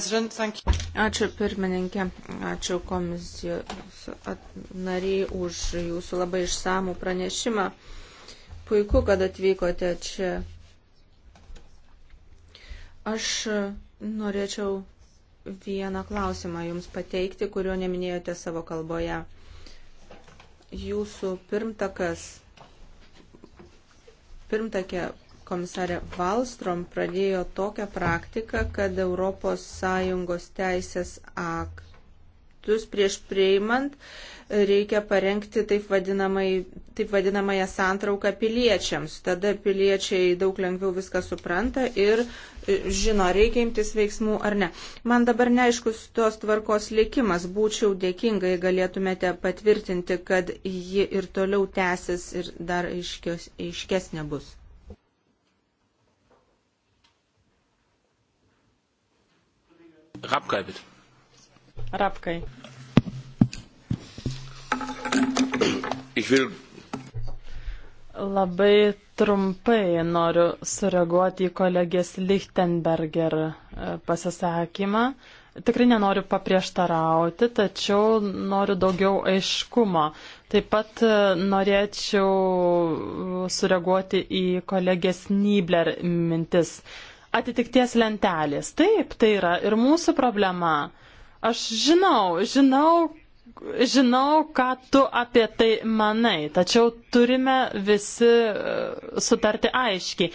Ačiū pirmininkė, ačiū komisijos nariai už jūsų labai išsamų pranešimą. Puiku, kad atvykote čia. Aš norėčiau vieną klausimą jums pateikti, kurio neminėjote savo kalboje. Jūsų pirmtakas, pirmtakė komisarė Valstrom pradėjo tokią praktiką, kad ES teisės aktus prieš prieimant reikia parengti taip, vadinamai, taip vadinamąją santrauką piliečiams. Tada piliečiai daug lengviau viską supranta ir e, žino, reikia imtis veiksmų ar ne. Man dabar neaiškus tos tvarkos likimas. Būčiau dėkinga, jei galėtumėte patvirtinti, kad ji ir toliau tęsis ir dar aiškios, aiškesnė bus. Rapkai, bitte. Rapkai. Ich will Labai trumpai noriu sureaguoti į kolegės Lichtenberger e, pasisakymą. Tikrai nenoriu paprieštarauti, tačiau noriu daugiau aiškumo. Taip pat e, norėčiau sureaguoti į kolegės Nibler mintis atitikties lentelės. Taip, tai yra ir mūsų problema. Aš žinau, žinau, žinau, ką tu apie tai manai, tačiau turime visi e, sutarti aiškiai.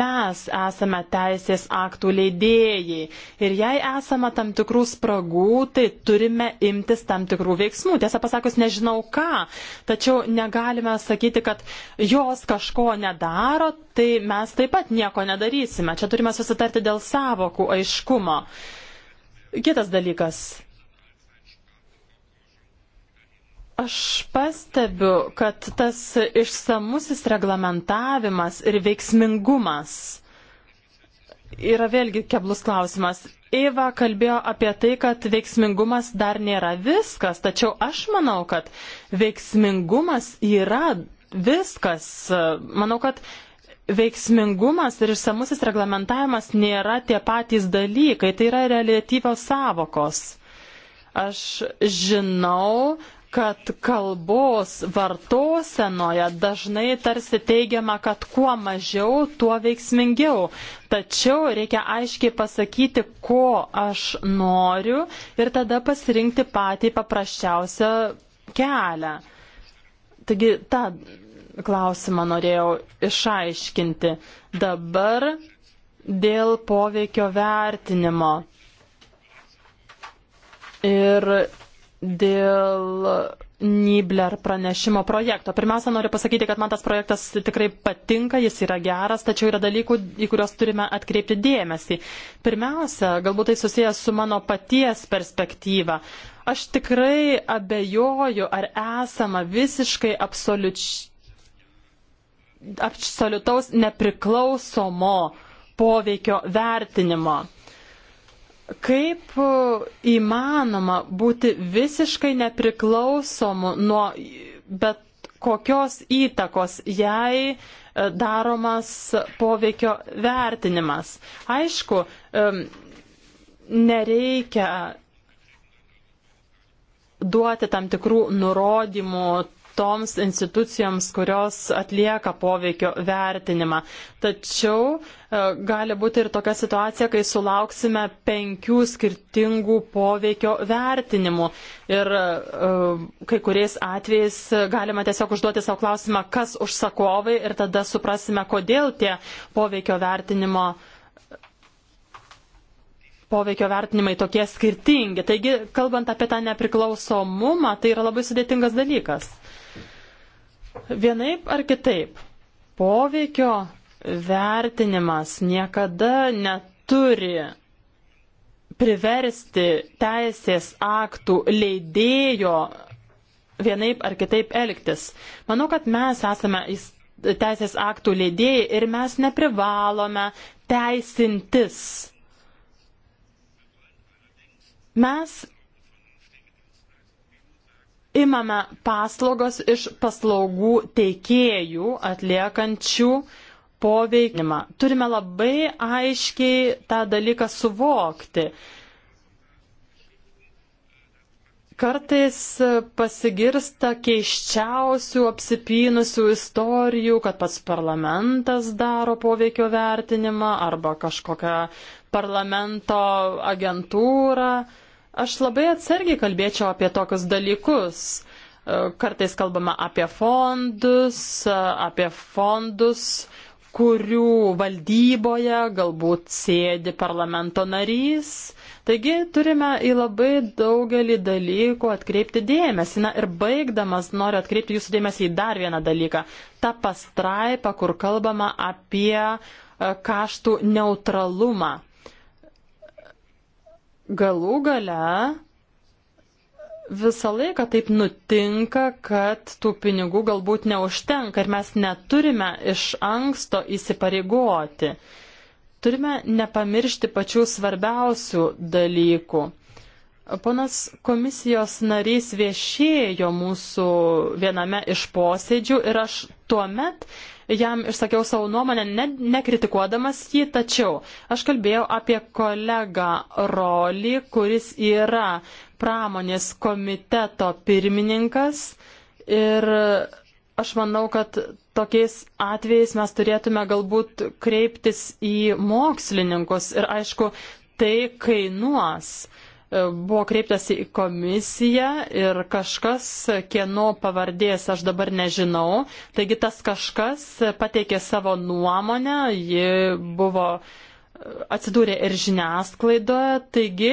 Mes esame teisės aktų leidėjai ir jei esame tam tikrų spragų, tai turime imtis tam tikrų veiksmų. Tiesą pasakus, nežinau ką, tačiau negalime sakyti, kad jos kažko nedaro, tai mes taip pat nieko nedarysime. Čia turime susitarti dėl savokų aiškumo. Kitas dalykas Aš pastebiu, kad tas išsamusis reglamentavimas ir veiksmingumas yra vėlgi keblus klausimas. Eva kalbėjo apie tai, kad veiksmingumas dar nėra viskas, tačiau aš manau, kad veiksmingumas yra viskas. Manau, kad veiksmingumas ir išsamusis reglamentavimas nėra tie patys dalykai, tai yra relatyvios savokos. Aš žinau, kad kalbos vartosenoje dažnai tarsi teigiama, kad kuo mažiau, tuo veiksmingiau. Tačiau reikia aiškiai pasakyti, ko aš noriu ir tada pasirinkti patį paprasčiausią kelią. Taigi tą klausimą norėjau išaiškinti. Dabar dėl poveikio vertinimo. Ir dėl Nibler pranešimo projekto. Pirmiausia, noriu pasakyti, kad man tas projektas tikrai patinka, jis yra geras, tačiau yra dalykų, į kuriuos turime atkreipti dėmesį. Pirmiausia, galbūt tai susijęs su mano paties perspektyva. Aš tikrai abejoju, ar esama visiškai absoliučiai absoliutaus nepriklausomo poveikio vertinimo. Kaip e, įmanoma būti visiškai nepriklausomu nuo bet kokios įtakos, jei e, daromas poveikio vertinimas. Aišku, e, nereikia duoti tam tikrų nurodymų toms institucijoms, kurios atlieka poveikio vertinimą. Tačiau e, gali būti ir tokia situacija, kai sulauksime penkių skirtingų poveikio vertinimų. Ir e, kai kuriais atvejais galima tiesiog užduoti savo klausimą, kas užsakovai ir tada suprasime, kodėl tie poveikio vertinimo poveikio vertinimai tokie skirtingi. Taigi, kalbant apie tą nepriklausomumą, tai yra labai sudėtingas dalykas. Vienaip ar kitaip, poveikio vertinimas niekada neturi priversti teisės aktų leidėjo vienaip ar kitaip elgtis. Manau, kad mes esame teisės aktų leidėjai ir mes neprivalome teisintis. Mes imame paslaugas iš paslaugų teikėjų atliekančių poveikinimą. Turime labai aiškiai tą dalyką suvokti. Kartais pasigirsta keiščiausių apsipynusių istorijų, kad pats parlamentas daro poveikio vertinimą arba kažkokią parlamento agentūrą. Aš labai atsargiai kalbėčiau apie tokius dalykus. E, kartais kalbama apie fondus, e, apie fondus, kurių valdyboje galbūt sėdi parlamento narys. Taigi turime į labai daugelį dalykų atkreipti dėmesį. Na ir baigdamas noriu atkreipti jūsų dėmesį į dar vieną dalyką. Ta pastraipa, kur kalbama apie e, kaštų neutralumą galų gale visą laiką taip nutinka, kad tų pinigų galbūt neužtenka ir mes neturime iš anksto įsipareigoti. Turime nepamiršti pačių svarbiausių dalykų. Ponas komisijos narys viešėjo mūsų viename iš posėdžių ir aš tuo met jam išsakiau savo nuomonę, ne, nekritikuodamas jį, tačiau aš kalbėjau apie kolegą Rolį, kuris yra pramonės komiteto pirmininkas ir aš manau, kad tokiais atvejais mes turėtume galbūt kreiptis į mokslininkus ir aišku, tai kainuos. E, buvo kreiptasi į komisiją ir kažkas, kieno pavardės aš dabar nežinau, taigi tas kažkas pateikė savo nuomonę, ji buvo e, atsidūrė ir žiniasklaidoje, taigi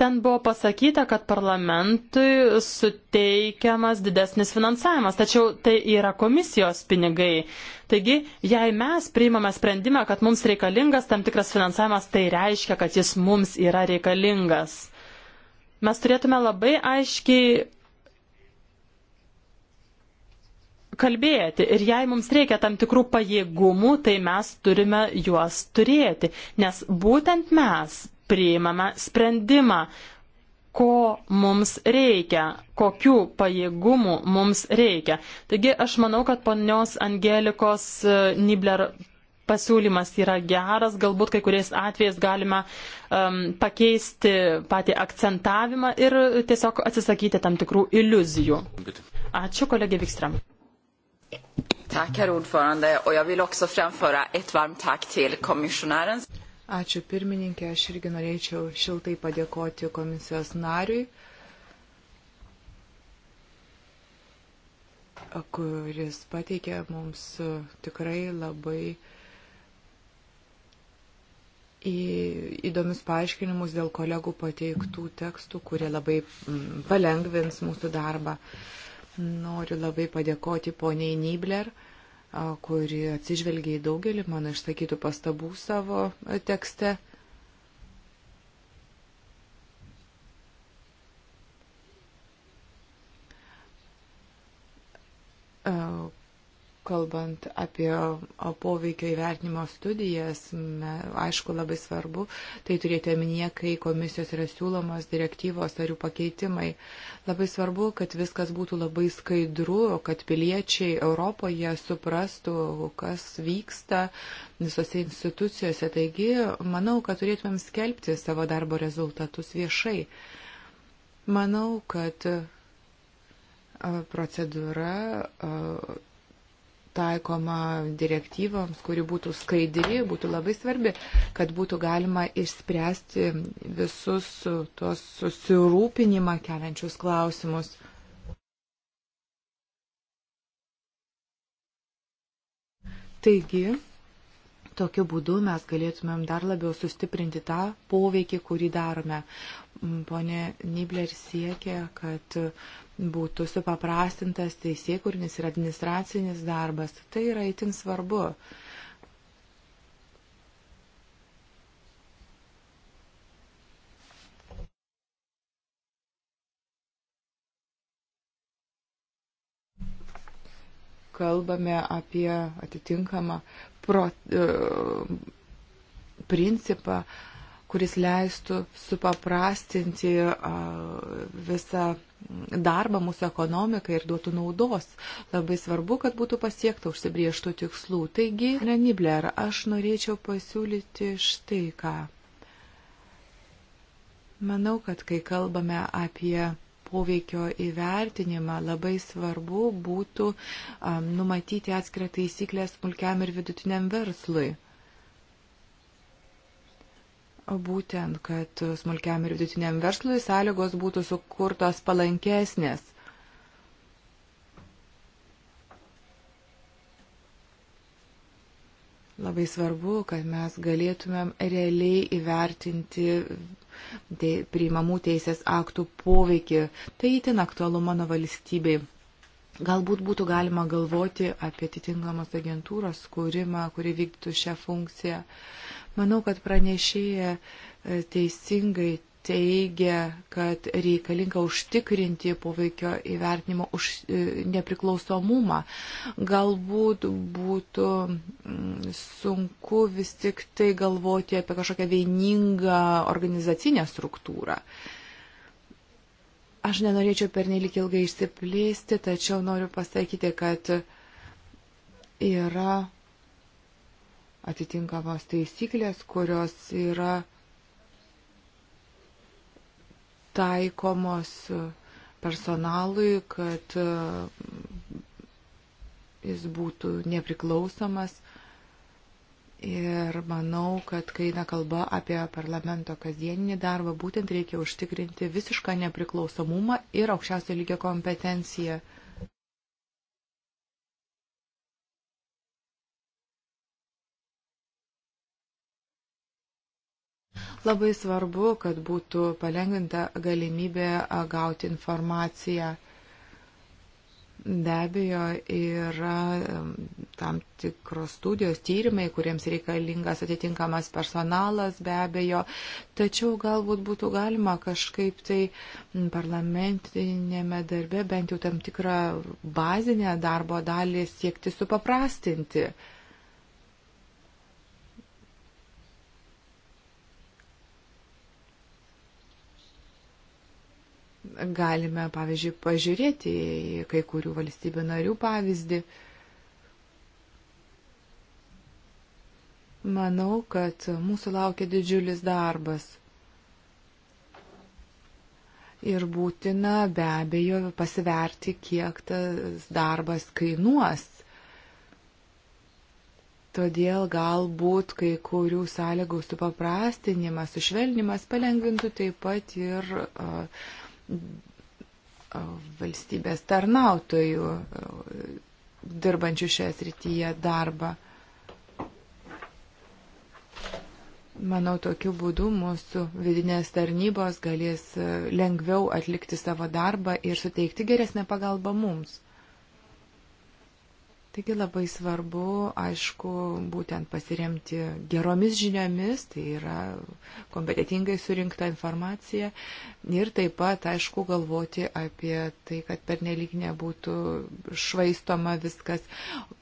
ten buvo pasakyta, kad parlamentui suteikiamas didesnis finansavimas, tačiau tai yra komisijos pinigai. Taigi, jei mes priimame sprendimą, kad mums reikalingas tam tikras finansavimas, tai reiškia, kad jis mums yra reikalingas. Mes turėtume labai aiškiai kalbėti ir jei mums reikia tam tikrų pajėgumų, tai mes turime juos turėti, nes būtent mes priimame sprendimą, ko mums reikia, kokių pajėgumų mums reikia. Taigi aš manau, kad ponios Angelikos e, Nibler pasiūlymas yra geras, galbūt kai kuriais atvejais galima um, pakeisti patį akcentavimą ir tiesiog atsisakyti tam tikrų iliuzijų. Ačiū, kolegė Vikstram. Tack, herr ordförande, och jag vill också framföra ett varmt tack till kommissionären. Ačiū pirmininkė, aš irgi norėčiau šiltai padėkoti komisijos nariui, kuris pateikė mums tikrai labai uh, į įdomius paaiškinimus dėl kolegų pateiktų tekstų, kurie labai mm, palengvins mūsų darbą. Noriu labai padėkoti poniai Nibler, kuri atsižvelgia į daugelį mano išsakytų pastabų savo tekste. Uh, kalbant apie poveikio įvertinimo studijas, aišku, labai svarbu, tai turėti omenyje, kai komisijos yra siūlomos direktyvos ar jų pakeitimai. Labai svarbu, kad viskas būtų labai skaidru, kad piliečiai Europoje suprastų, kas vyksta visose institucijose. Taigi, manau, kad turėtumėm skelbti savo darbo rezultatus viešai. Manau, kad procedūra taikoma direktyvoms, kuri būtų skaidri, būtų labai svarbi, kad būtų galima išspręsti visus tuos susirūpinimą keliančius klausimus. Taigi, tokiu būdu mes galėtumėm dar labiau sustiprinti tą poveikį, kurį darome. Pone Nibler siekia, kad būtų supaprastintas teisėkurnis ir administracinis darbas. Tai yra itin svarbu. Kalbame apie atitinkamą pro, e, principą, e, kuris leistų supaprastinti visą darbą mūsų ekonomikai ir duotų naudos. Labai svarbu, kad būtų pasiekta užsibrieštų tikslų. Taigi, Renibler, aš norėčiau pasiūlyti štai ką. Manau, kad kai kalbame apie poveikio įvertinimą, labai svarbu būtų um, numatyti atskirą taisyklę smulkiam ir vidutiniam verslui būtent, kad smulkiam ir vidutiniam verslui sąlygos būtų sukurtos palankesnės. Labai svarbu, kad mes galėtumėm realiai įvertinti te, priimamų teisės aktų poveikį. Tai įtin aktualu mano valstybei. Galbūt būtų galima galvoti apie atitinkamos agentūros skūrimą, kuri vykdytų šią funkciją. Manau, kad pranešėja e, teisingai teigia, kad reikalinga užtikrinti poveikio įvertinimo už e, nepriklausomumą. Galbūt būtų mm, sunku vis tik tai galvoti apie kažkokią vieningą organizacinę struktūrą. Aš nenorėčiau pernelik ilgai išsiplėsti, tačiau noriu pasakyti, kad yra atitinkamos taisyklės, kurios yra taikomos personalui, kad e, jis būtų nepriklausomas. Ir manau, kad kai eina kalba apie parlamento kasdieninį darbą, būtent reikia užtikrinti visišką nepriklausomumą ir aukščiausio lygio kompetenciją. Labai svarbu, kad būtų palengvinta galimybė gauti informaciją. Be abejo, yra tam tikros studijos tyrimai, kuriems reikalingas atitinkamas personalas, be abejo. Tačiau galbūt būtų galima kažkaip tai parlamentinėme darbe bent jau tam tikrą bazinę darbo dalį siekti supaprastinti. Uh, galime, pavyzdžiui, pažiūrėti į kai kurių valstybių narių pavyzdį. Manau, kad mūsų laukia didžiulis darbas. Ir būtina be abejo pasiverti, kiek tas darbas kainuos. Todėl galbūt kai kurių sąlygų supaprastinimas, sušvelnimas palengvintų taip pat ir uh, valstybės tarnautojų dirbančių šioje srityje darbą. Manau, tokiu būdu mūsų vidinės tarnybos galės lengviau atlikti savo darbą ir suteikti geresnę pagalbą mums. Taigi labai svarbu, aišku, būtent pasiremti geromis žiniomis, tai yra kompetitingai surinkta informacija ir taip pat, aišku, galvoti apie tai, kad pernelyg nebūtų švaistoma viskas.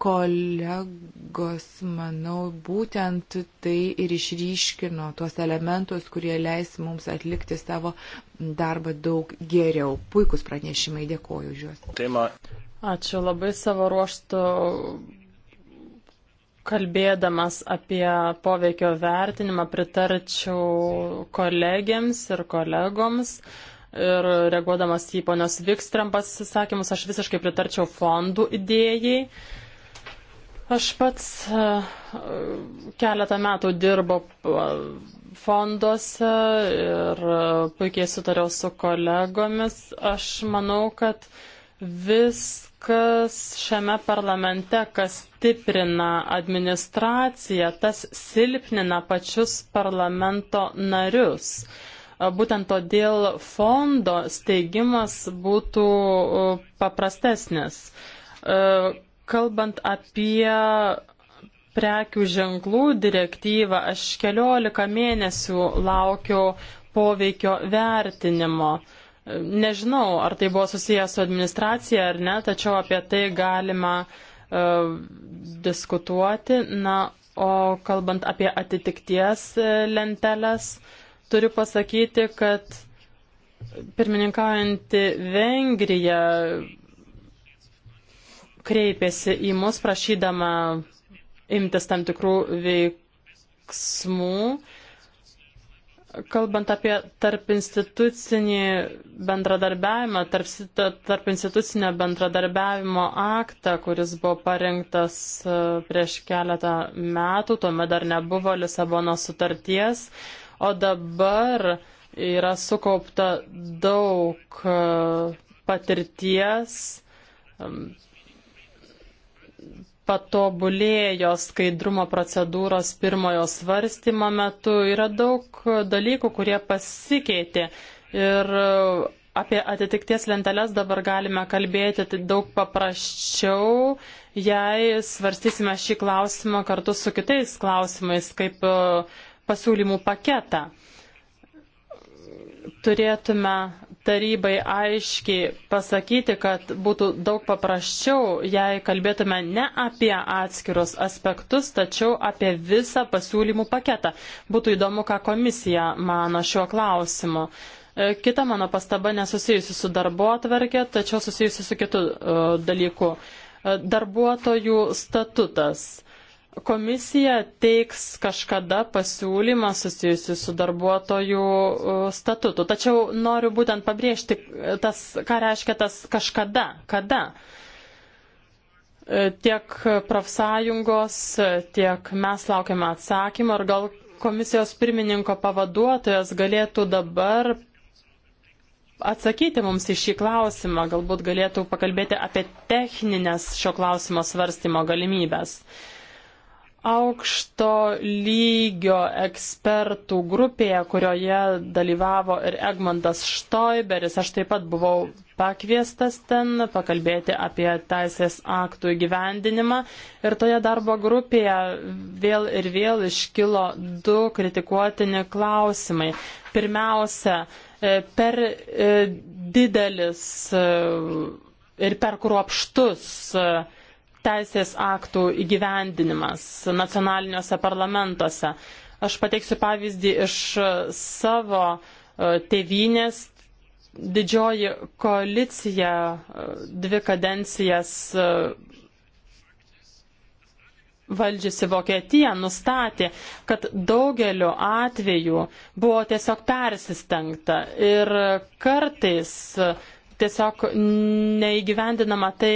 Kolegos, manau, būtent tai ir išryškino tuos elementus, kurie leis mums atlikti savo darbą daug geriau. Puikus pranešimai, dėkoju už juos. Tema. Ačiū labai savo ruoštų. Kalbėdamas apie poveikio vertinimą pritarčiau kolegiams ir kolegoms ir reaguodamas į ponios Vikstram pasisakymus, aš visiškai pritarčiau fondų idėjai. Aš pats e, keletą metų dirbau e, fonduose ir e, puikiai sutariau su kolegomis. Aš manau, kad vis kas šiame parlamente, kas stiprina administraciją, tas silpnina pačius parlamento narius. Būtent todėl fondo steigimas būtų paprastesnis. Kalbant apie prekių ženklų direktyvą, aš keliolika mėnesių laukiau poveikio vertinimo. Uh, Nežinau, ar tai buvo susijęs su administracija ar ne, tačiau apie tai galima uh, diskutuoti. Na, o kalbant apie atitikties e, lenteles, turiu pasakyti, kad pirmininkaujanti Vengrija kreipėsi į mus prašydama imtis tam tikrų veiksmų. Uh, Kalbant apie tarp institucinį bendradarbiavimą, tarp, tarp institucinio bendradarbiavimo aktą, kuris buvo parengtas e, prieš keletą metų, tuomet dar nebuvo Lisabono sutarties, o dabar yra sukaupta daug e, patirties patobulėjo skaidrumo procedūros pirmojo svarstymo metu. Yra daug dalykų, kurie pasikeitė. Ir apie atitikties lenteles dabar galime kalbėti tai daug paprasčiau, jei svarstysime šį klausimą kartu su kitais klausimais, kaip e, pasiūlymų paketą. Turėtume tarybai aiškiai pasakyti, kad būtų daug paprasčiau, jei kalbėtume ne apie atskirus aspektus, tačiau apie visą pasiūlymų paketą. Būtų įdomu, ką komisija mano šiuo klausimu. E, kita mano pastaba nesusijusi su darbo atverkė, tačiau susijusi su kitu uh, dalyku. E, darbuotojų statutas. Komisija teiks kažkada pasiūlymą susijusiu su darbuotojų statutu. Tačiau noriu būtent pabrėžti, tas, ką reiškia tas kažkada, kada. E, tiek profsąjungos, tiek mes laukiame atsakymą, ar gal komisijos pirmininko pavaduotojas galėtų dabar atsakyti mums į šį klausimą, galbūt galėtų pakalbėti apie techninės šio klausimo svarstymo galimybės. Uh, aukšto lygio ekspertų grupėje, kurioje dalyvavo ir Egmontas Štoiberis. Aš taip pat buvau pakviestas ten pakalbėti apie teisės aktų įgyvendinimą. Ir toje darbo grupėje vėl ir vėl iškilo du kritikuotini klausimai. Pirmiausia, e, per e, didelis e, ir per kruopštus teisės aktų įgyvendinimas nacionaliniuose parlamentuose. Aš pateiksiu pavyzdį iš savo e, tėvynės. Didžioji koalicija e, dvi kadencijas e, valdžiusi Vokietija nustatė, kad daugeliu atveju buvo tiesiog persistengta ir kartais tiesiog neįgyvendinama tai,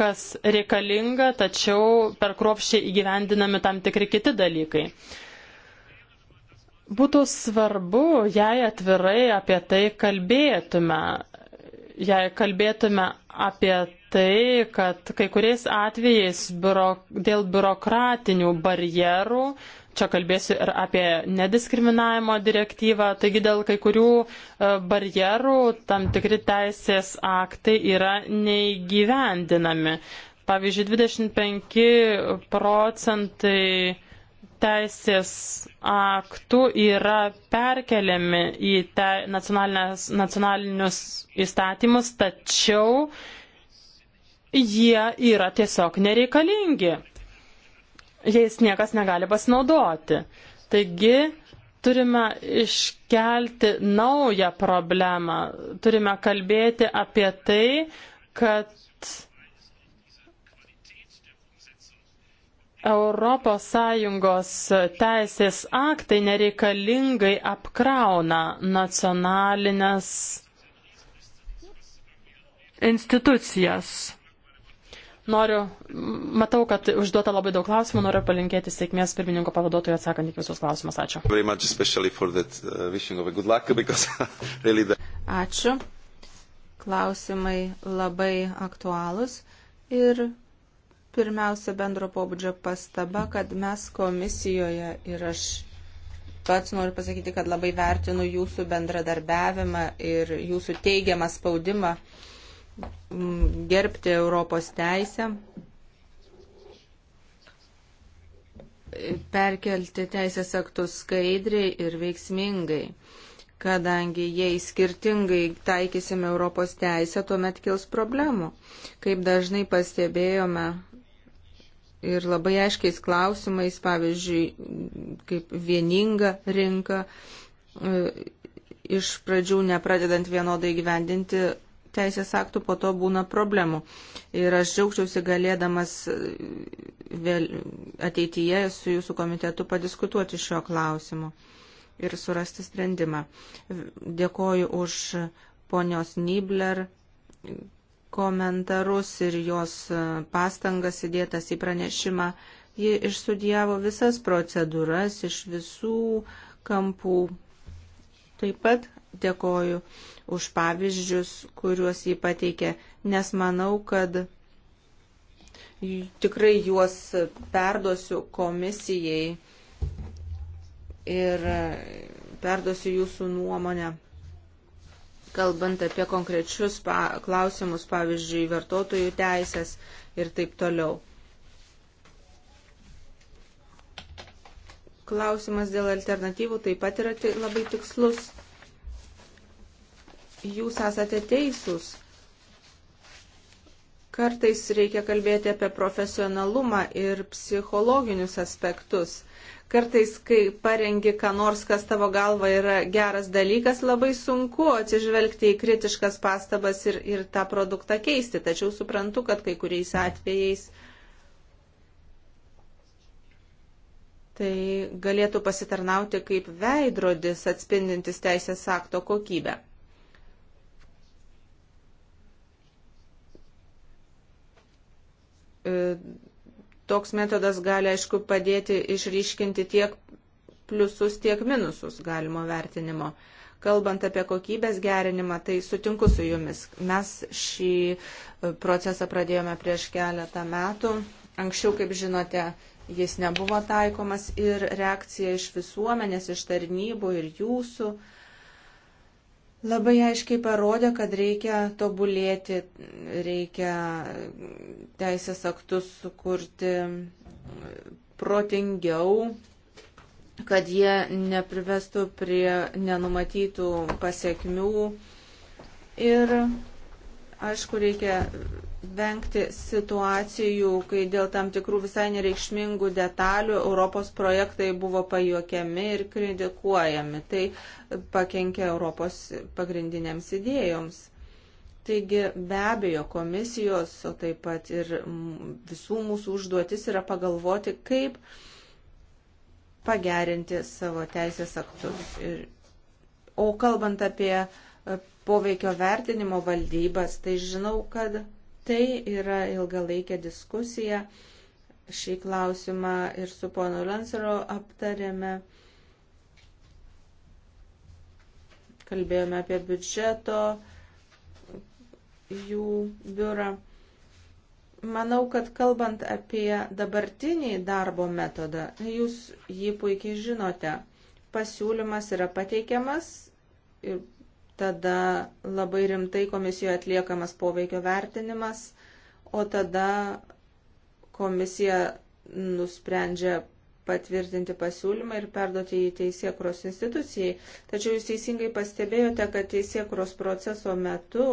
kas reikalinga, tačiau per kruopščiai įgyvendinami tam tikri kiti dalykai. Būtų svarbu, jei atvirai apie tai kalbėtume, jei kalbėtume apie tai, kad kai kuriais atvejais biuro, dėl biurokratinių barjerų uh, Čia kalbėsiu ir apie nediskriminavimo direktyvą. Taigi dėl kai kurių e, barjerų tam tikri teisės aktai yra neįgyvendinami. Pavyzdžiui, 25 procentai teisės aktų yra perkeliami į te, nacionalinius įstatymus, tačiau jie yra tiesiog nereikalingi jais niekas negali pasinaudoti. Taigi turime iškelti naują problemą, turime kalbėti apie tai, kad ES teisės aktai nereikalingai apkrauna nacionalinės institucijas. Noriu, matau, kad užduota labai daug klausimų, noriu palinkėti sėkmės pirmininko pavaduotojui atsakant į visus klausimus. Ačiū. Uh, <laughs> uh, Ačiū. Klausimai labai aktualūs ir pirmiausia bendro pobūdžio pastaba, kad mes komisijoje ir aš pats noriu pasakyti, kad labai vertinu jūsų bendradarbiavimą ir jūsų teigiamą spaudimą gerbti Europos teisę, perkelti teisės aktus skaidriai ir veiksmingai. Kadangi jei skirtingai taikysime Europos teisę, tuomet kils problemų. Kaip dažnai pastebėjome ir labai aiškiais klausimais, pavyzdžiui, kaip vieninga rinka, iš pradžių nepradedant vienodai gyvendinti teisės aktų po to būna problemų. Ir aš džiaugčiausi galėdamas e, vėl ateityje su jūsų komitetu padiskutuoti šio klausimu ir surasti sprendimą. Dėkoju už ponios Nibler komentarus ir jos e, pastangas įdėtas į pranešimą. Ji išstudijavo visas procedūras iš visų kampų. Taip pat dėkoju už pavyzdžius, kuriuos jį pateikė, nes manau, kad tikrai juos perduosiu komisijai ir perduosiu jūsų nuomonę, kalbant apie konkrečius pa klausimus, pavyzdžiui, vartotojų teisės ir taip toliau. Klausimas dėl alternatyvų taip pat yra labai tikslus jūs esate teisūs. Kartais reikia kalbėti apie profesionalumą ir psichologinius aspektus. Kartais, kai parengi, ką nors, kas tavo galva yra geras dalykas, labai sunku atsižvelgti į kritiškas pastabas ir, ir tą produktą keisti. Tačiau suprantu, kad kai kuriais atvejais tai galėtų pasitarnauti kaip veidrodis atspindintis teisės akto kokybę. E, toks metodas gali, aišku, padėti išryškinti tiek pliusus, tiek minusus galimo vertinimo. Kalbant apie kokybės gerinimą, tai sutinku su jumis. Mes šį e, procesą pradėjome prieš keletą metų. Anksčiau, kaip žinote, jis nebuvo taikomas ir reakcija iš visuomenės, iš tarnybų ir jūsų uh, labai aiškiai parodė, kad reikia tobulėti, reikia teisės aktus sukurti protingiau, kad jie neprivestų prie nenumatytų pasiekmių. Ir, aišku, reikia vengti situacijų, kai dėl tam tikrų visai nereikšmingų detalių Europos projektai buvo pajuokiami ir kritikuojami. Tai pakenkia Europos pagrindinėms idėjoms. Taigi be abejo komisijos, o taip pat ir visų mūsų užduotis yra pagalvoti, kaip pagerinti savo teisės aktus. Ir, o kalbant apie poveikio vertinimo valdybas, tai žinau, kad Tai yra ilgalaikė diskusija. Šį klausimą ir su ponu Lansaro aptarėme. Kalbėjome apie biudžeto jų biurą. Manau, kad kalbant apie dabartinį darbo metodą, jūs jį puikiai žinote. Pasiūlymas yra pateikiamas ir tada labai rimtai komisijoje atliekamas poveikio vertinimas, o tada komisija nusprendžia patvirtinti pasiūlymą ir perduoti jį teisėkros institucijai. Tačiau jūs teisingai pastebėjote, kad teisėkros proceso metu,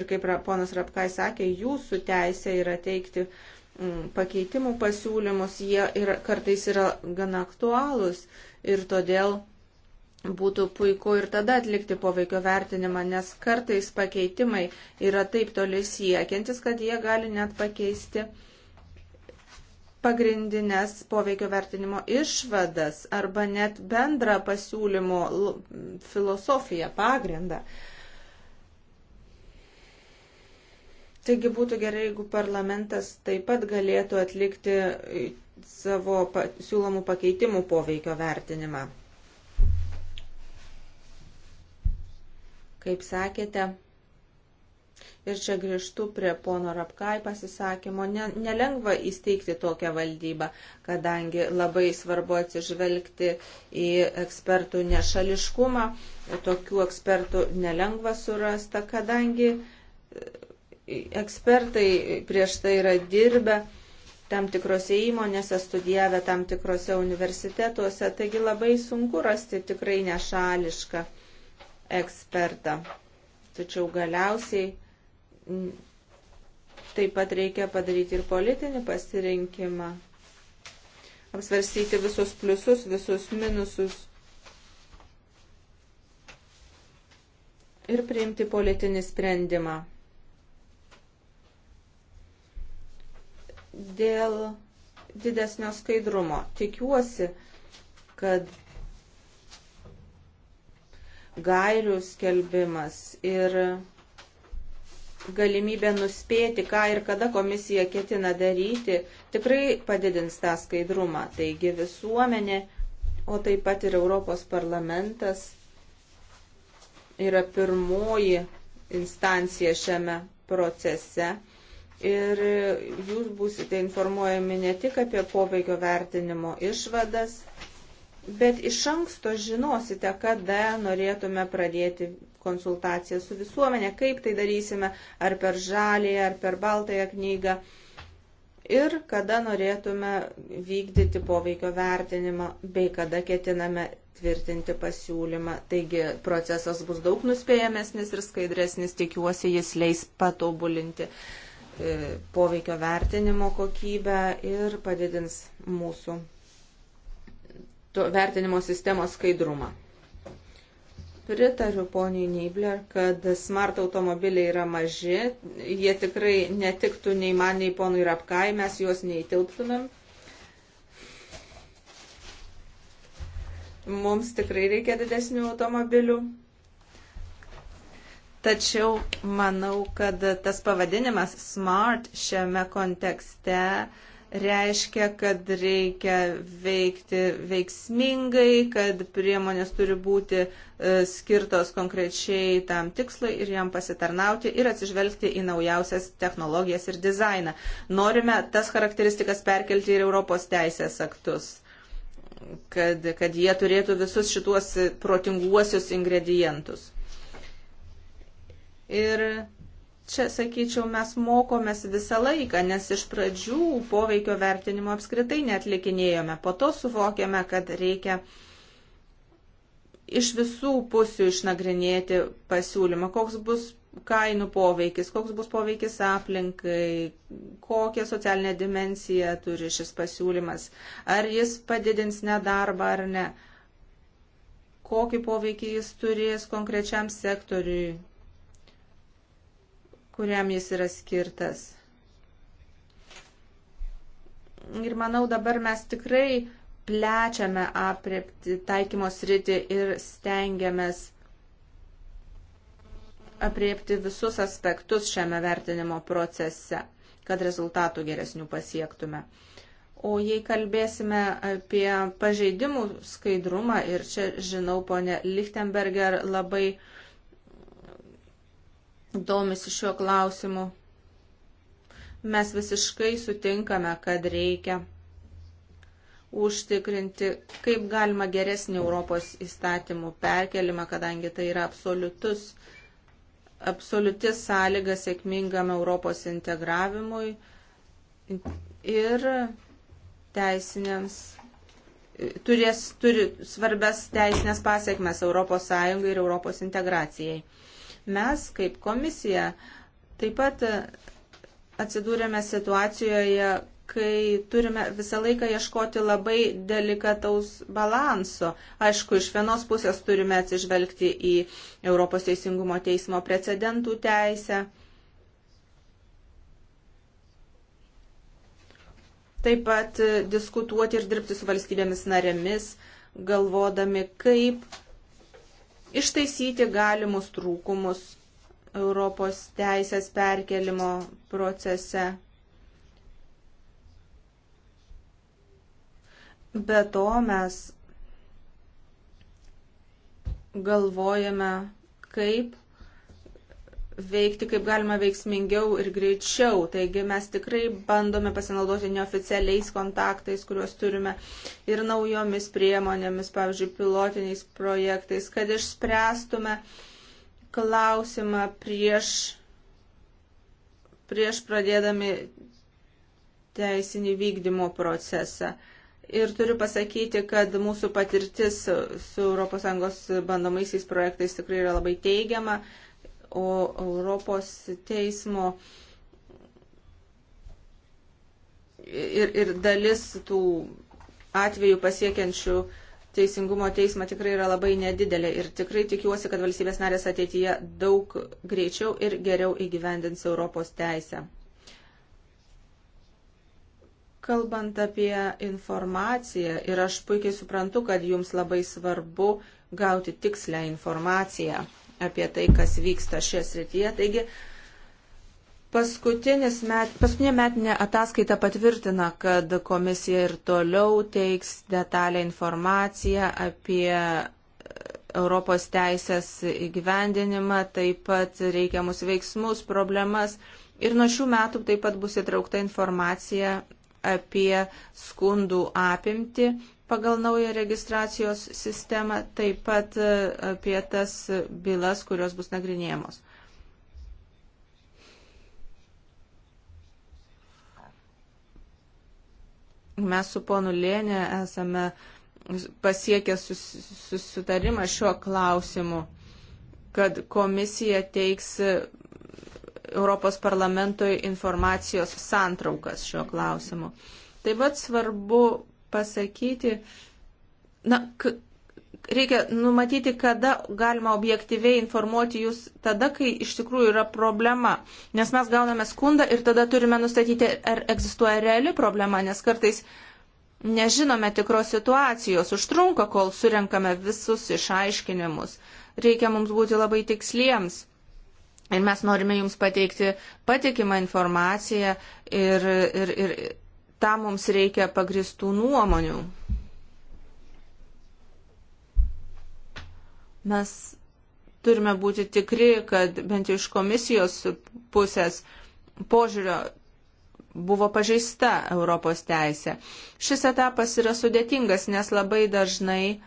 ir kaip ponas Rapkai sakė, jūsų teisė yra teikti mm, pakeitimų pasiūlymus, jie yra, kartais yra gana aktualūs ir todėl Būtų puiku ir tada atlikti poveikio vertinimą, nes kartais pakeitimai yra taip toli siekiantis, kad jie gali net pakeisti pagrindinės poveikio vertinimo išvadas arba net bendrą pasiūlymo filosofiją, pagrindą. Taigi būtų gerai, jeigu parlamentas taip pat galėtų atlikti savo siūlomų pakeitimų poveikio vertinimą. kaip sakėte, ir čia grįžtu prie pono Rapkai pasisakymo, ne, nelengva įsteigti tokią valdybą, kadangi labai svarbu atsižvelgti į ekspertų nešališkumą, tokių ekspertų nelengva surasta, kadangi ekspertai prieš tai yra dirbę tam tikrose įmonėse, studijavę tam tikrose universitetuose, taigi labai sunku rasti tikrai nešališką ekspertą. Tačiau galiausiai taip pat reikia padaryti ir politinį pasirinkimą. Apsvarstyti visus pliusus, visus minususus. Ir priimti politinį sprendimą. Dėl didesnio skaidrumo. Tikiuosi, kad gairių skelbimas ir galimybė nuspėti, ką ir kada komisija ketina daryti, tikrai padidins tą skaidrumą. Taigi visuomenė, o taip pat ir Europos parlamentas yra pirmoji instancija šiame procese. Ir jūs būsite informuojami ne tik apie poveikio vertinimo išvadas, bet iš anksto žinosite, kada norėtume pradėti konsultaciją su visuomenė, kaip tai darysime, ar per žalį, ar per baltąją knygą ir kada norėtume vykdyti poveikio vertinimą, bei kada ketiname tvirtinti pasiūlymą. Taigi procesas bus daug nuspėjamesnis ir skaidresnis, tikiuosi, jis leis patobulinti e, poveikio vertinimo kokybę ir padidins mūsų to vertinimo sistemos skaidrumą. Pritariu poniai Neibler, kad smart automobiliai yra maži, jie tikrai netiktų nei man, nei ponui Rapkai, mes juos neįtilptumėm. Mums tikrai reikia didesnių automobilių. Tačiau manau, kad tas pavadinimas smart šiame kontekste uh, reiškia, kad reikia veikti veiksmingai, kad priemonės turi būti e, skirtos konkrečiai tam tikslai ir jam pasitarnauti ir atsižvelgti į naujausias technologijas ir dizainą. Norime tas charakteristikas perkelti ir Europos teisės aktus, kad, kad jie turėtų visus šituos protinguosius ingredientus. Ir Čia, sakyčiau, mes mokomės visą laiką, nes iš pradžių poveikio vertinimo apskritai netlikinėjome. Po to suvokėme, kad reikia iš visų pusių išnagrinėti pasiūlymą, koks bus kainų poveikis, koks bus poveikis aplinkai, kokią socialinę dimensiją turi šis pasiūlymas, ar jis padidins nedarbą ar ne, kokį poveikį jis turės konkrečiam sektoriui, kuriam jis yra skirtas. Ir manau, dabar mes tikrai plečiame apriepti taikymos rytį ir stengiamės apriepti visus aspektus šiame vertinimo procese, kad rezultatų geresnių pasiektume. O jei kalbėsime apie pažeidimų skaidrumą, ir čia žinau, ponė Lichtenberger labai uh, domisi šiuo klausimu. Mes visiškai sutinkame, kad reikia užtikrinti, kaip galima geresnį Europos įstatymų perkelimą, kadangi tai yra absoliutus, absoliuti sąlyga sėkmingam Europos integravimui ir teisinėms turės, turi svarbes teisinės pasiekmes ES ir Europos integracijai. Mes kaip komisija taip pat atsidūrėme situacijoje, kai turime visą laiką ieškoti labai delikataus balanso. Aišku, iš vienos pusės turime atsižvelgti į Europos Teisingumo teismo precedentų teisę. Taip pat diskutuoti ir dirbti su valstybėmis narėmis, galvodami, kaip ištaisyti galimus trūkumus Europos teisės perkelimo procese. Be to mes galvojame, kaip veikti kaip galima veiksmingiau ir greičiau. Taigi mes tikrai bandome pasinaudoti neoficialiais kontaktais, kuriuos turime ir naujomis priemonėmis, pavyzdžiui, pilotiniais projektais, kad išspręstume klausimą prieš, prieš pradėdami teisinį vykdymo procesą. Ir turiu pasakyti, kad mūsų patirtis su ES bandomaisiais projektais tikrai yra labai teigiama o Europos teismo ir, ir dalis tų atvejų pasiekiančių Teisingumo teismą tikrai yra labai nedidelė ir tikrai tikiuosi, kad valstybės narės ateityje daug greičiau ir geriau įgyvendins Europos teisę. Kalbant apie informaciją, ir aš puikiai suprantu, kad jums labai svarbu gauti tikslę informaciją apie tai, kas vyksta šioje srityje. Taigi, met, paskutinė metinė ataskaita patvirtina, kad komisija ir toliau teiks detalę informaciją apie Europos teisės įgyvendinimą, taip pat reikiamus veiksmus, problemas. Ir nuo šių metų taip pat bus įtraukta informacija apie skundų apimti pagal naują registracijos sistemą, taip pat e, apie tas bylas, kurios bus nagrinėjamos. Mes su ponu Lėnė esame pasiekę susitarimą šiuo klausimu, kad komisija teiks Europos parlamentoj informacijos santraukas šiuo klausimu. Taip pat svarbu pasakyti, na, reikia numatyti, kada galima objektyviai informuoti jūs tada, kai iš tikrųjų yra problema. Nes mes gauname skundą ir tada turime nustatyti, ar egzistuoja reali problema, nes kartais nežinome tikros situacijos, užtrunka, kol surenkame visus išaiškinimus. Reikia mums būti labai tiksliems. Ir mes norime jums pateikti patikimą informaciją ir, ir, ir tam mums reikia pagristų nuomonių. Mes turime būti tikri, kad bent iš komisijos pusės požiūrio buvo pažeista Europos teisė. Šis etapas yra sudėtingas, nes labai dažnai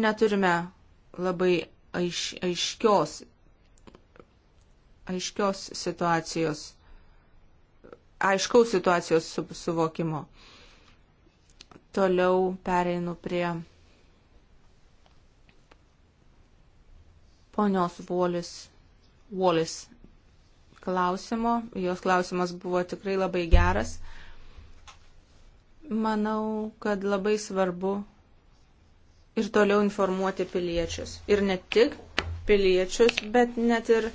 neturime labai aiš, aiškios, aiškios situacijos aiškaus situacijos su, suvokimo. Toliau pereinu prie ponios Volis, Volis klausimo. Jos klausimas buvo tikrai labai geras. Manau, kad labai svarbu ir toliau informuoti piliečius. Ir ne tik piliečius, bet net ir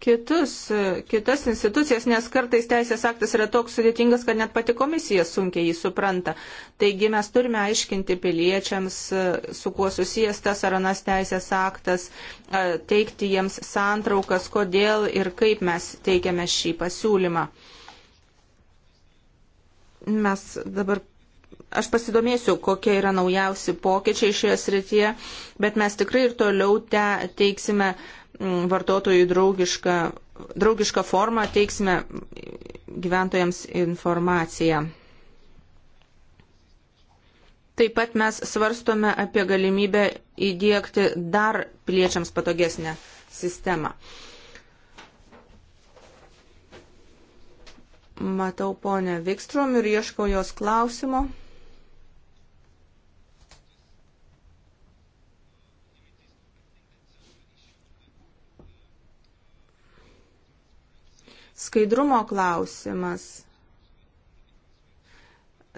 kitus, kitas institucijas, nes kartais teisės aktas yra toks sudėtingas, kad net pati komisija sunkiai jį supranta. Taigi mes turime aiškinti piliečiams, e, su kuo susijęs tas ar anas teisės aktas, e, teikti jiems santraukas, kodėl ir kaip mes teikiame šį pasiūlymą. Mes dabar aš pasidomėsiu, kokie yra naujausi pokyčiai šioje srityje, bet mes tikrai ir toliau te, teiksime Mm, vartotojų draugišką, draugišką formą teiksime gyventojams informaciją. Taip pat mes svarstome apie galimybę įdėkti dar piliečiams patogesnę sistemą. Matau ponę Vikstrom ir ieškau jos klausimo. Skaidrumo klausimas.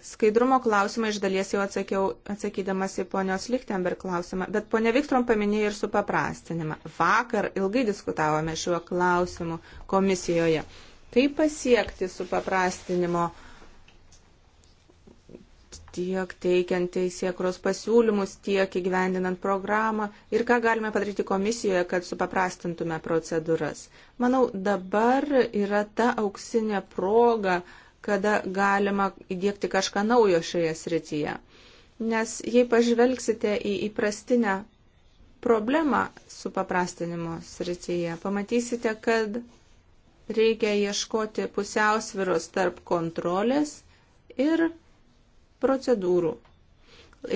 Skaidrumo klausimą iš dalies jau atsakiau, atsakydamas į ponios Lichtenberg klausimą, bet ponia Viktrom paminėjo ir supaprastinimą. Vakar ilgai diskutavome šiuo klausimu komisijoje. Kaip pasiekti supaprastinimo klausimą? tiek teikiant teisėkros pasiūlymus, tiek įgyvendinant programą ir ką galime padaryti komisijoje, kad supaprastintume procedūras. Manau, dabar yra ta auksinė proga, kada galima įdėkti kažką naujo šioje srityje. Nes jei pažvelgsite į įprastinę problemą supaprastinimo srityje, pamatysite, kad reikia ieškoti pusiausviros tarp kontrolės ir procedūrų.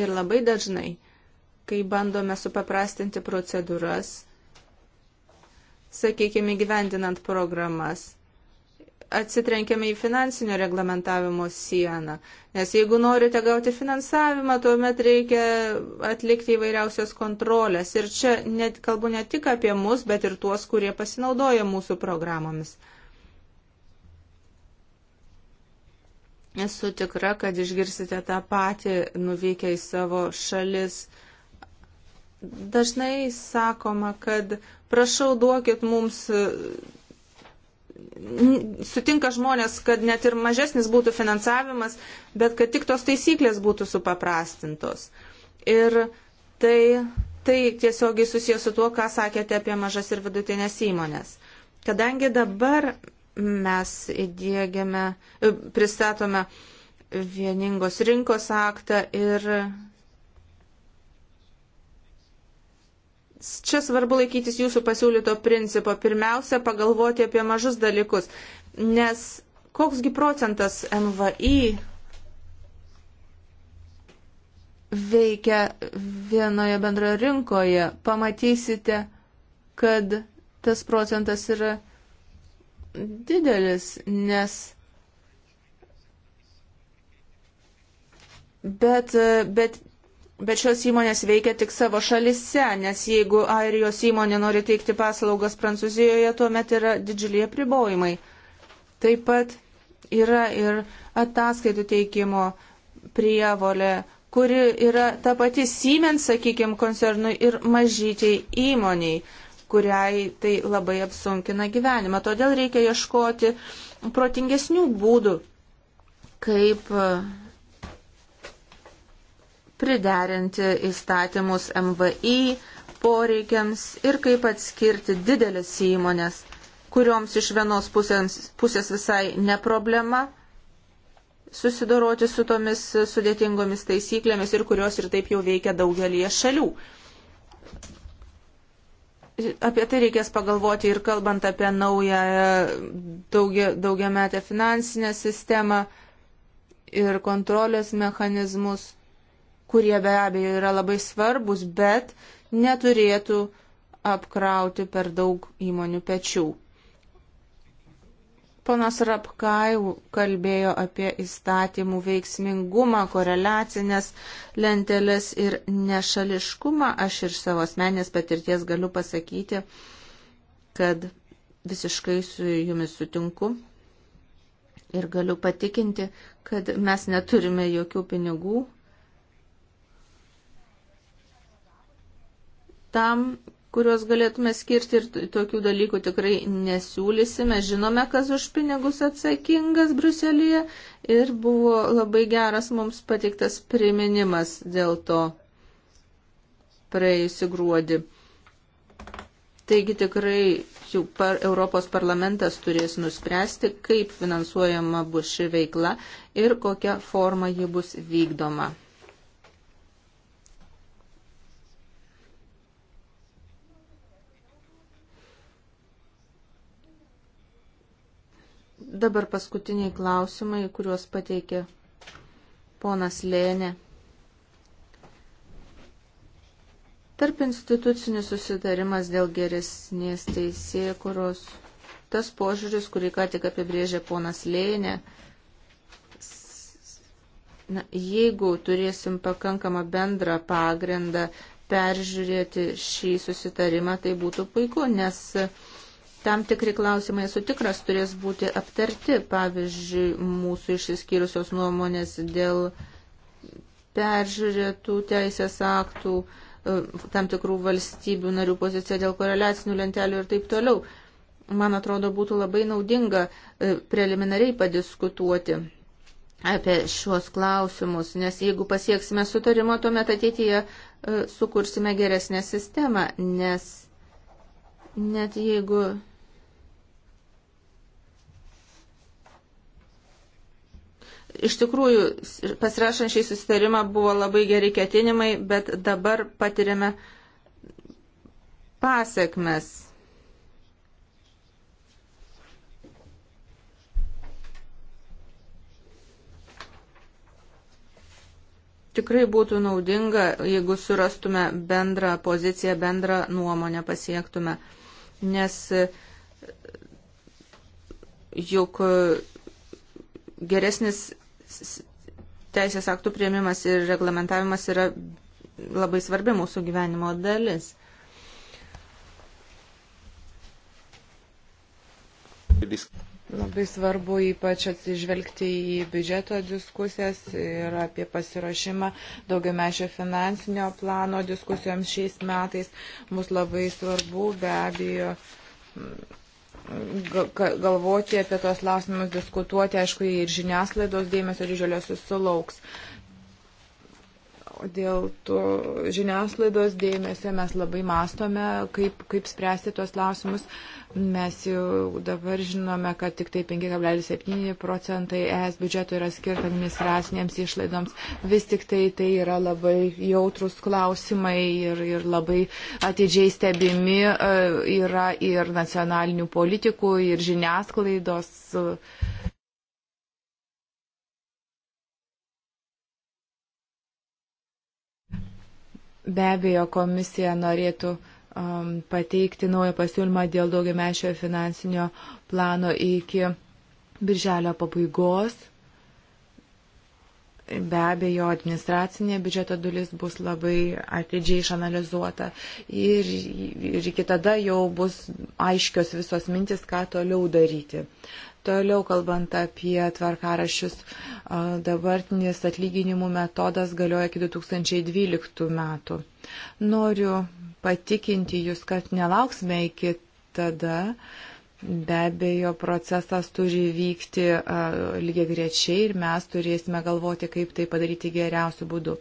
Ir labai dažnai, kai bandome supaprastinti procedūras, sakykime, gyvendinant programas, atsitrenkiame į finansinio reglamentavimo sieną. Nes jeigu norite gauti finansavimą, tuomet reikia atlikti įvairiausios kontrolės. Ir čia net kalbu ne tik apie mus, bet ir tuos, kurie pasinaudoja mūsų programomis. Esu tikra, kad išgirsite tą patį nuvykę į savo šalis. Dažnai sakoma, kad prašau duokit mums. Sutinka žmonės, kad net ir mažesnis būtų finansavimas, bet kad tik tos taisyklės būtų supaprastintos. Ir tai, tai tiesiogiai susijęs su tuo, ką sakėte apie mažas ir vidutinės įmonės. Kadangi dabar mes įdėgiame, e, pristatome vieningos rinkos aktą ir čia svarbu laikytis jūsų pasiūlyto principo. Pirmiausia, pagalvoti apie mažus dalykus, nes koksgi procentas MVI veikia vienoje bendroje rinkoje, pamatysite, kad tas procentas yra didelis, nes Bet, bet, bet šios įmonės veikia tik savo šalise, nes jeigu airijos įmonė nori teikti paslaugas Prancūzijoje, tuomet yra didžiuliai apribojimai. Taip pat yra ir ataskaitų teikimo prievolė, kuri yra ta pati Siemens, sakykime, koncernui ir mažytiai įmoniai kuriai tai labai apsunkina gyvenimą. Todėl reikia ieškoti protingesnių būdų, kaip e, priderinti įstatymus MVI poreikiams ir kaip atskirti didelės įmonės, kurioms iš vienos pusės, pusės visai ne problema susidoroti su tomis sudėtingomis taisyklėmis ir kurios ir taip jau veikia daugelie šalių apie tai reikės pagalvoti ir kalbant apie naują daugia, daugiametę finansinę sistemą ir kontrolės mechanizmus, kurie be abejo yra labai svarbus, bet neturėtų apkrauti per daug įmonių pečių. Ponas Rapkai kalbėjo apie įstatymų veiksmingumą, koreliacinės lentelės ir nešališkumą. Aš ir savo asmenės patirties galiu pasakyti, kad visiškai su jumis sutinku ir galiu patikinti, kad mes neturime jokių pinigų tam, kuriuos galėtume skirti ir tokių dalykų tikrai nesiūlysime. Žinome, kas už pinigus atsakingas Bruselėje ir buvo labai geras mums pateiktas priminimas dėl to praėjusi gruodį. Taigi tikrai jau par, Europos parlamentas turės nuspręsti, kaip finansuojama bus ši veikla ir kokia forma ji bus vykdoma. Dabar paskutiniai klausimai, kuriuos pateikė ponas Lėnė. Tarp institucinis susidarimas dėl geresnės teisėkuros, tas požiūris, kurį ką tik apibrėžė ponas Lėnė, na, jeigu turėsim pakankamą bendrą pagrindą peržiūrėti šį susitarimą, tai būtų puiku, nes Tam tikri klausimai, esu tikras, turės būti aptarti, pavyzdžiui, mūsų išsiskyrusios nuomonės dėl peržiūrėtų teisės aktų, e, tam tikrų valstybių narių poziciją dėl koreliacinių lentelių ir taip toliau. Man atrodo, būtų labai naudinga e, preliminariai padiskutuoti apie šiuos klausimus, nes jeigu pasieksime sutarimo, tuomet ateityje e, sukursime geresnę sistemą, nes net jeigu Iš tikrųjų, pasirašant šį susitarimą buvo labai geri ketinimai, bet dabar patiriame pasiekmes. Tikrai būtų naudinga, jeigu surastume bendrą poziciją, bendrą nuomonę pasiektume, nes juk geresnis teisės aktų prieimimas ir reglamentavimas yra labai svarbi mūsų gyvenimo dalis. Labai svarbu ypač atsižvelgti į biudžeto diskusijas ir apie pasiruošimą daugiamečio finansinio plano diskusijoms šiais metais. Mus labai svarbu be abejo galvoti apie tuos klausimus, diskutuoti, aišku, ir žiniasklaidos dėmesio didžiulio susilauks. Uh, dėl to žiniasklaidos dėmesio mes labai mastome, kaip, kaip spręsti tuos klausimus. Mes jau dabar žinome, kad tik tai 5,7 procentai ES biudžeto yra skirta administracinėms išlaidoms. Vis tik tai tai yra labai jautrus klausimai ir, ir labai atidžiai stebimi e, yra ir nacionalinių politikų, ir žiniasklaidos Be abejo, komisija norėtų um, pateikti naują pasiūlymą dėl daugiamešio finansinio plano iki birželio pabaigos. Be abejo, administracinė biudžeto dalis bus labai atidžiai išanalizuota ir, ir iki tada jau bus aiškios visos mintis, ką toliau daryti. Toliau kalbant apie tvarkarašius, dabartinis atlyginimų metodas galioja iki 2012 metų. Noriu patikinti Jūs, kad nelauksime iki tada. Be abejo, procesas turi vykti lygiai grečiai ir mes turėsime galvoti, kaip tai padaryti geriausių būdų.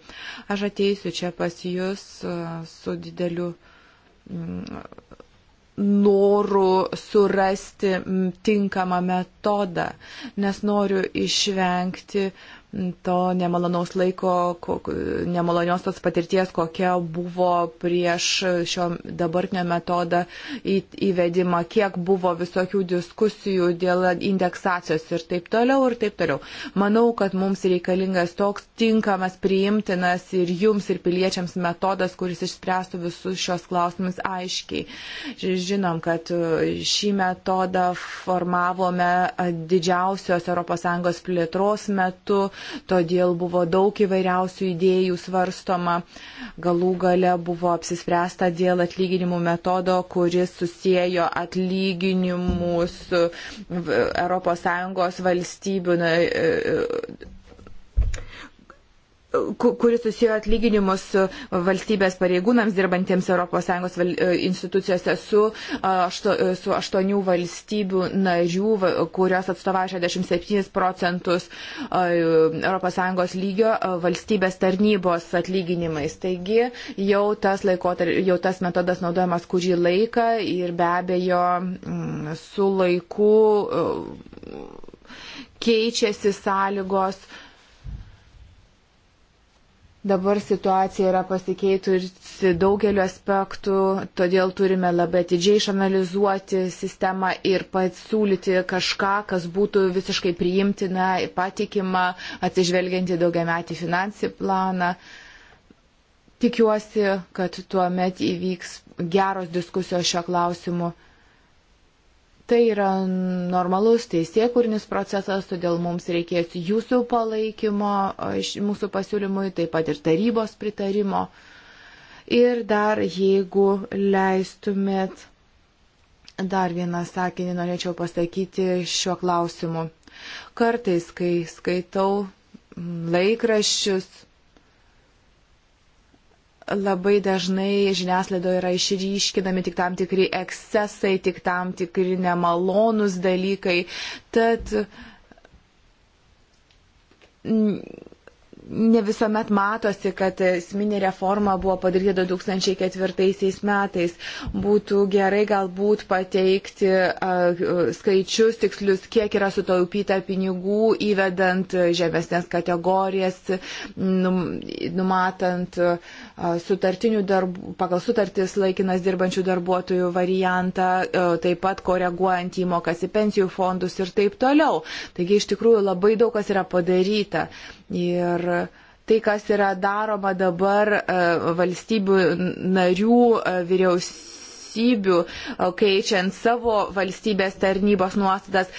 Aš ateisiu čia pas Jūs su dideliu norų surasti tinkamą metodą, nes noriu išvengti uh, to nemalonaus laiko, nemalonios tos patirties, kokia buvo prieš šio dabartinio metodą įvedimą, kiek buvo visokių diskusijų dėl indeksacijos ir taip toliau ir taip toliau. Manau, kad mums reikalingas toks tinkamas, priimtinas ir jums ir piliečiams metodas, kuris išspręstų visus šios klausimus aiškiai. Žinom, kad šį metodą formavome didžiausios ES plėtros metu todėl buvo daug įvairiausių idėjų svarstoma. Galų gale buvo apsispręsta dėl atlyginimų metodo, kuris susijėjo atlyginimus ES valstybių e, kuris susijo atlyginimus e, valstybės pareigūnams dirbantiems ES e, institucijose su, e, ašto, su aštuonių valstybių narių, kurios atstovauja 67 procentus ES lygio valstybės tarnybos atlyginimais. Taigi jau tas, laikotar, jau tas metodas naudojamas kurį laiką ir be abejo mm, su laiku keičiasi sąlygos uh, Dabar situacija yra pasikeitusi daugeliu aspektų, todėl turime labai atidžiai išanalizuoti sistemą ir pasiūlyti kažką, kas būtų visiškai priimtina ir patikima, atsižvelgianti daugiametį finansį planą. Tikiuosi, kad tuo met įvyks geros diskusijos šio klausimu. Tai yra normalus teisėkurnis procesas, todėl mums reikės jūsų palaikymo mūsų pasiūlymui, taip pat ir tarybos pritarimo. Ir dar, jeigu leistumėt, dar vieną sakinį norėčiau pasakyti šiuo klausimu. Kartais, kai skaitau laikraščius, labai dažnai žiniasklaidoje yra išryškinami tik tam tikri ekscesai, tik tam tikri nemalonūs dalykai. Tad ne visuomet matosi, kad esminė reforma buvo padaryta 2004 metais. Būtų gerai galbūt pateikti skaičius tikslius, kiek yra sutaupyta pinigų įvedant žemesnės kategorijas, numatant darbų, pagal sutartis laikinas dirbančių darbuotojų variantą, taip pat koreguojant įmokas į pensijų fondus ir taip toliau. Taigi iš tikrųjų labai daug kas yra padaryta. Ir tai, kas yra daroma dabar e, valstybių narių e, vyriausybės valstybių, keičiant savo valstybės tarnybos nuostatas.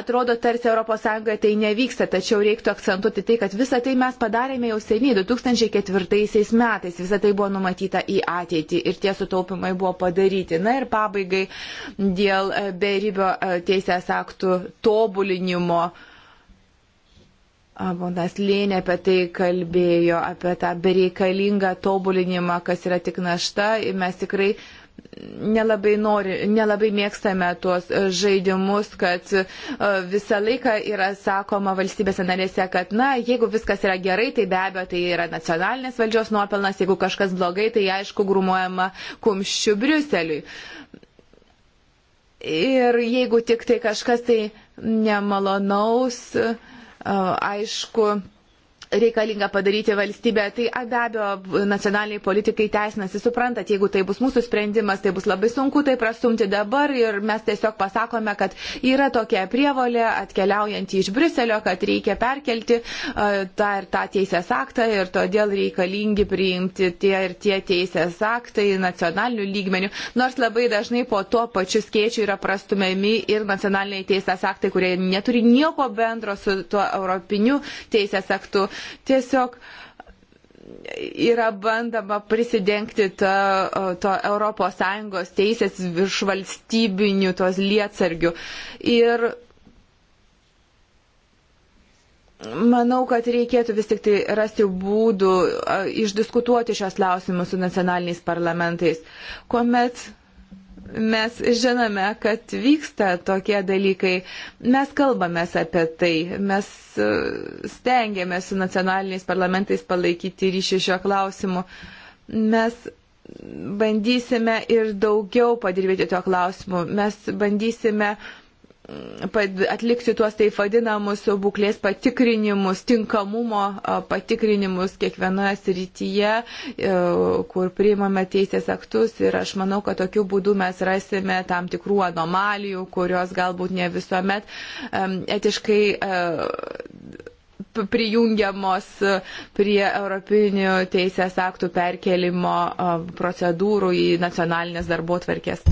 Atrodo, tarsi ES tai nevyksta, tačiau reiktų akcentuoti tai, kad visą tai mes padarėme jau seniai, 2004 metais, visą tai buvo numatyta į ateitį ir tie sutaupimai buvo padaryti. Na ir pabaigai dėl e, beribio teisės aktų tobulinimo Ponas Lėnė apie tai kalbėjo, apie tą bereikalingą tobulinimą, kas yra tik našta. Mes tikrai nelabai, nori, nelabai mėgstame tuos žaidimus, kad e, visą laiką yra sakoma valstybėse narėse, kad na, jeigu viskas yra gerai, tai be abejo tai yra nacionalinės valdžios nuopelnas, jeigu kažkas blogai, tai aišku grumuojama kumščiu Briuseliui. Ir jeigu tik tai kažkas tai nemalonaus, uh, aišku, reikalinga padaryti valstybę, tai be abejo nacionaliniai politikai teisinasi, suprantat, jeigu tai bus mūsų sprendimas, tai bus labai sunku tai prastumti dabar ir mes tiesiog pasakome, kad yra tokia prievolė atkeliaujanti iš Briuselio, kad reikia perkelti uh, tą ir tą teisės aktą ir todėl reikalingi priimti tie ir tie teisės aktai nacionalinių lygmenių, nors labai dažnai po to pačiu skėčiu yra prastumiami ir nacionaliniai teisės aktai, kurie neturi nieko bendro su tuo europiniu teisės aktu tiesiog yra bandama prisidengti to, to ES teisės virš valstybinių tos lietsargių. Ir Manau, kad reikėtų vis tik tai rasti būdų išdiskutuoti šios klausimus su nacionaliniais parlamentais, kuomet mes žinome, kad vyksta tokie dalykai. Mes kalbame apie tai, mes e, stengiamės su nacionaliniais parlamentais palaikyti ryšį šio klausimu. Mes bandysime ir daugiau padirbėti tuo klausimu. Mes bandysime uh, atlikti tuos taip vadinamus būklės patikrinimus, tinkamumo patikrinimus kiekvienoje srityje, e, kur priimame teisės aktus ir aš manau, kad tokiu būdu mes rasime tam tikrų anomalijų, kurios galbūt ne visuomet etiškai e, prijungiamos prie europinių teisės aktų perkelimo procedūrų į nacionalinės darbo tvarkės.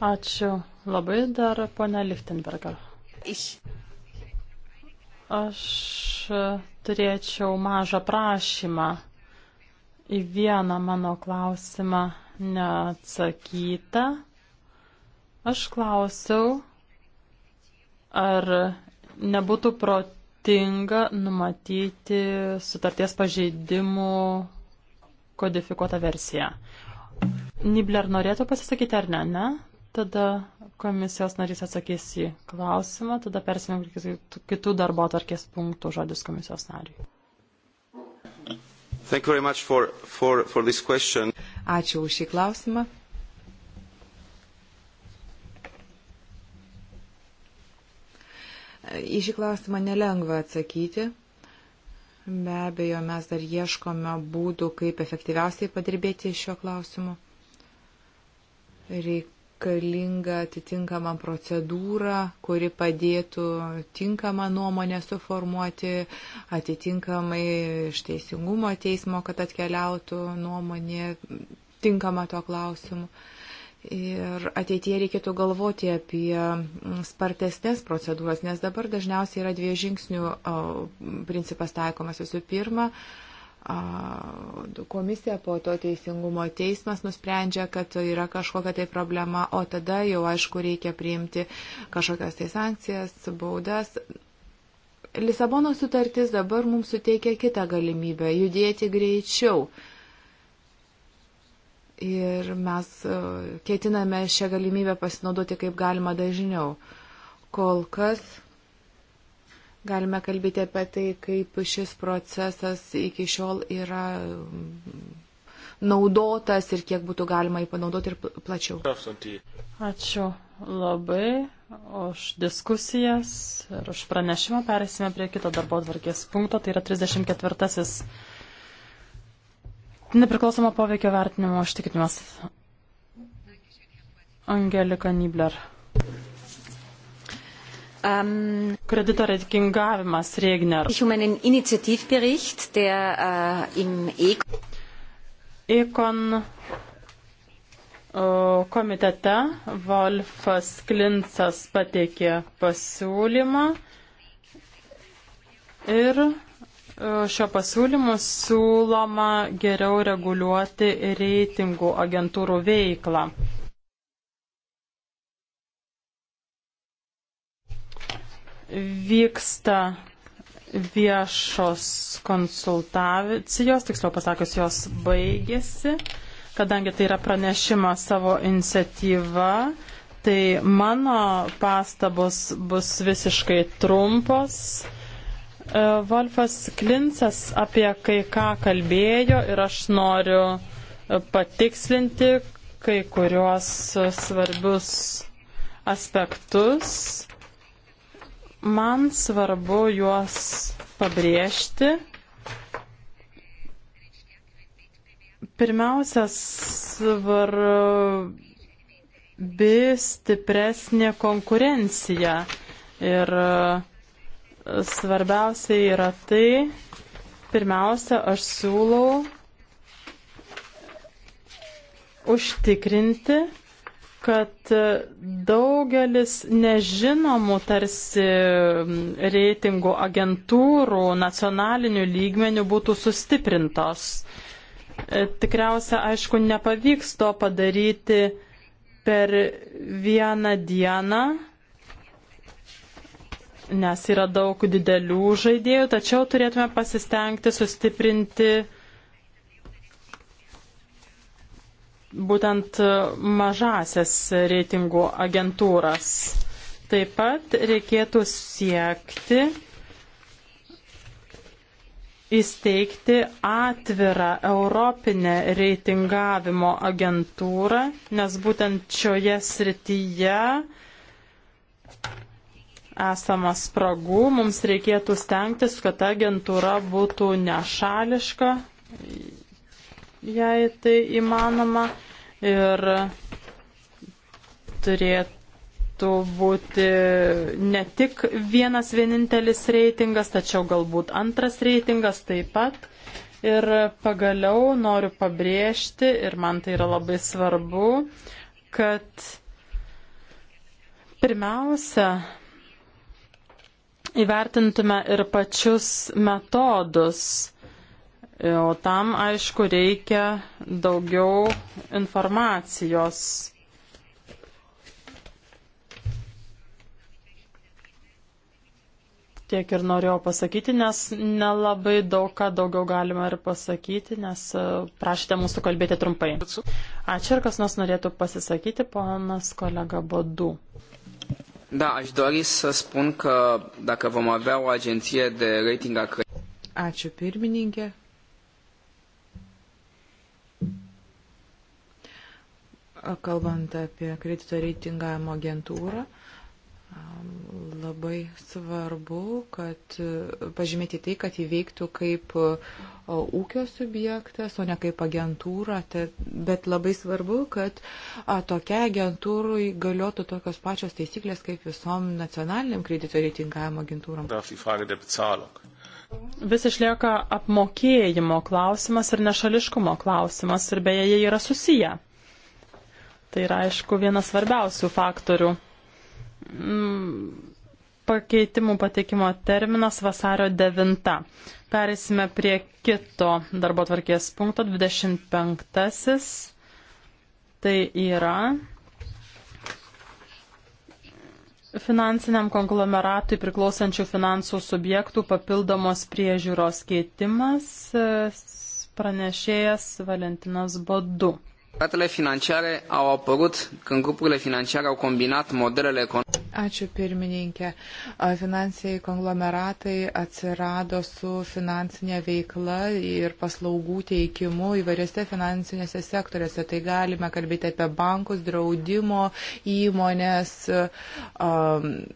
Ačiū labai dar, ponia Lichtenberger. Aš turėčiau mažą prašymą. Į vieną mano klausimą neatsakyta. Aš klausiau, ar nebūtų protinga numatyti sutarties pažeidimų kodifikuotą versiją. Nibler norėtų pasisakyti ar ne? Ne? Tada komisijos narys atsakys į klausimą, tada persimėm kitų darbo atvarkės punktų žodis komisijos nariui. For, for, for Ačiū už šį klausimą. Į šį klausimą nelengva atsakyti. Be abejo, mes dar ieškome būdų, kaip efektyviausiai padirbėti šiuo klausimu. Reikia reikalinga atitinkama procedūra, kuri padėtų tinkamą nuomonę suformuoti, atitinkamai iš teisingumo teismo, kad atkeliautų nuomonė tinkama to klausimu. Ir ateitie reikėtų galvoti apie spartesnės procedūras, nes dabar dažniausiai yra dviejų žingsnių principas taikomas. Visų pirma, uh, komisija, po to teisingumo teismas nusprendžia, kad yra kažkokia tai problema, o tada jau aišku reikia priimti kažkokias tai sankcijas, baudas. Lisabono sutartis dabar mums suteikia kitą galimybę judėti greičiau. Ir mes e, ketiname šią galimybę pasinaudoti kaip galima dažniau. Kol kas Galime kalbėti apie tai, kaip šis procesas iki šiol yra mm, naudotas ir kiek būtų galima jį panaudoti ir plačiau. Ačiū labai už diskusijas ir už pranešimą. Perėsime prie kito darbo atvarkės punkto, tai yra 34-asis nepriklausomo poveikio vertinimo užtikrinimas. Angelika Nibler. Um, Kredito reitingavimas Regner. Um der, uh, im Ekon äh, komitete Volfas Klincas pateikė pasiūlymą ir e, šio pasiūlymu siūloma geriau reguliuoti reitingų agentūrų veiklą. vyksta viešos konsultacijos, tiksliau pasakius, jos baigėsi, kadangi tai yra pranešimas savo iniciatyva. Tai mano pastabos bus visiškai trumpos. E, Volfas Klincas apie kai ką kalbėjo ir aš noriu e, patikslinti kai kuriuos svarbius aspektus. Man svarbu juos pabrėžti. Pirmiausia, svarbi stipresnė konkurencija. Ir e, svarbiausia yra tai, pirmiausia, aš siūlau užtikrinti, kad daugelis nežinomų tarsi reitingų agentūrų nacionaliniu lygmeniu būtų sustiprintos. E, tikriausia, aišku, nepavyks to padaryti per vieną dieną, nes yra daug didelių žaidėjų, tačiau turėtume pasistengti sustiprinti būtent mažasias reitingų agentūras. Taip pat reikėtų siekti įsteigti atvirą Europinę reitingavimo agentūrą, nes būtent šioje srityje esama spragų, mums reikėtų stengtis, kad agentūra būtų nešališka, jei tai įmanoma, ir turėtų būti ne tik vienas vienintelis reitingas, tačiau galbūt antras reitingas taip pat. Ir pagaliau noriu pabrėžti, ir man tai yra labai svarbu, kad pirmiausia, įvertintume ir pačius metodus O tam, aišku, reikia daugiau informacijos. Tiek ir norėjau pasakyti, nes nelabai daug ką daugiau galima ir pasakyti, nes e, prašyte mūsų kalbėti trumpai. Ačiū ir kas nors norėtų pasisakyti, ponas kolega Bodu. Da, aș dori să spun că dacă vom avea o agenție de rating a Ačiū pirmininkė. kalbant apie kredito reitingavimo agentūrą, labai svarbu, kad e, pažymėti tai, kad įveiktų kaip e, ūkio subjektas, o ne kaip agentūra, bet labai svarbu, kad tokia agentūrui galiotų tokios pačios taisyklės kaip visom nacionaliniam kredito reitingavimo agentūrom. Vis išlieka apmokėjimo klausimas ir nešališkumo klausimas ir beje jie yra susiję. Tai yra, aišku, vienas svarbiausių faktorių. Mm, pakeitimų pateikimo terminas vasario 9. Perėsime prie kito darbo tvarkės punkto 25. Tai yra finansiniam konglomeratui priklausančių finansų subjektų papildomos priežiūros keitimas e, pranešėjas Valentinas Bodu. Statele financiare au apărut când grupurile financiare au combinat modelele economice. Ačiū pirmininkė. Finansiniai konglomeratai atsirado su finansinė veikla ir paslaugų teikimu įvairiose finansinėse sektoriuose. Tai galime kalbėti apie bankus, draudimo įmonės. Um,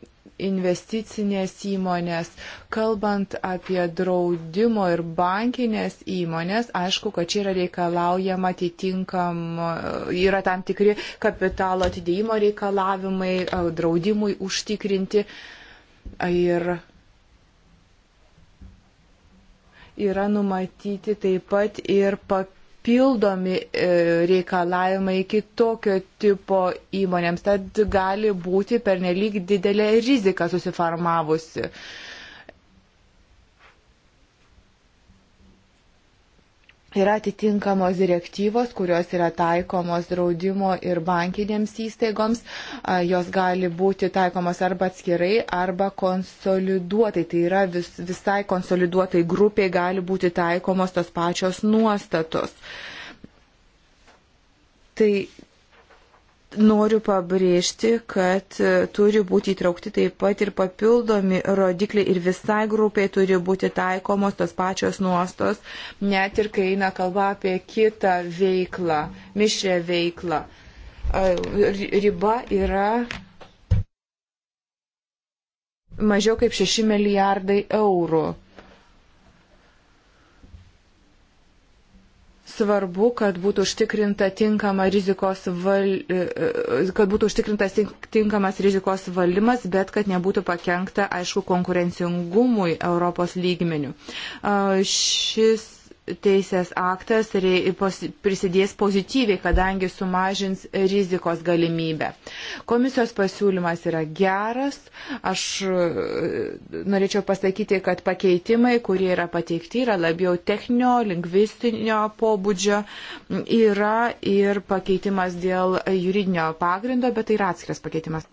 investicinės įmonės. Kalbant apie draudimo ir bankinės įmonės, aišku, kad čia yra reikalaujama atitinkam, yra tam tikri kapitalo atidėjimo reikalavimai e, draudimui užtikrinti. Ir yra numatyti taip pat ir papildomi papildomi e, reikalavimai kitokio tipo įmonėms, tad gali būti pernelyg didelė rizika susiformavusi. Uh, yra atitinkamos direktyvos, kurios yra taikomos draudimo ir bankinėms įstaigoms. Jos gali būti taikomos arba atskirai, arba konsoliduotai. Tai yra vis, visai konsoliduotai grupiai gali būti taikomos tos pačios nuostatos. Tai Noriu pabrėžti, kad e, turi būti įtraukti taip pat ir papildomi rodikliai ir visai grupiai turi būti taikomos tos pačios nuostos, net ir kai eina kalba apie kitą veiklą, mišrę veiklą. E, riba yra mažiau kaip 6 milijardai eurų. svarbu, kad būtų užtikrinta tinkama rizikos val, e, e, kad būtų užtikrintas tinkamas rizikos valdymas, bet kad nebūtų pakengta, aišku, konkurencingumui Europos lygmenių. Šis teisės aktas prisidės pozityviai, kadangi sumažins rizikos galimybę. Komisijos pasiūlymas yra geras. Aš e, norėčiau pasakyti, kad pakeitimai, kurie yra pateikti, yra labiau techninio, lingvistinio pobūdžio. Yra ir pakeitimas dėl juridinio pagrindo, bet tai yra atskiras pakeitimas.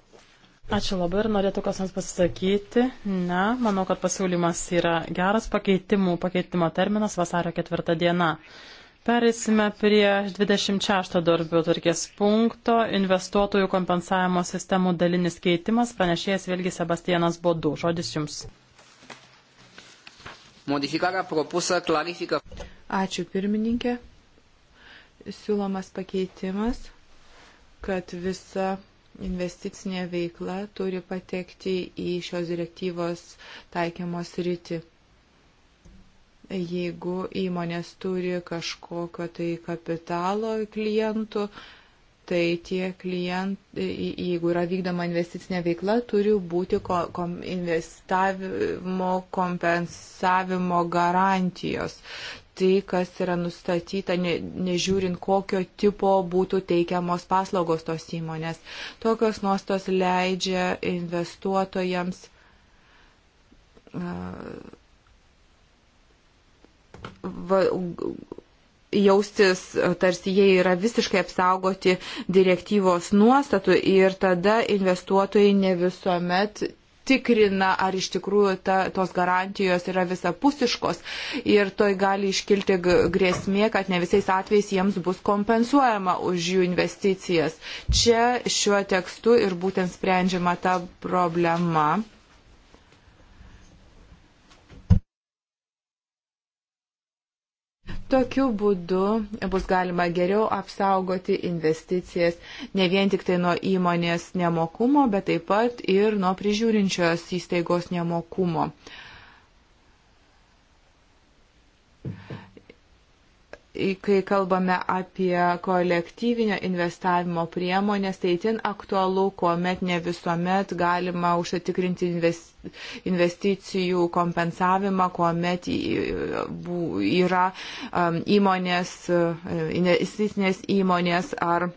Ačiū labai ir norėtų kas nors pasisakyti. Ne, manau, kad pasiūlymas yra geras pakeitimų. Pakeitimo terminas vasario ketvirtą dieną. Perėsime prie 26 darbių tvarkės punkto investuotojų kompensavimo sistemų dalinis keitimas. Pranešėjas vėlgi Sebastianas Bodu. Žodis jums. Modifikarea propusă clarifică. Ačiū pirmininkė. Siūlomas pakeitimas, kad visa investicinė veikla turi patekti į šios direktyvos taikymos rytį. Jeigu įmonės turi kažkokio tai kapitalo klientų, tai tie klientai, jeigu yra vykdoma investicinė veikla, turi būti kom, investavimo kompensavimo garantijos tai, kas yra nustatyta, ne, nežiūrint, kokio tipo būtų teikiamos paslaugos tos įmonės. Tokios nuostos leidžia investuotojams uh, va, jaustis, tarsi jie yra visiškai apsaugoti direktyvos nuostatų ir tada investuotojai ne visuomet tikrina, ar iš tikrųjų ta, tos garantijos yra visapusiškos ir toj gali iškilti grėsmė, kad ne visais atvejais jiems bus kompensuojama už jų investicijas. Čia šiuo tekstu ir būtent sprendžiama ta problema. Tokiu būdu bus galima geriau apsaugoti investicijas ne vien tik tai nuo įmonės nemokumo, bet taip pat ir nuo prižiūrinčios įstaigos nemokumo. Uh, kai kalbame apie kolektyvinio investavimo priemonės, tai itin aktualu, kuomet ne visuomet galima užsitikrinti investicijų kompensavimą, kuomet yra um, įmonės, um, investicinės įmonės ar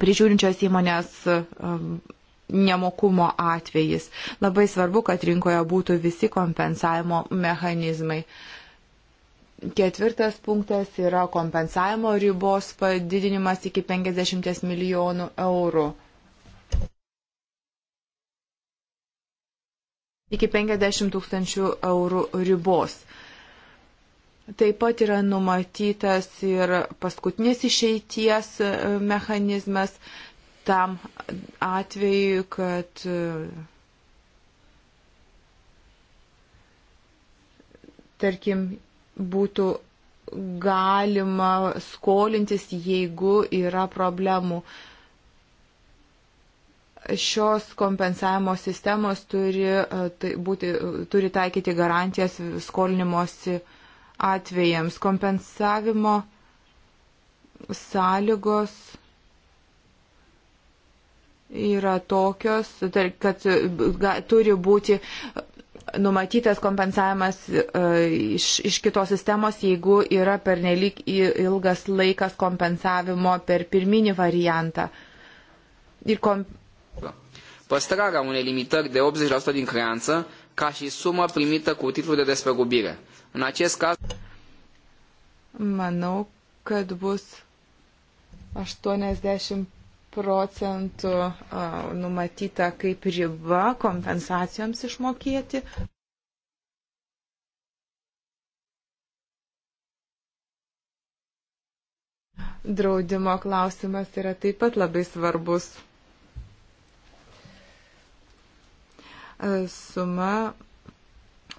prižiūrinčios įmonės um, nemokumo atvejis. Labai svarbu, kad rinkoje būtų visi kompensavimo mechanizmai. Uh, Ketvirtas punktas yra kompensavimo ribos padidinimas iki 50 milijonų eurų. Iki 50 tūkstančių eurų ribos. Taip pat yra numatytas ir paskutinis išeities e, mechanizmas tam atveju, kad e, tarkim būtų galima skolintis, jeigu yra problemų. Šios kompensavimo sistemos turi, e, tai, būti, turi taikyti garantijas skolinimosi atvejams. Kompensavimo sąlygos yra tokios, tai, kad turi būti numatytas kompensavimas e, iš, iš kitos sistemos, jeigu yra pernelyg ilgas laikas kompensavimo per pirminį variantą. Ir kom... Păstrarea unei limitări de 80% din creanță ca și sumă primită cu titlul de despăgubire. În acest caz... Manau, kad bus 80 procentų numatyta kaip riba kompensacijoms išmokėti. Draudimo klausimas yra taip pat labai svarbus. Suma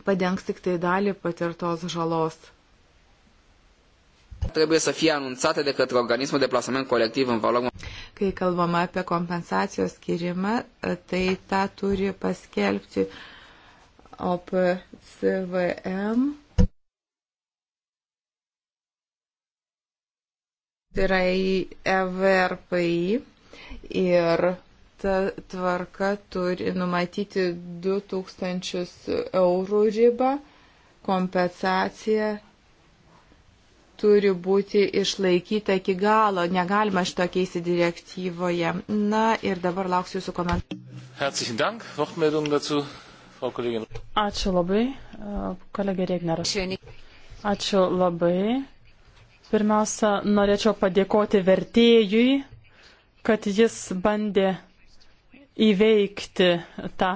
padengs tik tai dalį patirtos žalos. Trebuie să fie anunțate de către organismul de plasament colectiv în valoare. Kai kalbam apie kompensacijos skirimą, tai tą turi paskelbti OPCVM. Tai yra į EVRPI ir ta tvarka turi numatyti 2000 eurų ribą kompensaciją turi būti išlaikyta iki galo. Negalima šito keisti direktyvoje. Na ir dabar lauksiu jūsų komentarų. Ačiū labai, e, kolegė Regner. Ačiū labai. Pirmiausia, norėčiau padėkoti vertėjui, kad jis bandė įveikti tą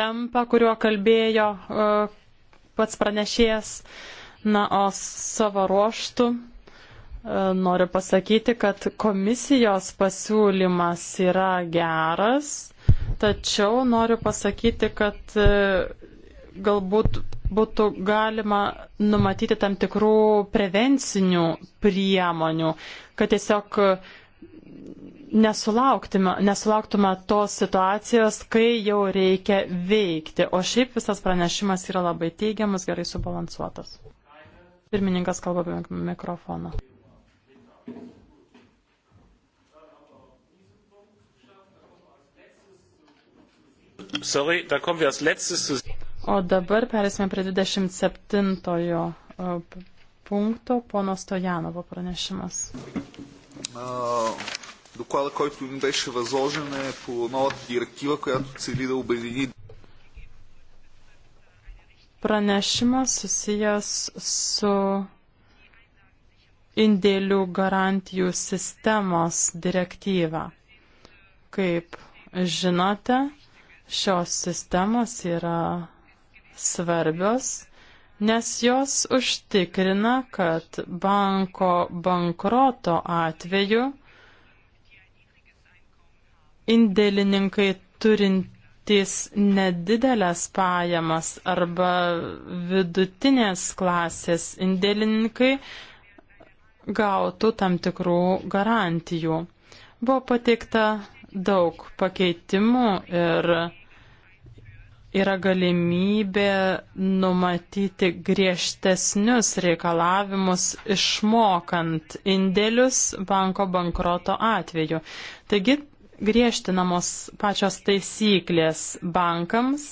tempą, kuriuo kalbėjo e, pats pranešėjas. Uh, Na, o savo ruoštų e, noriu pasakyti, kad komisijos pasiūlymas yra geras, tačiau noriu pasakyti, kad e, galbūt būtų galima numatyti tam tikrų prevencinių priemonių, kad tiesiog nesulauktume, nesulauktume tos situacijos, kai jau reikia veikti. O šiaip visas pranešimas yra labai teigiamas, gerai subalansuotas. Pirmininkas kalba apie mikrofoną. Sorry, da kommen wir als letztes zu. O dabar perėsime prie 27 e, punkto pono Stojanovo pranešimas. E, Докладът, който им беше възложен е по новата директива, която цели да обедини pranešimas susijęs su indėlių garantijų sistemos direktyva. Kaip žinote, šios sistemos yra svarbios, nes jos užtikrina, kad banko bankroto atveju indėlininkai turint turintys nedidelės pajamas arba vidutinės klasės indėlininkai gautų tam tikrų garantijų. Buvo pateikta daug pakeitimų ir yra galimybė numatyti griežtesnius reikalavimus išmokant indėlius banko bankroto atveju. Taigi griežtinamos pačios taisyklės bankams,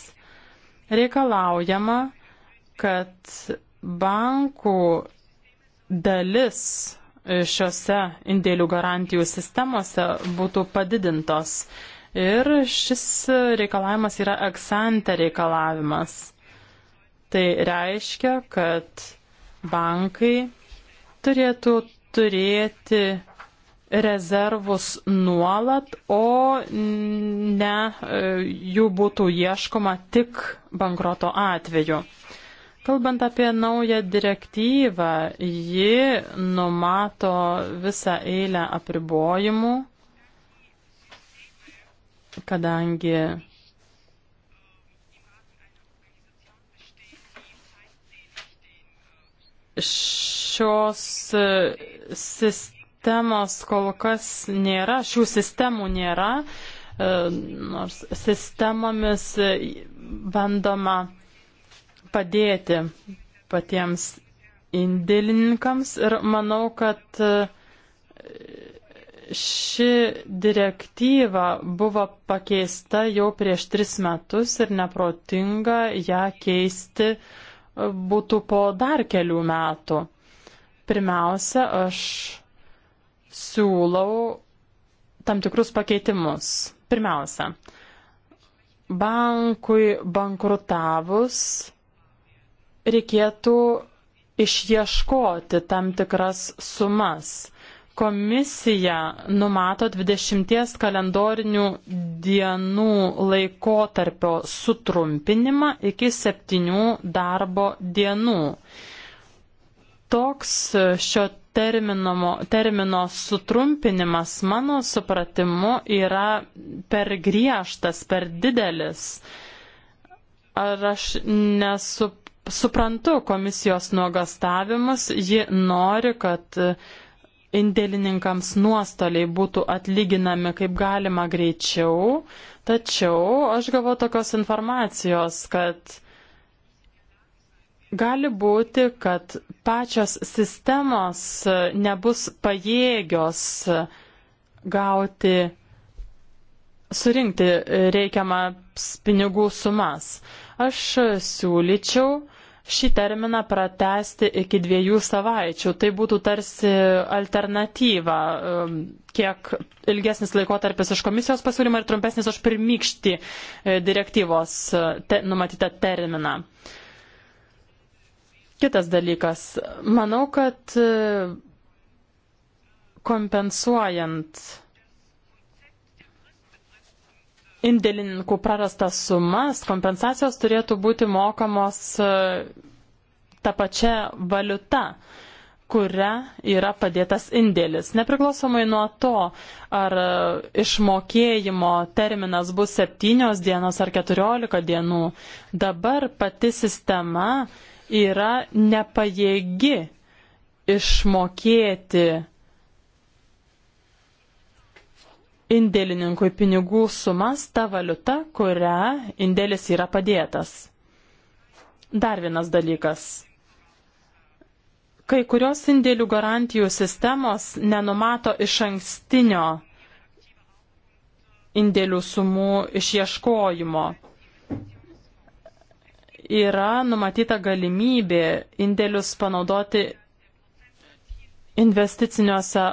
reikalaujama, kad bankų dalis šiuose indėlių garantijų sistemose būtų padidintos. Ir šis reikalavimas yra eksante reikalavimas. Tai reiškia, kad bankai turėtų turėti rezervus nuolat, o ne e, jų būtų ieškoma tik bankroto atveju. Kalbant apie naują direktyvą, ji numato visą eilę apribojimų, kadangi šios e, sistemos temos kol kas nėra, šių sistemų nėra, e, nors sistemomis bandoma padėti patiems indėlininkams ir manau, kad e, ši direktyva buvo pakeista jau prieš tris metus ir neprotinga ją keisti e, būtų po dar kelių metų. Pirmiausia, aš siūlau tam tikrus pakeitimus. Pirmiausia, bankui bankrutavus reikėtų išieškoti tam tikras sumas. Komisija numato 20 kalendorinių dienų laikotarpio sutrumpinimą iki 7 darbo dienų. Toks šio termino, termino sutrumpinimas mano supratimu yra per griežtas, per didelis. Ar aš nesup, suprantu komisijos nuogastavimus, ji nori, kad indėlininkams nuostoliai būtų atlyginami kaip galima greičiau, tačiau aš gavau tokios informacijos, kad Gali būti, kad pačios sistemos e, nebus pajėgios e, gauti, surinkti reikiamas pinigų sumas. Aš siūlyčiau šį terminą pratesti iki dviejų savaičių. Tai būtų tarsi alternatyva, e, kiek ilgesnis laikotarpis iš komisijos pasiūlymą ir trumpesnis už pirmykštį direktyvos te, numatytą terminą. Uh, Kitas dalykas. Manau, kad e, kompensuojant indėlininkų prarastas sumas, kompensacijos turėtų būti mokamos e, tą pačią valiutą kuria yra padėtas indėlis. Nepriklausomai nuo to, ar e, išmokėjimo terminas bus 7 dienos ar 14 dienų, dabar pati sistema uh, yra nepajėgi išmokėti indėlininkui pinigų sumas ta valiuta, kurią indėlis yra padėtas. Dar vienas dalykas. Kai kurios indėlių garantijų sistemos nenumato iš ankstinio indėlių sumų išieškojimo yra numatyta galimybė indėlius panaudoti investiciniuose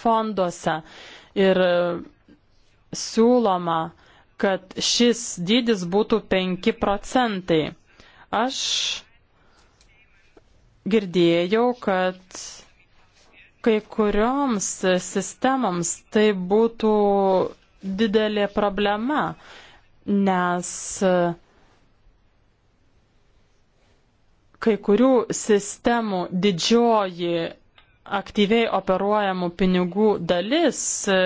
fonduose ir e, siūloma, kad šis dydis būtų 5 procentai. Aš girdėjau, kad kai kurioms sistemoms tai būtų didelė problema, nes uh, kai kurių sistemų didžioji aktyviai operuojamų pinigų dalis e,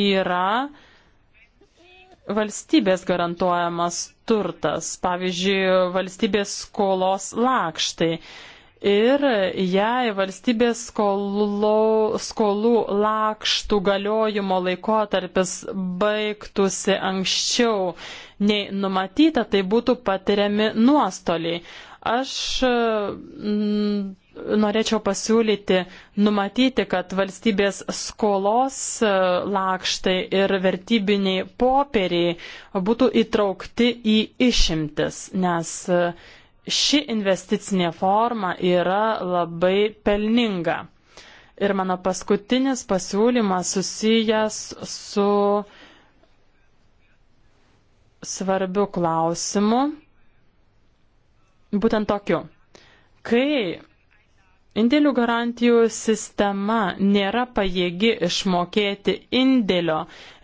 yra valstybės garantuojamas turtas, pavyzdžiui, valstybės skolos lakštai. Ir jei valstybės skolo, skolų lakštų galiojimo laikotarpis baigtųsi anksčiau nei numatyta, tai būtų patiriami nuostoliai. Aš e, norėčiau pasiūlyti numatyti, kad valstybės skolos e, lakštai ir vertybiniai popieriai būtų įtraukti į išimtis, nes e, ši investicinė forma yra labai pelninga. Ir mano paskutinis pasiūlymas susijęs su svarbiu klausimu būtent tokiu. Kai indėlių garantijų sistema nėra pajėgi išmokėti indėlio,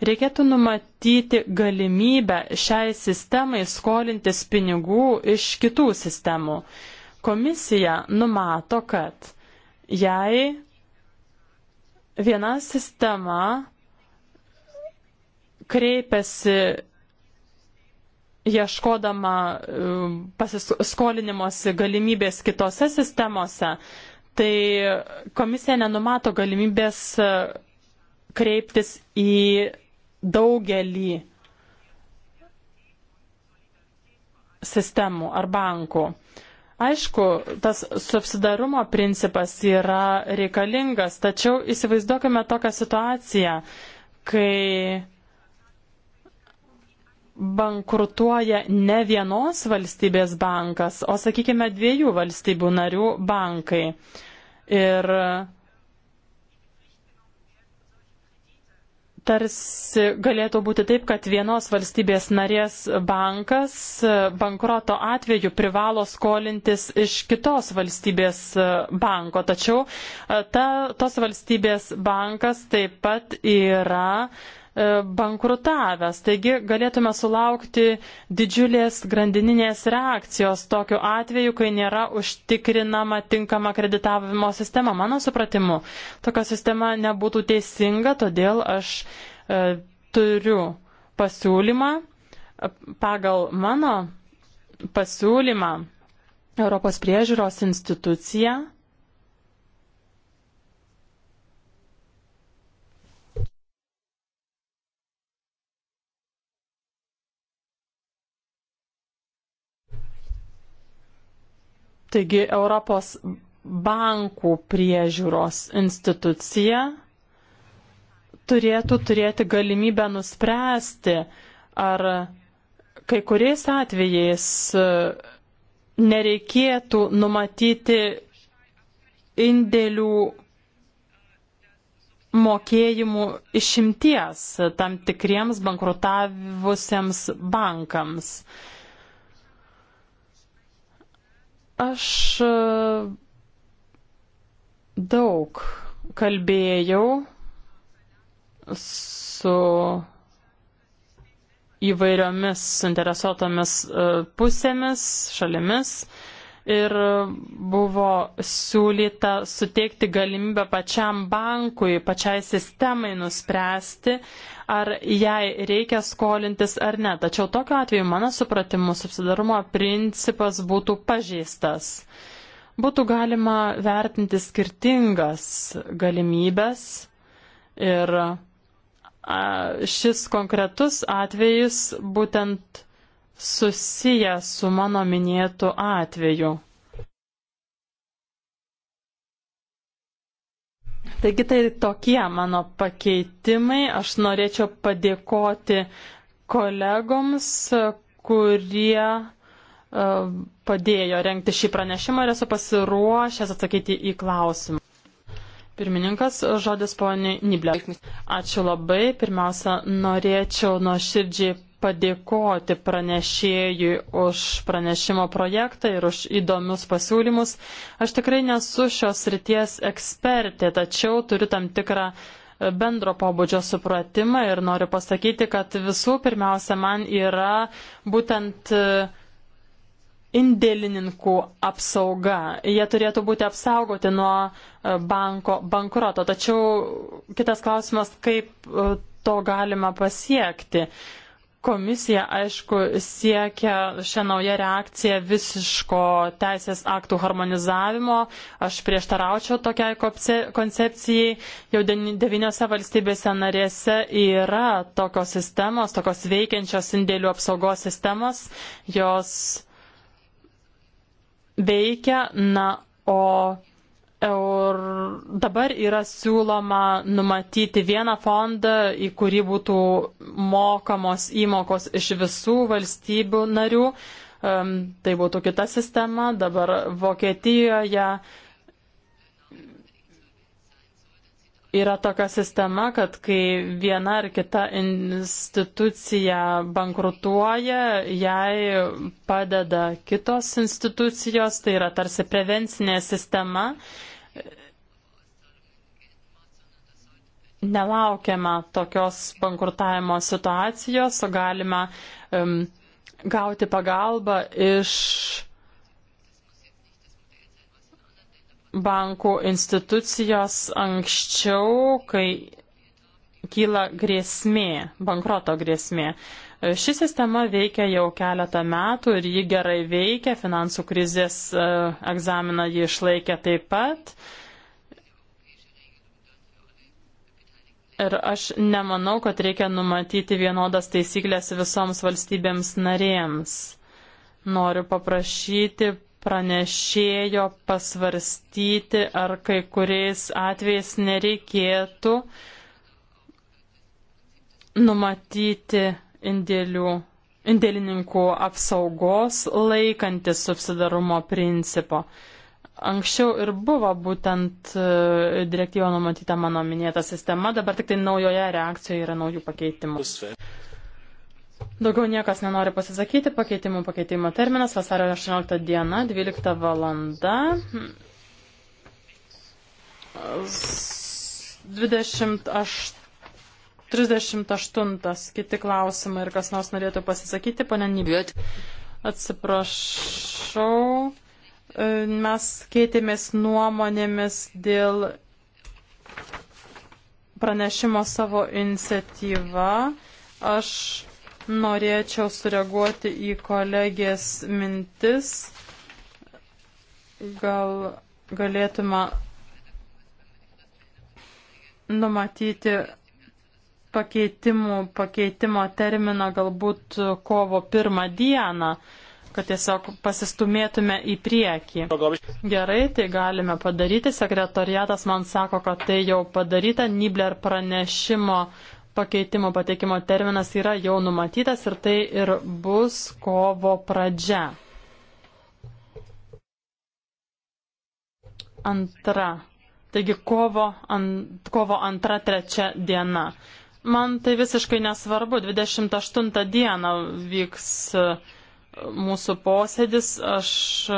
reikėtų numatyti galimybę šiai sistemai skolintis pinigų iš kitų sistemų. Komisija numato, kad jei viena sistema kreipiasi ieškodama um, pasiskolinimosi galimybės kitose sistemose, tai komisija nenumato galimybės uh, kreiptis į daugelį sistemų ar bankų. Aišku, tas subsidarumo principas yra reikalingas, tačiau įsivaizduokime tokią situaciją, kai bankrutuoja ne vienos valstybės bankas, o sakykime dviejų valstybių narių bankai. Ir tarsi galėtų būti taip, kad vienos valstybės narės bankas bankroto atveju privalo skolintis iš kitos valstybės banko. Tačiau e, ta, tos valstybės bankas taip pat yra uh, E, bankrutavęs. Taigi galėtume sulaukti didžiulės grandininės reakcijos tokiu atveju, kai nėra užtikrinama tinkama kreditavimo sistema. Mano supratimu, tokia sistema nebūtų teisinga, todėl aš e, turiu pasiūlymą. Pagal mano pasiūlymą Europos priežiūros institucija Taigi Europos bankų priežiūros institucija turėtų turėti galimybę nuspręsti, ar kai kuriais atvejais e, nereikėtų numatyti indėlių mokėjimų išimties tam tikriems bankrutavusiems bankams. Aš e, daug kalbėjau su įvairiomis interesuotomis e, pusėmis, šalimis. Uh, ir buvo siūlyta suteikti galimybę pačiam bankui, pačiai sistemai nuspręsti, ar jai reikia skolintis ar ne. Tačiau tokiu atveju, mano supratimu, subsidarumo principas būtų pažeistas. Būtų galima vertinti skirtingas galimybės ir šis konkretus atvejis būtent susiję su mano minėtu atveju. Taigi tai tokie mano pakeitimai. Aš norėčiau padėkoti kolegoms, kurie e, padėjo renkti šį pranešimą ir esu pasiruošęs atsakyti į klausimą. Pirmininkas, žodis poniai Niblė. Ačiū labai. Pirmiausia, norėčiau nuoširdžiai padėkoti pranešėjui už pranešimo projektą ir už įdomius pasiūlymus. Aš tikrai nesu šios ryties ekspertė, tačiau turiu tam tikrą e, bendro pobūdžio supratimą ir noriu pasakyti, kad visų pirmiausia man yra būtent e, indėlininkų apsauga. Jie turėtų būti apsaugoti nuo e, banko bankroto. Tačiau kitas klausimas, kaip to galima pasiekti. Komisija, aišku, siekia šią naują reakciją visiško teisės aktų harmonizavimo. Aš prieštaraučiau tokiai koncepcijai. Jau devyniose valstybėse narėse yra tokios sistemos, tokios veikiančios indėlių apsaugos sistemos. Jos veikia, na, o Eur... Dabar yra siūloma numatyti vieną fondą, į kurį būtų mokamos įmokos iš visų valstybių narių. Um, tai būtų kita sistema. Dabar Vokietijoje yra tokia sistema, kad kai viena ar kita institucija bankrutuoja, jai padeda kitos institucijos. Tai yra tarsi prevencinė sistema. Uh, nelaukiame tokios bankrutavimo situacijos, o galime um, gauti pagalbą iš bankų institucijos anksčiau, kai kyla grėsmė, bankroto grėsmė. E, ši sistema veikia jau keletą metų ir ji gerai veikia, finansų krizės e, egzaminą ji išlaikė taip pat. Uh, Ir aš nemanau, kad reikia numatyti vienodas taisyklės visoms valstybėms narėms. Noriu paprašyti pranešėjo pasvarstyti, ar kai kuriais atvejais nereikėtų numatyti indėlių, indėlininkų apsaugos laikantis subsidarumo principo. Anksčiau ir buvo būtent e, direktyvo numatyta mano minėta sistema, dabar tik tai naujoje reakcijoje yra naujų pakeitimų. Daugiau niekas nenori pasisakyti, pakeitimų pakeitimo terminas vasario 18 diena, 12 valanda. 28, 38 kiti klausimai ir kas nors norėtų pasisakyti, pane Nybėt. Atsiprašau mes keitėmės nuomonėmis dėl pranešimo savo iniciatyvą. Aš norėčiau sureaguoti į kolegės mintis. Gal galėtume numatyti pakeitimų, pakeitimo terminą galbūt kovo pirmą dieną. Uh, kad tiesiog pasistumėtume į priekį. Gerai, tai galime padaryti. Sekretariatas man sako, kad tai jau padaryta. Nibler pranešimo pakeitimo pateikimo terminas yra jau numatytas ir tai ir bus kovo pradžia. Antra. Taigi kovo, ant, kovo antra, trečia diena. Man tai visiškai nesvarbu, 28 dieną vyks uh, mūsų posėdis. Aš e,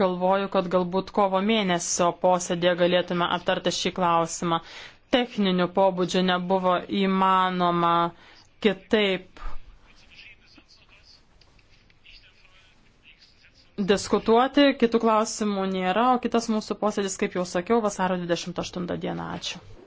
galvoju, kad galbūt kovo mėnesio posėdėje galėtume aptarti šį klausimą. Techninių pobūdžių nebuvo įmanoma kitaip diskutuoti. Kitų klausimų nėra, o kitas mūsų posėdis, kaip jau sakiau, vasaro 28 dieną. Ačiū.